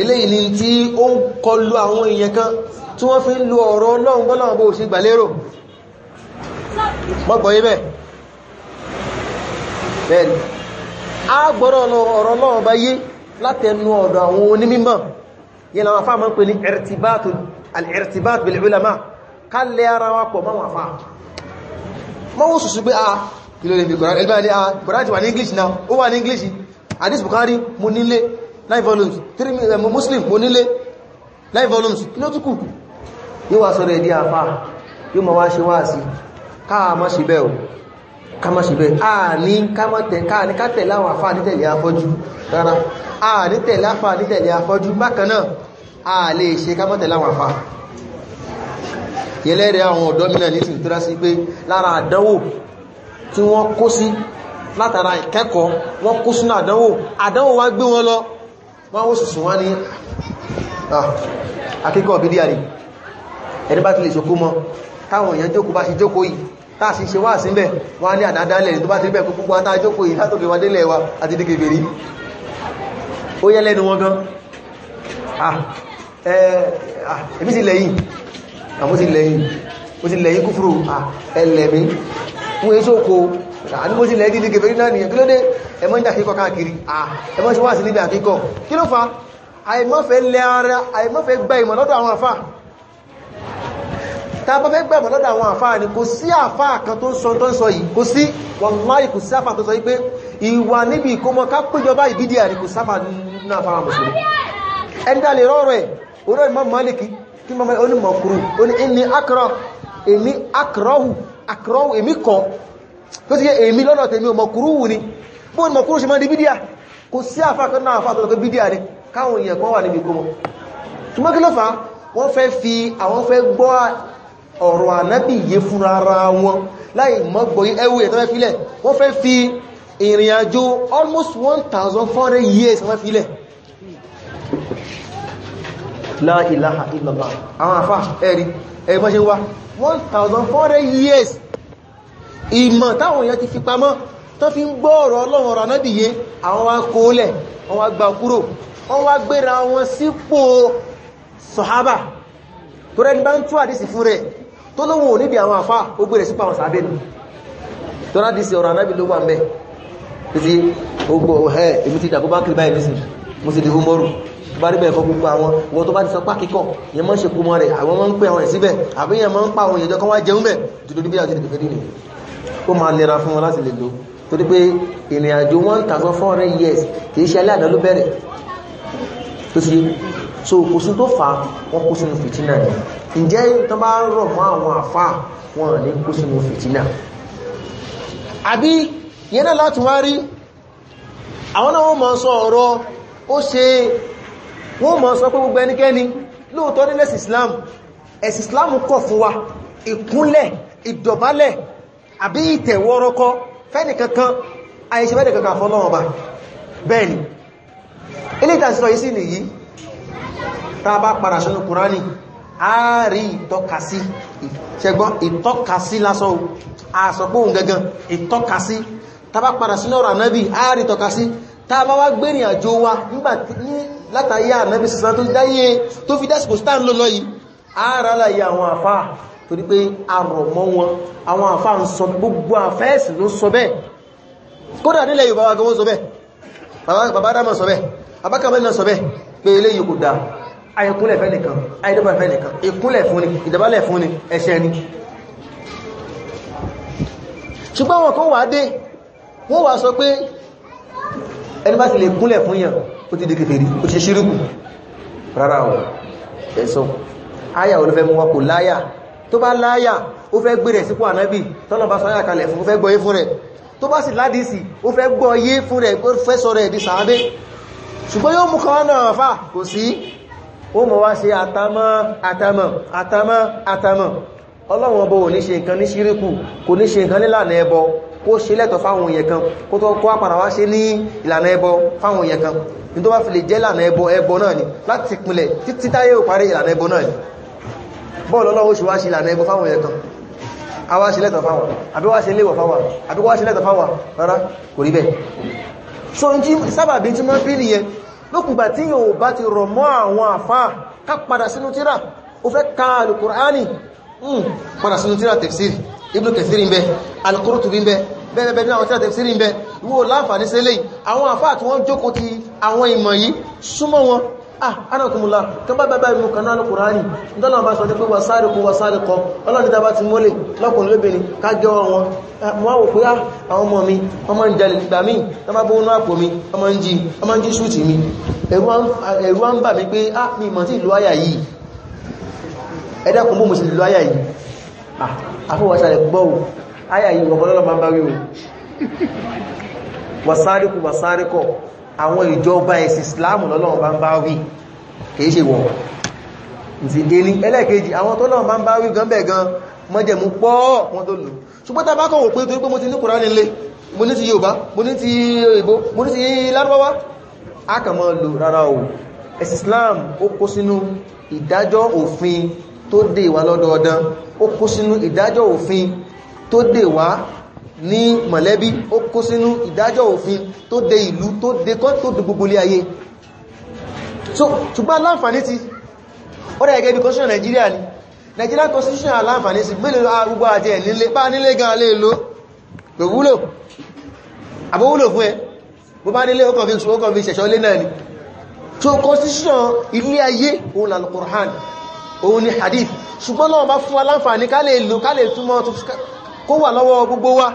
eléyìí ni tí ó ń kọlu àwọn èèyàn kan tí wọ́n fi ń lo ọ̀rọ̀ Ọlọ́run bọ́lọ́run bó bil-ulama ká lẹ ara wa pọ̀ máwọn àfà mọ́wọ́ sùsù pé a kìlò lè fi Kùránì ẹgbẹ́ ilé a ah, Kùránì ti wà ní English náà ó wà ní English Hadith Bukhari mo nílé 9 volumes 3 eh, Muslim mo nílé 9 volumes kí ló tún kù yóò wá sọ́rọ̀ ẹ̀dí àfà yóò ma wá ṣe wá sí káà má ṣe bẹ́ẹ̀ o ká má ṣe bẹ́ẹ̀ a ní ká má tẹ̀ káà ní ká tẹ̀lé àwọn àfà nítẹ̀lé afọ́jú rárá a ní tẹ̀lé àfà nítẹ̀lé afọ́jú yẹlẹ́rẹ̀ àwọn ọ̀dọ́ mìíràn ní sí ìtura sí pé lára àdánwò tí wọ́n kó sí látara ìkẹ́kọ̀ọ́ wọ́n kó sínú àdánwò àdánwò wá gbé wọn lọ wọ́n wó sùsùn wá ní akẹ́kọ̀ọ́ bí díàrí ẹni bá ti lè ṣokó mọ́ táwọn èèyàn jókòó bá ṣe jókòó yìí táà sí ṣe wá síbẹ̀ wọ́n ní àdádálẹ̀ tó bá ti bẹ̀ púpọ̀ àtà jókòó yìí látòkè wà délẹ̀ wa àti dìkè bèrí ó yẹ́ lẹ́nu wọn gan ah ẹ̀mí sí lẹ́yìn àmú ti lẹ́yìn mo ti lẹ́yìn kúfúrú ẹlẹ́mí fún èsòkó àní mo ti lẹ́yìn dídí gẹ̀fẹ́ náà nìyàn kí ló dé ẹmọ́ ń dàkíkọ káàkiri ẹmọ́ ṣe wá sí níbi àkíkọ kí ló fa àìmọ́fẹ́ lẹ́ ara àìmọ́fẹ́ gba ìmọ̀ lọ́dọ̀ àwọn àfáà ta bá fẹ́ gbẹ̀mọ̀ lọ́dọ̀ àwọn àfáà ni kò sí àfáà kan tó ń sọ tó ń sọ yìí kò sí wàláhì kò sí àfáà tó sọ wípé ìwà níbi ìkómọ ká péjọba ìbídí àrí sáfà nínú àfáà mùsùlùmí ẹni dá lè rọrọ ẹ̀ oró Imam Málìkì tí mọ́ mẹ́rin onímọ̀kúrú ó ní ní akọ́rọ̀ èmi akọ́rọ̀hù akọ́rọ̀hù èmi kọ́ tó ti yẹ èmi lọ́nà tèmi ọmọkúrú wù ní bó ní mọ̀kúrú ṣe máa di bídíà kò sí àfákan náà àfákan tó bídíà ní káwọn èèyàn kan wà níbi kó mọ́ ṣùgbọ́n kí ló fà wọ́n fẹ́ fi àwọn fẹ́ gbọ́ ọ̀rọ̀ ànábì yé fúnra ara wọn láì mọ́gbọ̀ ẹwù ẹ̀ tó fẹ́ filẹ̀ wọ́n fẹ́ fi ìrìn àjò almost 1400 years wọ́n filẹ̀ la ilaha illallah àwọn àfá ẹ̀rí ẹ̀bọ́ ṣe wá 1400 years ìmọ̀ táwọn èèyàn ti fi pamọ́ tó fi ń gbọ́ ọ̀rọ̀ ọlọ́run ọ̀rọ̀ anábìyẹ àwọn wá kóólẹ̀ wọ́n wá gbà kúrò wọ́n wá gbéra wọn sípò sọ̀hábà tó rẹ́ni bá ń tú àdísì fún rẹ̀ tó lóhun ò níbi àwọn àfá ó gbé rẹ̀ sípò àwọn sàábẹ́ nù tó rádìsì ọ̀rọ̀ anábì ló wà mẹ́ títí ó gbọ́ ẹ̀ èmi ti dàgbọ́ bá kìrì báyìí nísìn mo sì di húmọ́rù bá rí bẹ́ẹ̀ fọ́ gbogbo àwọn wọn tó bá ti sọ pá kíkọ̀ yẹn mọ́ ṣe kú mọ́ rẹ̀ àwọn mọ́ ń pè àwọn ìsíbẹ̀ àbí yẹn mọ́ ń pa àwọn ìyẹjọ́ kan wá jẹun bẹ̀ dúdú bí àti ìdìbò nìyí ó máa nira fún wọn láti lè lò torí pé ìrìn àjò one thousand four hundred years ó ṣe wọ́n mọ̀ sọ pé gbogbo ẹnikẹ́ni lóòtọ́ nílẹ̀ islam ẹ̀sì islam kọ̀ fún wa ìkúnlẹ̀ ìdọ̀bálẹ̀ àbí ìtẹ̀wọ́rọ́kọ́ fẹ́ni kankan àìṣẹ́ fẹ́ni kankan fún ọlọ́run ọba bẹ́ẹ̀ni ilé ìtàsílọ yìí sí nìyí tá a bá padà a rí ìtọ́kasí ṣẹgbọ́n ìtọ́kasí lásán àsọpóhùn gangan ìtọ́kasí tá a bá padà sínú ọ̀rọ̀ ànábì a rí látàyà ànábì sísan tó dáyé tó fi dásìkò stan ló lọ yìí ara láyé àwọn àfá torí pé àrọ̀ mọ́ wọn àwọn àfá ń sọ gbogbo àfẹ́ẹ̀sì ló sọ bẹ́ẹ̀ kódà nílẹ̀ Yorùbá wa gọwọ́ sọ bẹ́ẹ̀ bàbá dámọ̀ sọ bẹ́ẹ̀ abákàmẹ́lì náà sọ bẹ́ẹ̀ pé eléyìí kò dáa ayẹkúnlẹ̀ fẹ́ nìkan ayẹdọ́bà fẹ́ nìkan ìkúnlẹ̀ fún ni ìdàbálẹ̀ fún ni ẹ̀ṣẹ̀ ni ṣùgbọ́n wọn kan wà dé wọ́n wà sọ pé ẹni bá ti lè kúnlẹ̀ fún yàn ó ti di kèfèrí ó ti ṣíríkù rárá ọ̀ ẹ̀sọ́ áyà olùfẹ́ mú wa kò láyà tó bá láyà ó fẹ́ gbé rẹ̀ sípò ànábì tọ́nà bá sọ́yà kalẹ̀ fún fẹ́ gbọ́yé fún rẹ̀ tó bá sì ládìsì ó fẹ́ gbọ́yé fún rẹ̀ fẹ́ sọ rẹ̀ di sàábé ṣùgbọ́n yóò mú kan náà fà kò sí ó mọ̀ wá ṣe àtàmọ́ àtàmọ́ àtàmọ́ àtàmọ́ ọlọ́run ọbọ̀ ò ní ṣe nǹkan ní ṣíríkù kò ní ṣe kó ṣe lẹ́tọ̀ fáwọn èèyàn kan kó tó kó àpàdà wá ṣe ní ìlànà ẹbọ fáwọn èèyàn kan ní tó bá fi lè jẹ́ ìlànà ẹbọ ẹbọ náà ni láti pinlẹ̀ títí táyé ò parí ìlànà ẹbọ náà ni bọ́ọ̀lù ọlọ́wọ́ ṣe wá ṣe ìlànà ẹbọ fáwọn èèyàn kan a wá ṣe lẹ́tọ̀ fáwọn àbí wá ṣe léwọ̀ fáwọn àbí wá ṣe lẹ́tọ̀ fáwọn rárá kò rí bẹ́ẹ̀ so n tí sábàbí tí mọ́ bí nìyẹn lókùnbà tí yóò bá ti rọ̀ mọ́ àwọn àfáà ká Ibn Kathir ń bẹ Al-Qurtubi ń bẹ bẹ́ẹ̀bẹ́ẹ̀ ní àwọn tí a tẹ̀sí rí ń bẹ ìwò láǹfàní sí eléyìí àwọn àfáà tí wọ́n jókòó ti àwọn ìmọ̀ yìí súnmọ́ wọn ah anakumula kan bá bàbá ìmú kanáà ní kùránì ìdọ́nà bá sọ pé wasáàrí kó wasáàrí kọ ọlọ́ni tàbá ti mọ́lẹ̀ lọ́kùnrin lóbìnrin ká gẹ́ wọn ah, wọ́n wò pé ah, àwọn ọmọ mi ọmọ mi ọmọ ń jí ọmọ ń jí ṣúùtì mi ẹ̀rù ń ah, yìí Ah, afọwọ́sàlẹ̀ gbọ́ o ayà yìí ọmọlọ́lọ́ ma ń bá rí o wàsáríkù wàsáríkọ̀ àwọn ìjọba ẹ̀sì islamu lọ́lọ́wọ́ bá ń bá rí kìí ṣe wọ̀ ti délé ẹlẹ́ẹ̀kejì àwọn tó lọ́wọ́ bá ń bá rí gan bẹ̀ gan mọ́jẹ̀mú pọ́ wọn tó lù ṣùgbọ́n tá bá kọ̀ wò pé torí mo ti ní mo ní ti mo ní ti a kàn mọ́ lò o ẹ̀sì islam ó kó tó dè wá lọ́dọọdán ó kó sínú ìdájọ́ òfin tó dè wá ní mọ̀lẹ́bí ó kó sínú ìdájọ́ òfin tó dè ìlú tó dè kọ́ tó dè gbogbo ilé ayé so ṣùgbọ́n láǹfàní ti ó rẹ̀ gẹ́gẹ́ bí constitution Nigeria ni Nigeria constitution aláǹfàní sí mélòó arúgbó àti ẹ̀ nílé bá nílé gan lè lò kò wúlò àbówúlò fún ẹ bó bá nílé ó kàn fi ṣẹ̀ṣọ́ lé náà ni so constitution ilé ayé òun lálùkùrán òun ni hadith ṣùgbọ́n náà bá fún aláǹfààní ká lè lò ká lè túnmọ́ kó wà lọ́wọ́ gbogbo wa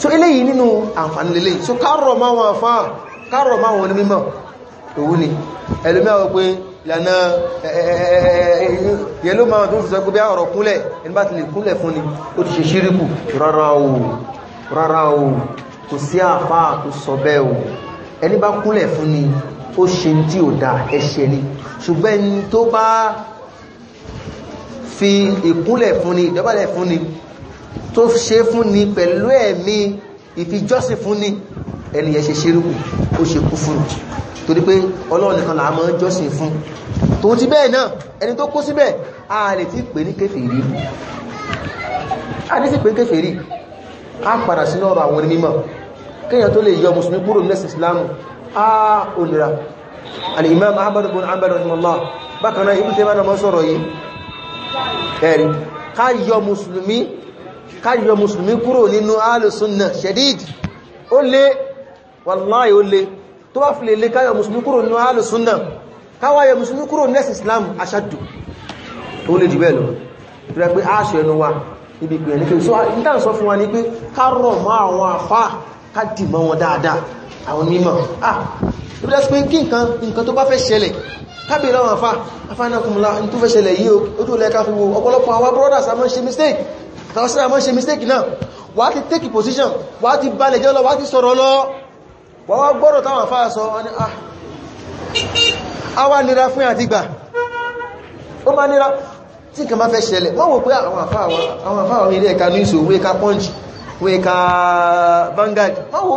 so eléyìí nínú àǹfààní lélé so kárọ̀ máa wọn àfáà kárọ̀ máa wọn ní mímọ̀ òun ni ẹlòmíàwó pé lànà yẹlò máa tó ń sọ gbogbo ọ̀rọ̀ kúnlẹ̀ ẹni bá ti lè kúnlẹ̀ fún ni ó ti ṣe ṣíríkù rárá o rárá o kò sí àfáà tó sọ bẹ́ẹ̀ o ẹni bá kúnlẹ̀ fún ni ó ṣe tí ò da ẹ̀ṣẹ̀ ni ṣùgbọ́n ẹni tó bá fi ìkúnlẹ̀ fún ni ìdọ̀bálẹ̀ fún ni tó ṣe fún ni pẹ̀lú ẹ̀mí ìfijọ́sìn fún ni ẹni yẹn ṣe ṣerúkù ó ṣe kú fún torí pé ọlọ́run nìkan làá máa ń jọ́sìn fún tòun ti bẹ́ẹ̀ náà ẹni tó kó síbẹ̀ a lè ti pè ní kèfèrí a lè ti pè ní a padà sínú ọ̀rọ̀ àwọn onímọ̀ kéèyàn tó lè yọ mùsùlùmí kúrò nílẹ̀ ìsìlámù ah onira al-imam ahmad bin hanbal rahimahullah bákan náà ibùsẹ̀ mẹ́rin mọ́ sọ̀rọ̀ yìí ẹ̀rí káyọ musulmi káyọ musulmi kúrò nínú alùsùnà shadid ó lé wallahi ó lé tó bá fi lè lé káyọ musulmi kúrò nínú alùsùnà káwàyọ musulmi kúrò nẹ́sì islam aṣájú tó lè jù bẹ́ẹ̀ lọ rẹ̀ àwọn onímọ̀ ah ìbílẹ̀ sí pé kí nǹkan nǹkan tó bá fẹ́ ṣẹlẹ̀ kábí lọ́wọ́ afá afánàkùnlá ní tó fẹ́ ṣẹlẹ̀ yìí ó tó lẹ́ka fún wo ọ̀pọ̀lọpọ̀ àwọn brothers a máa ṣe mistake àtàwọn sílẹ̀ a ṣe mistake náà wà á ti take position wà á ti balẹ̀ jẹ́ lọ wà á ti sọ̀rọ̀ lọ wà wá gbọ́rọ̀ táwọn afá sọ wọn ah, a wá nira fún àti gbà ó máa nira tí nǹkan bá fẹ́ ṣẹlẹ̀ wọ́n wò pé àwọn afá àwọn ilé wọ́n wò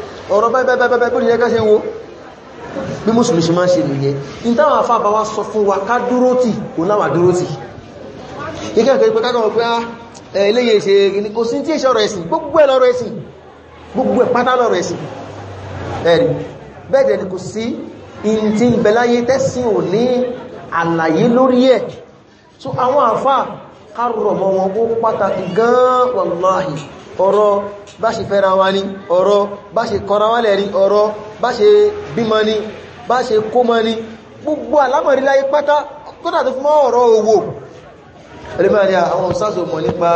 ọ̀rọ̀ báyìí bóyí ẹgbẹ́ ṣe ń wo bí mùsùlùmí ṣe máa ṣe nìyẹn in táwọn afábá wá sọ fún wa ká dúró tì kò láwà dúró tì ikẹ́kẹ́ pé kákọ̀ pé eléyè ṣe kò sí tí èṣẹ́ ọ̀rọ̀ ẹ̀sìn gbogbo ẹ̀ lọ́rọ̀ ẹ̀sìn gbogbo ẹ̀ pátá lọ́rọ̀ ẹ̀sìn ẹ̀rì bẹ́ẹ̀dẹ̀ ni kò sí in tí ń bẹ̀láyé tẹ́sìn ò ní àlàyé lórí àwọn àfá kárọ̀ mọ́ wọn ó pàtàkì gan-an wàláhì ọ̀rọ̀ bá ṣe fẹ́ra wa ní ọ̀rọ̀ bá ṣe kọra wá lẹ̀ ní ọ̀rọ̀ bá ṣe bímọ ní bá ṣe kó mọ ní gbogbo alámọ̀ríláyé pátá kódà tó fún ọ̀rọ̀ owó ẹlẹ́mẹ́rin àwọn òṣàṣò mọ̀ nípa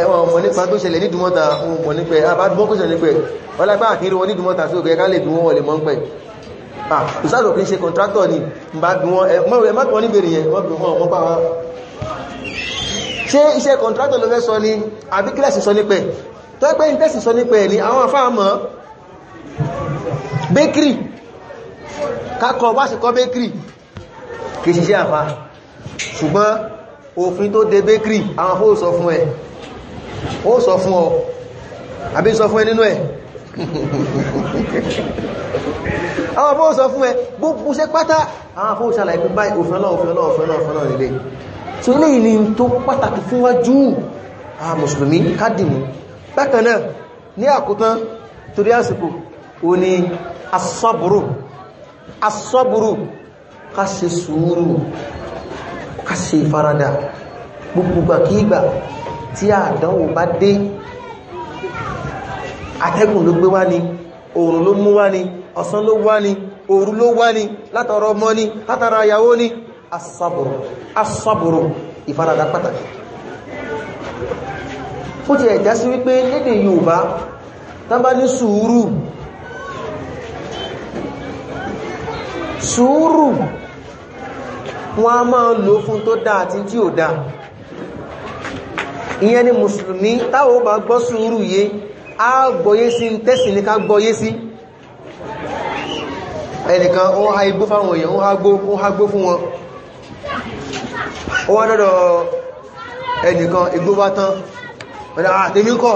ẹwọ̀n mọ̀ nípa tó ṣẹlẹ̀ ní dùmọ́ta mọ̀ nípẹ̀ àbádùmọ́kùnṣẹ̀ nípẹ̀ ọlágbà àkírí wọn ní dùmọ́ta tó kẹ́ ká lè dùn wọn ṣe iṣẹ́ kọ̀ntrátọ̀ ló fẹ́ sọ ní àbí kílẹ̀sì sọ nípẹ̀ tó ẹgbẹ́ ìtẹ́sì sọ nípẹ̀ ní àwọn afáàmọ́ bakery kákọ̀ wá sí kọ́ bakery kì í ṣiṣẹ́ àfá ṣùgbọ́n òfin tó dé bakery àwọn afó sọ fún ẹ ó sọ fún ọ àbí sọ fún ẹ nínú ẹ àwọn afó sọ fún ẹ gbogbo ṣe pátá àwọn afó ṣàlàyé pípa òfin ọlọ́ọ̀fin ọlọ́ọ̀fin ọlọ́ọ̀fin ọlọ́ọ̀ so ilé ìní tó pàtàkì fún wájú àwọn mùsùlùmí kádìmù bákanáà ní àkótán torí àsìkò o ni asọ́bùrù asọ́bùrù ká ṣe sùúrù ká ṣe ìfaradà gbogbogbà kí ìgbà tí àdánwò bá dé atẹ́gùn ló gbé wá ni oòrùn ló mú wá ni ọ̀sán ló wá ni òru ló wá ni látara ọmọ ni látara ìyàwó ni asaburu asaburu ìfaradà pàtàkì ó ti ẹ̀já sí wípé lédè Yorùbá tán bá ní sùúrù sùúrù wọn a máa lò fún tó dáa àti tí ò dáa ìyẹn ni mùsùlùmí táwọn ó bá gbọ́ sùúrù yé a gbọ́yé sí tẹ́sì ní ká gbọ́yé sí ẹnìkan ó ha igbó fáwọn èèyàn ó ha gbó fún wọn ó wá dọ́dọ̀ ẹnìkan igbó bá tán àtẹ́mí kọ́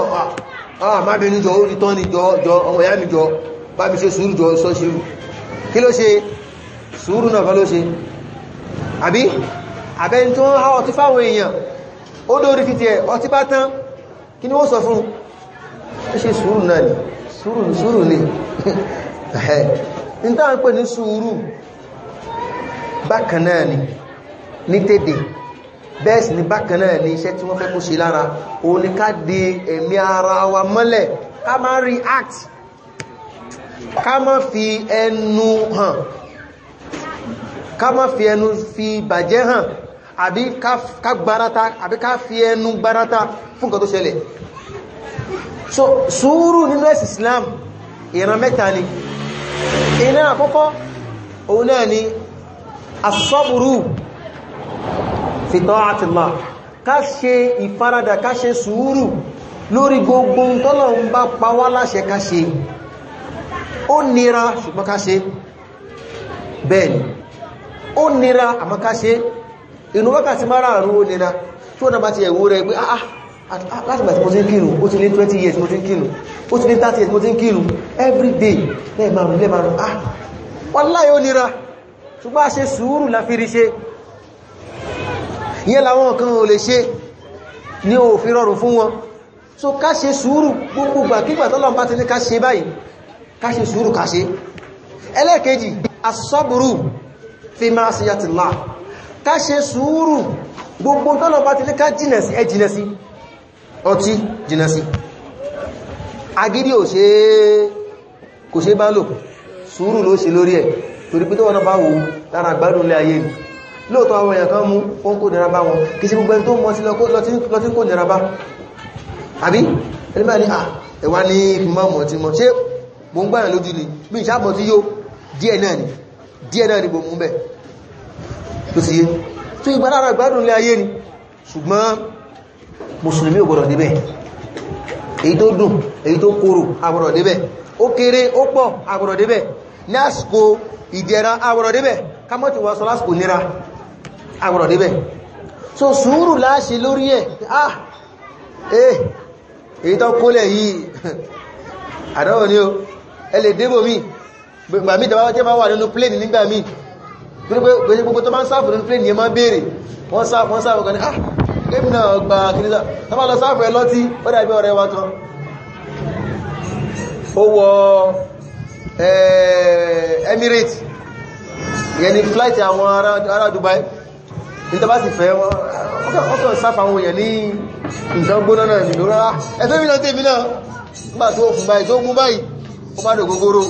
àmábìnrin jọ orí tán ni jọ ọmọ ìyá mi jọ bá mi ṣe sùúrù jọ sọ ṣe kí ló ṣe sùúrù náà bá ló ṣe àbí àbẹ́ni tó ń há ọtí fáwọn èèyàn ó dórí fi tiẹ̀ ọtí bá tán kí ni wọ́n sọ fún ó ṣe sùúrù náà ni sùúrù ni *laughs* ẹ̀ẹ́ ní táà ń pè ní sùúrù bákan náà ni ní tèdè bẹ́ẹ̀ sì ní bákan náà ní iṣẹ́ tí wọ́n fẹ́ kó ṣe lára òun ni ká di ẹ̀mí ara wa mọ́lẹ̀ ká má react ká má fi ẹnu hàn ká má fi ẹnu fi bàjẹ́ hàn àbí ká gbarata àbí ká fi ẹnu gbarata fún nǹkan tó ṣẹlẹ̀ so sùúrù nínú ẹ̀sì Islam ìran mẹ́ta ni ìran àkọ́kọ́ òun náà ni asọ́bùrù fi ta'atillah ká ṣe ìfaradà ká ṣe sùúrù lórí gbogbo t'Ọlọ́run bá pa wá láṣẹ ká ṣe ó nira ṣùgbọ́n ká ṣe bẹ́ẹ̀ ó nira àmọ́ ká ṣe inú wákàtí mara àrùn nira tí ó náà bá ti ẹ̀wó rẹ̀ pé ah, ah, ah láti gbàtí mo ti ń kírun ó ti lé 20 years mo ti ń kírun ó ti lé 30 years mo ti ń kírun everyday lẹ́ẹ̀márùn lẹ́ẹ̀márùn ah wallahi nira ṣùgbọ́n a ṣe sùúrù ìyẹn làwọn kan ò lè ṣe ní òfin rọrùn fún wọn so ká ṣe sùúrù gbogbogbà kígbà tọ́lọ́run bá ti ní ká ṣe báyìí ká ṣe sùúrù ká ṣe ẹlẹ́ẹ̀kejì asọ́bùrù fi máa sí yàtì láà ká ṣe sùúrù gbogbo tọ́lọ́run bá ti ní ká jìnà sí ẹ jìnà sí ọtí jìnà sí agídí ò ṣe kò ṣe bá lò sùúrù ló ṣe lórí ẹ̀ torí pé tó wọ́n bá wò lára gbádùn lóòtọ́ àwọn èèyàn kan mú ó ń kó nira bá wọn kì í sí gbogbo ẹni tó mọ́ sí lọ tí ń kó nira bá àbí ẹlẹ́mà ní ẹ̀wà ní ìfìmọ́mọ̀ tí mọ́ ṣe mo ń gbáyàn lójú ni bí ìṣàbọ̀ tí yóò díẹ̀ náà ni díẹ̀ náà ni bò mú bẹ̀ tó sì yé tó ìgbàlára ìgbádùn lé ayé ni ṣùgbọ́n mùsùlùmí ò gbọdọ̀ débẹ̀ èyí tó dùn èyí tó korò agbọdọ̀ débẹ̀ ó kéré ó pọ̀ agbọdọ̀ débẹ̀ ní àsìkò ìdẹ̀ra ti wọ́n sọ lásìkò nira agbọ̀rọ̀ débẹ̀ so sùúrù láṣe lórí ẹ̀ ah eh èyí tó kólẹ̀ yìí *laughs* àdáwọ̀ ni o ẹ lè débò mí gbà mí tẹ́bá tẹ́bá wà nínú plane nígbà mí gbogbo tó bá ń sáàfù nínú plane yẹn máa béèrè wọ́n sáàfù wọ́n sáàfù kan ní ah èmi náà gba kìnnìsà tọ́bá lọ sáàfù ẹ lọ́tí ó dàbí ọ̀rẹ́ wa eh, Emirates yẹn ni flight àwọn ará Dubai ìjọba sì fẹ́ wọn ọkọ̀ sáfà àwọn èèyàn ní nǹkan gbóná náà ìlú rárá ẹ̀fẹ́ mi náà tèmi náà nígbà tó fún báyìí tó mú báyìí ó bá dò gógóró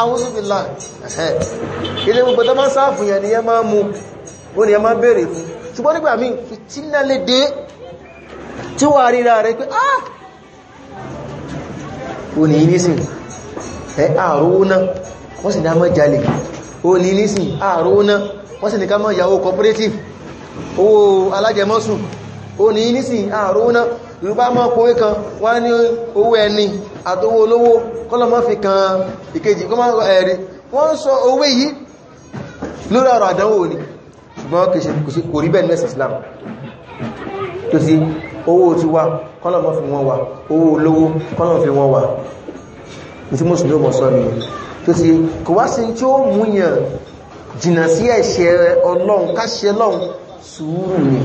àwọn síbi là ilé gbogbo tó máa sáàfù yẹn ni yẹn máa mú ó ní yẹn máa béèrè fún ṣùgbọ́n nígbà míì fìtínà lè dé tí wà ríra rẹ pé ah ó ní nísìn ẹ àrò náà wọ́n sì ní ó ní nísìn àrò náà wọ́n sì nìkan mọ́ ìyàwó cooperative owó alájẹmọ́sùn ó ní nísìn àróná yorùbá mọ́ kòwé kan wá ní owó ẹni àtowó olówó kọ́lọ̀mọ́ fi kan ìkejì wọ́n sọ owó yìí lórí ọ̀rọ̀ àdánwò ni ṣùgbọ́n kìí kò rí bẹ́ẹ̀ nẹ́sì Islam tó sí owó ti wá kọ́lọ̀mọ́ fi wọ́n wá owó olówó kọ́lọ̀mọ́ fi wọ́n wá ni tó sí kò jìnà sí ẹ̀ṣẹ̀ ọlọ́run káṣẹ lọ́run sùúrù ni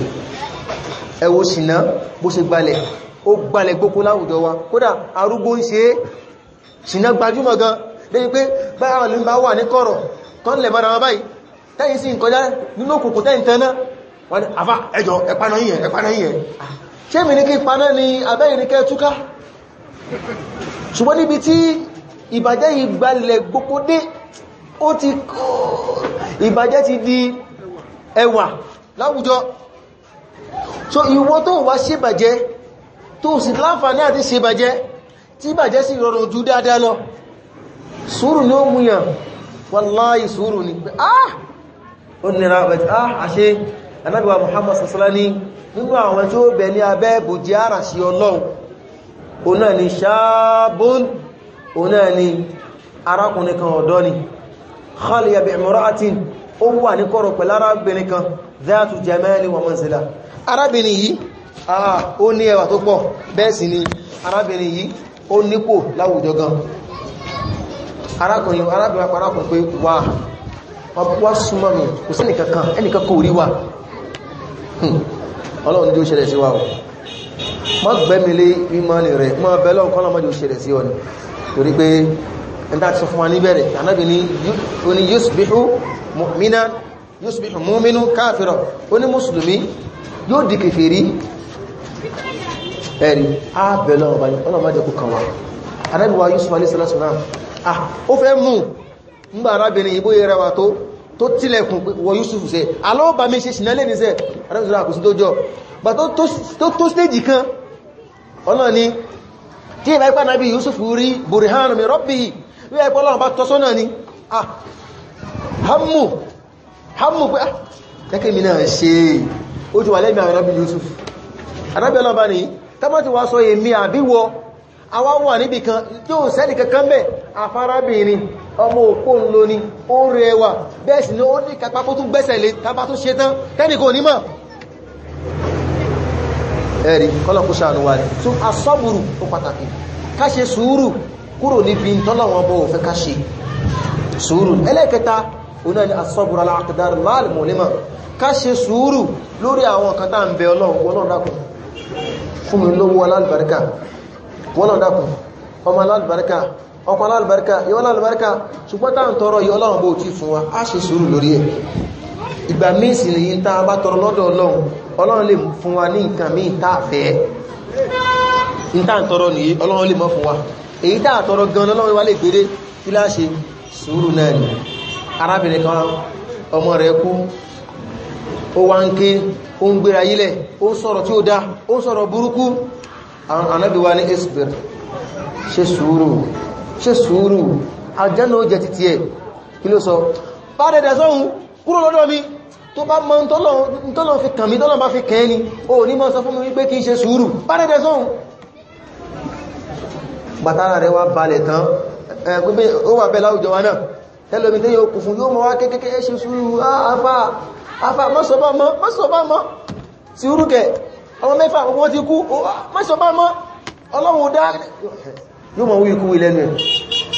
ẹwọ ṣìnà bó ṣe gbalẹ̀ ó gbalẹ̀ gbogbo láwùjọ wa kódà arúgbó ń ṣe é ṣìnà gbajúmọ̀ gan débi pé báyàwó ló bá wà ní kọ̀rọ̀ tán lẹ̀ bára wọn báyìí tẹ́yìn sí nǹkan já ni àfá ẹjọ́ ẹ̀pàná yìí ẹ̀pàná yìí ṣé mi ìbàjẹ́ yìí gbogbo dé ó ti kó ìbàjẹ́ ti di ẹwà láwùjọ so ìwọ tó wá ṣe bàjẹ́ tó sì láǹfààní àti ṣe bàjẹ́ tí bàjẹ́ sì rọrùn jù dáadáa lọ sùúrù ni ó múyàn wàláyì sùúrù ni pé ah ó nira bẹ̀tẹ̀ ah àṣẹ anábíwá Muhammad sassalani nínú àwọn tí ó bẹ̀ ní abẹ́ bòjì ara sí ọlọ́run òun náà ni ṣáàbùn òun náà ni arákùnrin kan ọ̀dọ́ ni khaliya bi imra'atin ó wà ní kan jamali wa manzila arábìnrin yìí ah ni ní ẹwà tó pọ̀ bẹ́ẹ̀ ni arábìnrin yìí ó nípò láwùjọ gan arákùnrin arábìnrin aparákùn pé wà wa súnmọ́ mi kò sí ẹnìkankan wa hmm. ọlọ́run jẹ́ ó ṣẹlẹ̀ sí wa o má gbẹ́mi lé mímọ́ rẹ̀ mọ́ bẹ́lọ́ kọ́lọ́mọ́jọ́ ṣẹlẹ̀ ni tori pe ẹ̀ntà ti sọ fún wa ní bẹ̀rẹ̀ tànàbì ní yusbihu mu'mina yusbihu mu'minu káàfirọ̀ ó ní mùsùlùmí yóò di kèfèrí ẹ̀rí ààbẹ̀lọ ọlọ́mọdékù kan wà anábíwá yusuf alẹ́sàlásùnà ah ó fẹ́ mú ngbà arábìnrin ìbó yẹra wa tó tó tilẹ̀kùn wọ yusuf sẹ alọ́ọ̀bá mi ṣe ṣìnà lẹ́ni sẹ arábìnrin àkùsí tó jọ bà tó tó stéjì kan ọlọ́ tí ìbá ipá nàbí yusuf rí burihanu mi rọ́bì lóyẹ pé ọlọ́run bá tọ́ sọ́nà ni hamu hamu pé jẹ́kẹ́ mi náà ṣe ojú wà lẹ́mí àwọn arábí Yusuf arábí ọlọ́ba ni tamati wa sọ èmi àbíwọ àwa wà níbi kan tí ó sẹ́ni kankan bẹ́ afárábìnrin ọmọ òkú ńlọ ni ó rẹwà bẹ́ẹ̀ sì ni ó ní kápá tó tún gbẹ́sẹ̀ lé tábà tó ṣe tán tẹ́nìkan ò ní mọ̀ ẹ̀rí kọ́lọ̀kúṣà ànúwà rẹ̀ tún asọ́bùrù ó pàtàkì ká ṣe sùúrù kúrò níbi tọ́lọ̀wọ́n bó fẹ́ ká ṣe sùúrù ẹlẹ́kẹta oná ni asọ́bùrọ̀ aláàkàdára máàlì mọ̀lẹ́mà ká ṣe sùúrù lórí àwọn kan táà ń bẹ ọlọ́run dákun fún mi lówó alálùbáríkà wọ́lọ̀ dákun ọmọ alálùbáríkà ọkọ̀ alálùbáríkà yọ́ alálùbáríkà ṣùgbọ́n táà ń tọrọ yọ ọlọ́run bó ti fún wa á ṣe sùúrù lórí ẹ̀ ìgbà míì sì nìyí tá a bá tọrọ lè fún wa ní nǹkan míì tá a fẹ́ ń tá ọlọ́run lè mọ́ fún wa èyí tá àtọrọ gan lọ́wọ́ wà lè gbére kí láṣe sùúrù náà ni arábìnrin kan ọmọ rẹ̀ kú ó wá ń ké ó ń gbéra yílẹ̀ ó ń sọ̀rọ̀ tí ó dá ó ń sọ̀rọ̀ burúkú anábíwá ní esbir ṣe sùúrù ṣe sùúrù àjẹ́nà ó jẹ títí ẹ̀ kí ló sọ bá sọ́hun bàtàrà rẹ̀ wá balẹ̀ tán ẹgbẹ́ ó wà bẹ́ẹ̀ láwùjọ wa náà ẹlòmí tí yóò kù fún yóò mọ́ wá kékeré ṣe sùúrù afá mọ́sọ̀bá mọ́ sí orúkẹ̀ ọmọ mẹ́fà wọ́n ti kú mọ́sọ̀bá mọ́ ọlọ́run dá yóò mọ̀ wí kú ilẹ̀nu ẹ̀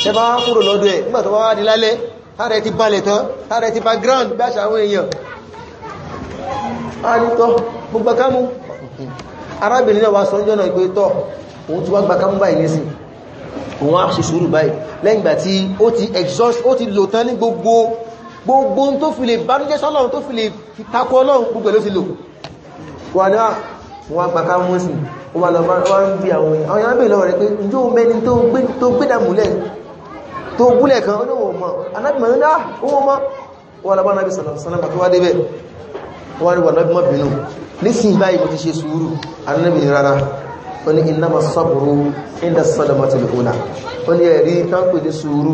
ṣe bá kúrò lọ́dọ̀ ẹ̀ nígbà tó bá wá di lálẹ́ ààrẹ ti balẹ̀ tán ààrẹ ti background bí àṣà àwọn èèyàn àrítọ́ gbogbo akámú arábìnrin náà wá sọ́jọ́ náà ìgbé tọ́ òun ti wá gbakámú báyìí nísìnyí òun á ṣe sùúrù báyìí lẹ́yìn ìgbà tí ó ti exhaust ó ti lò tán ní gbogbo gbogbo tó fi lè bánújẹ́ sọ́lọ́run tó fi lè takọ ọlọ́run gbogbo ló ti lò wà náà wọ́n pàkà mú sí wà lọ wá ń bí àwọn èèyàn àwọn èèyàn bèèrè lọ́wọ́ rẹ̀ o mẹ́ni tó gbẹ́dàmúlẹ̀ tó gúnlẹ̀ kan olóòwò mọ́ anábìmọ̀ ní náà owó mọ́ wà lọ́bá náà bí sàlàmà tó wá débẹ̀ wọ́n rí wà náà ó ní innama sabru inda sadamatil ula ó ní ẹ̀rí tánpẹ̀ ní sùúrù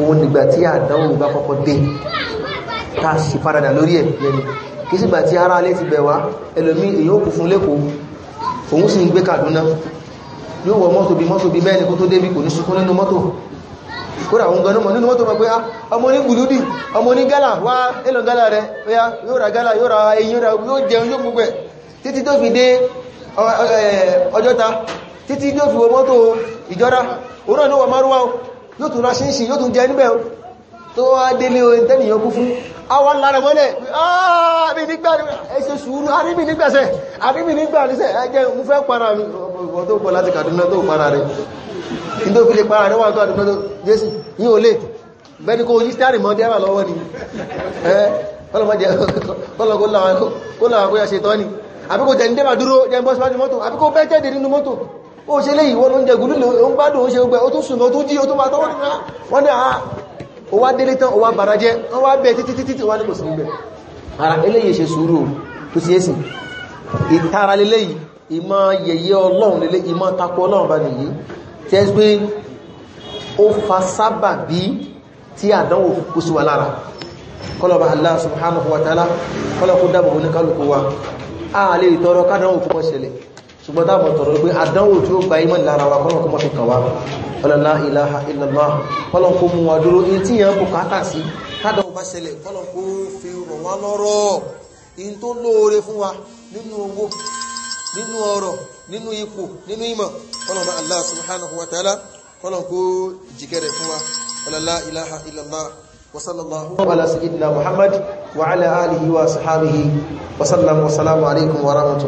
òun nígbà tí àdánwò bá kọ́kọ́ dé ta sì faradà lórí ẹ̀ lẹ́nu kì sígbà tí ara alẹ́ ti bẹ̀wá ẹlòmí èyí ó kù fún lẹ́kọ̀ọ́ òun sì ń gbé Kaduna yóò wọ mọ́tò bí mọ́tò bí mẹ́rin kó tó débí kò ní sunkún nínú mọ́tò kódà òun gan mọ̀ nínú mọ́tò mọ̀ pé á ah, ọmọ ní gbùlúdì ọmọ ní gálà wá ẹlọ gálà rẹ̀ yóò ra gálà yóò ra eyín yóò jẹun yóò títí tó fi dé Eh, ọjọ́ta títí yóò fi wo mọ́tò ìjọ́ra òun náà ní wọ márúwá yóò tún ra ṣíṣì yóò tún jẹ níbẹ̀ tó wá délé orin tẹ́nìyàn kú fún àwọn lára mọ́lẹ̀ ààbí nígbà ẹsẹ̀ sùúrù àríbì nígbàṣẹ́ àríbì nígbà níṣẹ́ para mi ọ̀pọ̀ tó pọ̀ láti Kàdúná tó para rẹ̀ tó fi lè para rẹ̀ wà tó Kàdúná tó jésì ní olè bẹ́ni kó yí stari mọ́ dẹ́wà lọ́wọ́ ni ẹ́ ọlọ́mọdé kó làwọn ni àbíkò jẹ́ ìdẹ́bà dúró jẹ́ bọ́ síwájú mọ́tò àbíkò bẹ́ jẹ́dẹ̀ nínú mọ́tò ó ṣe lè ìwọ́n oúnjẹ gùn nílò ó ń bá dùn ó ṣe gbẹ ó tún sùn ó tún jí ó tún bá tọ́wọ́ nílá wọ́n ní àá ah, ó wá délé tán ó wá bàrá jẹ́ wọ́n wá bẹ̀ títí títí wá ní kò sí níbẹ̀ ara eléyìí ṣe sùúrù tó ti yẹ́sìn ìtara leléyìí ìmọ̀ yẹ̀yẹ́ tí àdánwò kó sí wa lára kọlọ̀bà Allah subhanahu wa ta'ala kọlọ̀kú dábò oníkálùkù wa a lè tọrọ kádánwò fún ọ̀ṣẹ̀lẹ̀ ṣùgbọ́n dáàbọ̀ tọrọ pé àdánwò tí ó gba imọ̀ lára wa kọ́lọ̀ kọ́mọ̀ fi kàwà ọlọ́lá ìlàhà ìlàlá kọ́lọ̀ kó mú wa dúró in tí yẹn bùkátà sí kádánwò bá ṣẹlẹ̀ kọ́lọ̀ kó fi rọ̀ wá lọ́rọ̀ in tó lóore fún wa nínú owó Allah subhanahu wa ta'ala kọ́lọ̀ kó jìkẹ́rẹ̀ fún wa ọlọ́lá ìlàhà ìlàlá وصلى الله على سيدنا محمد وعلى آله وصحبه وسلم والسلام عليكم ورحمة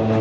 الله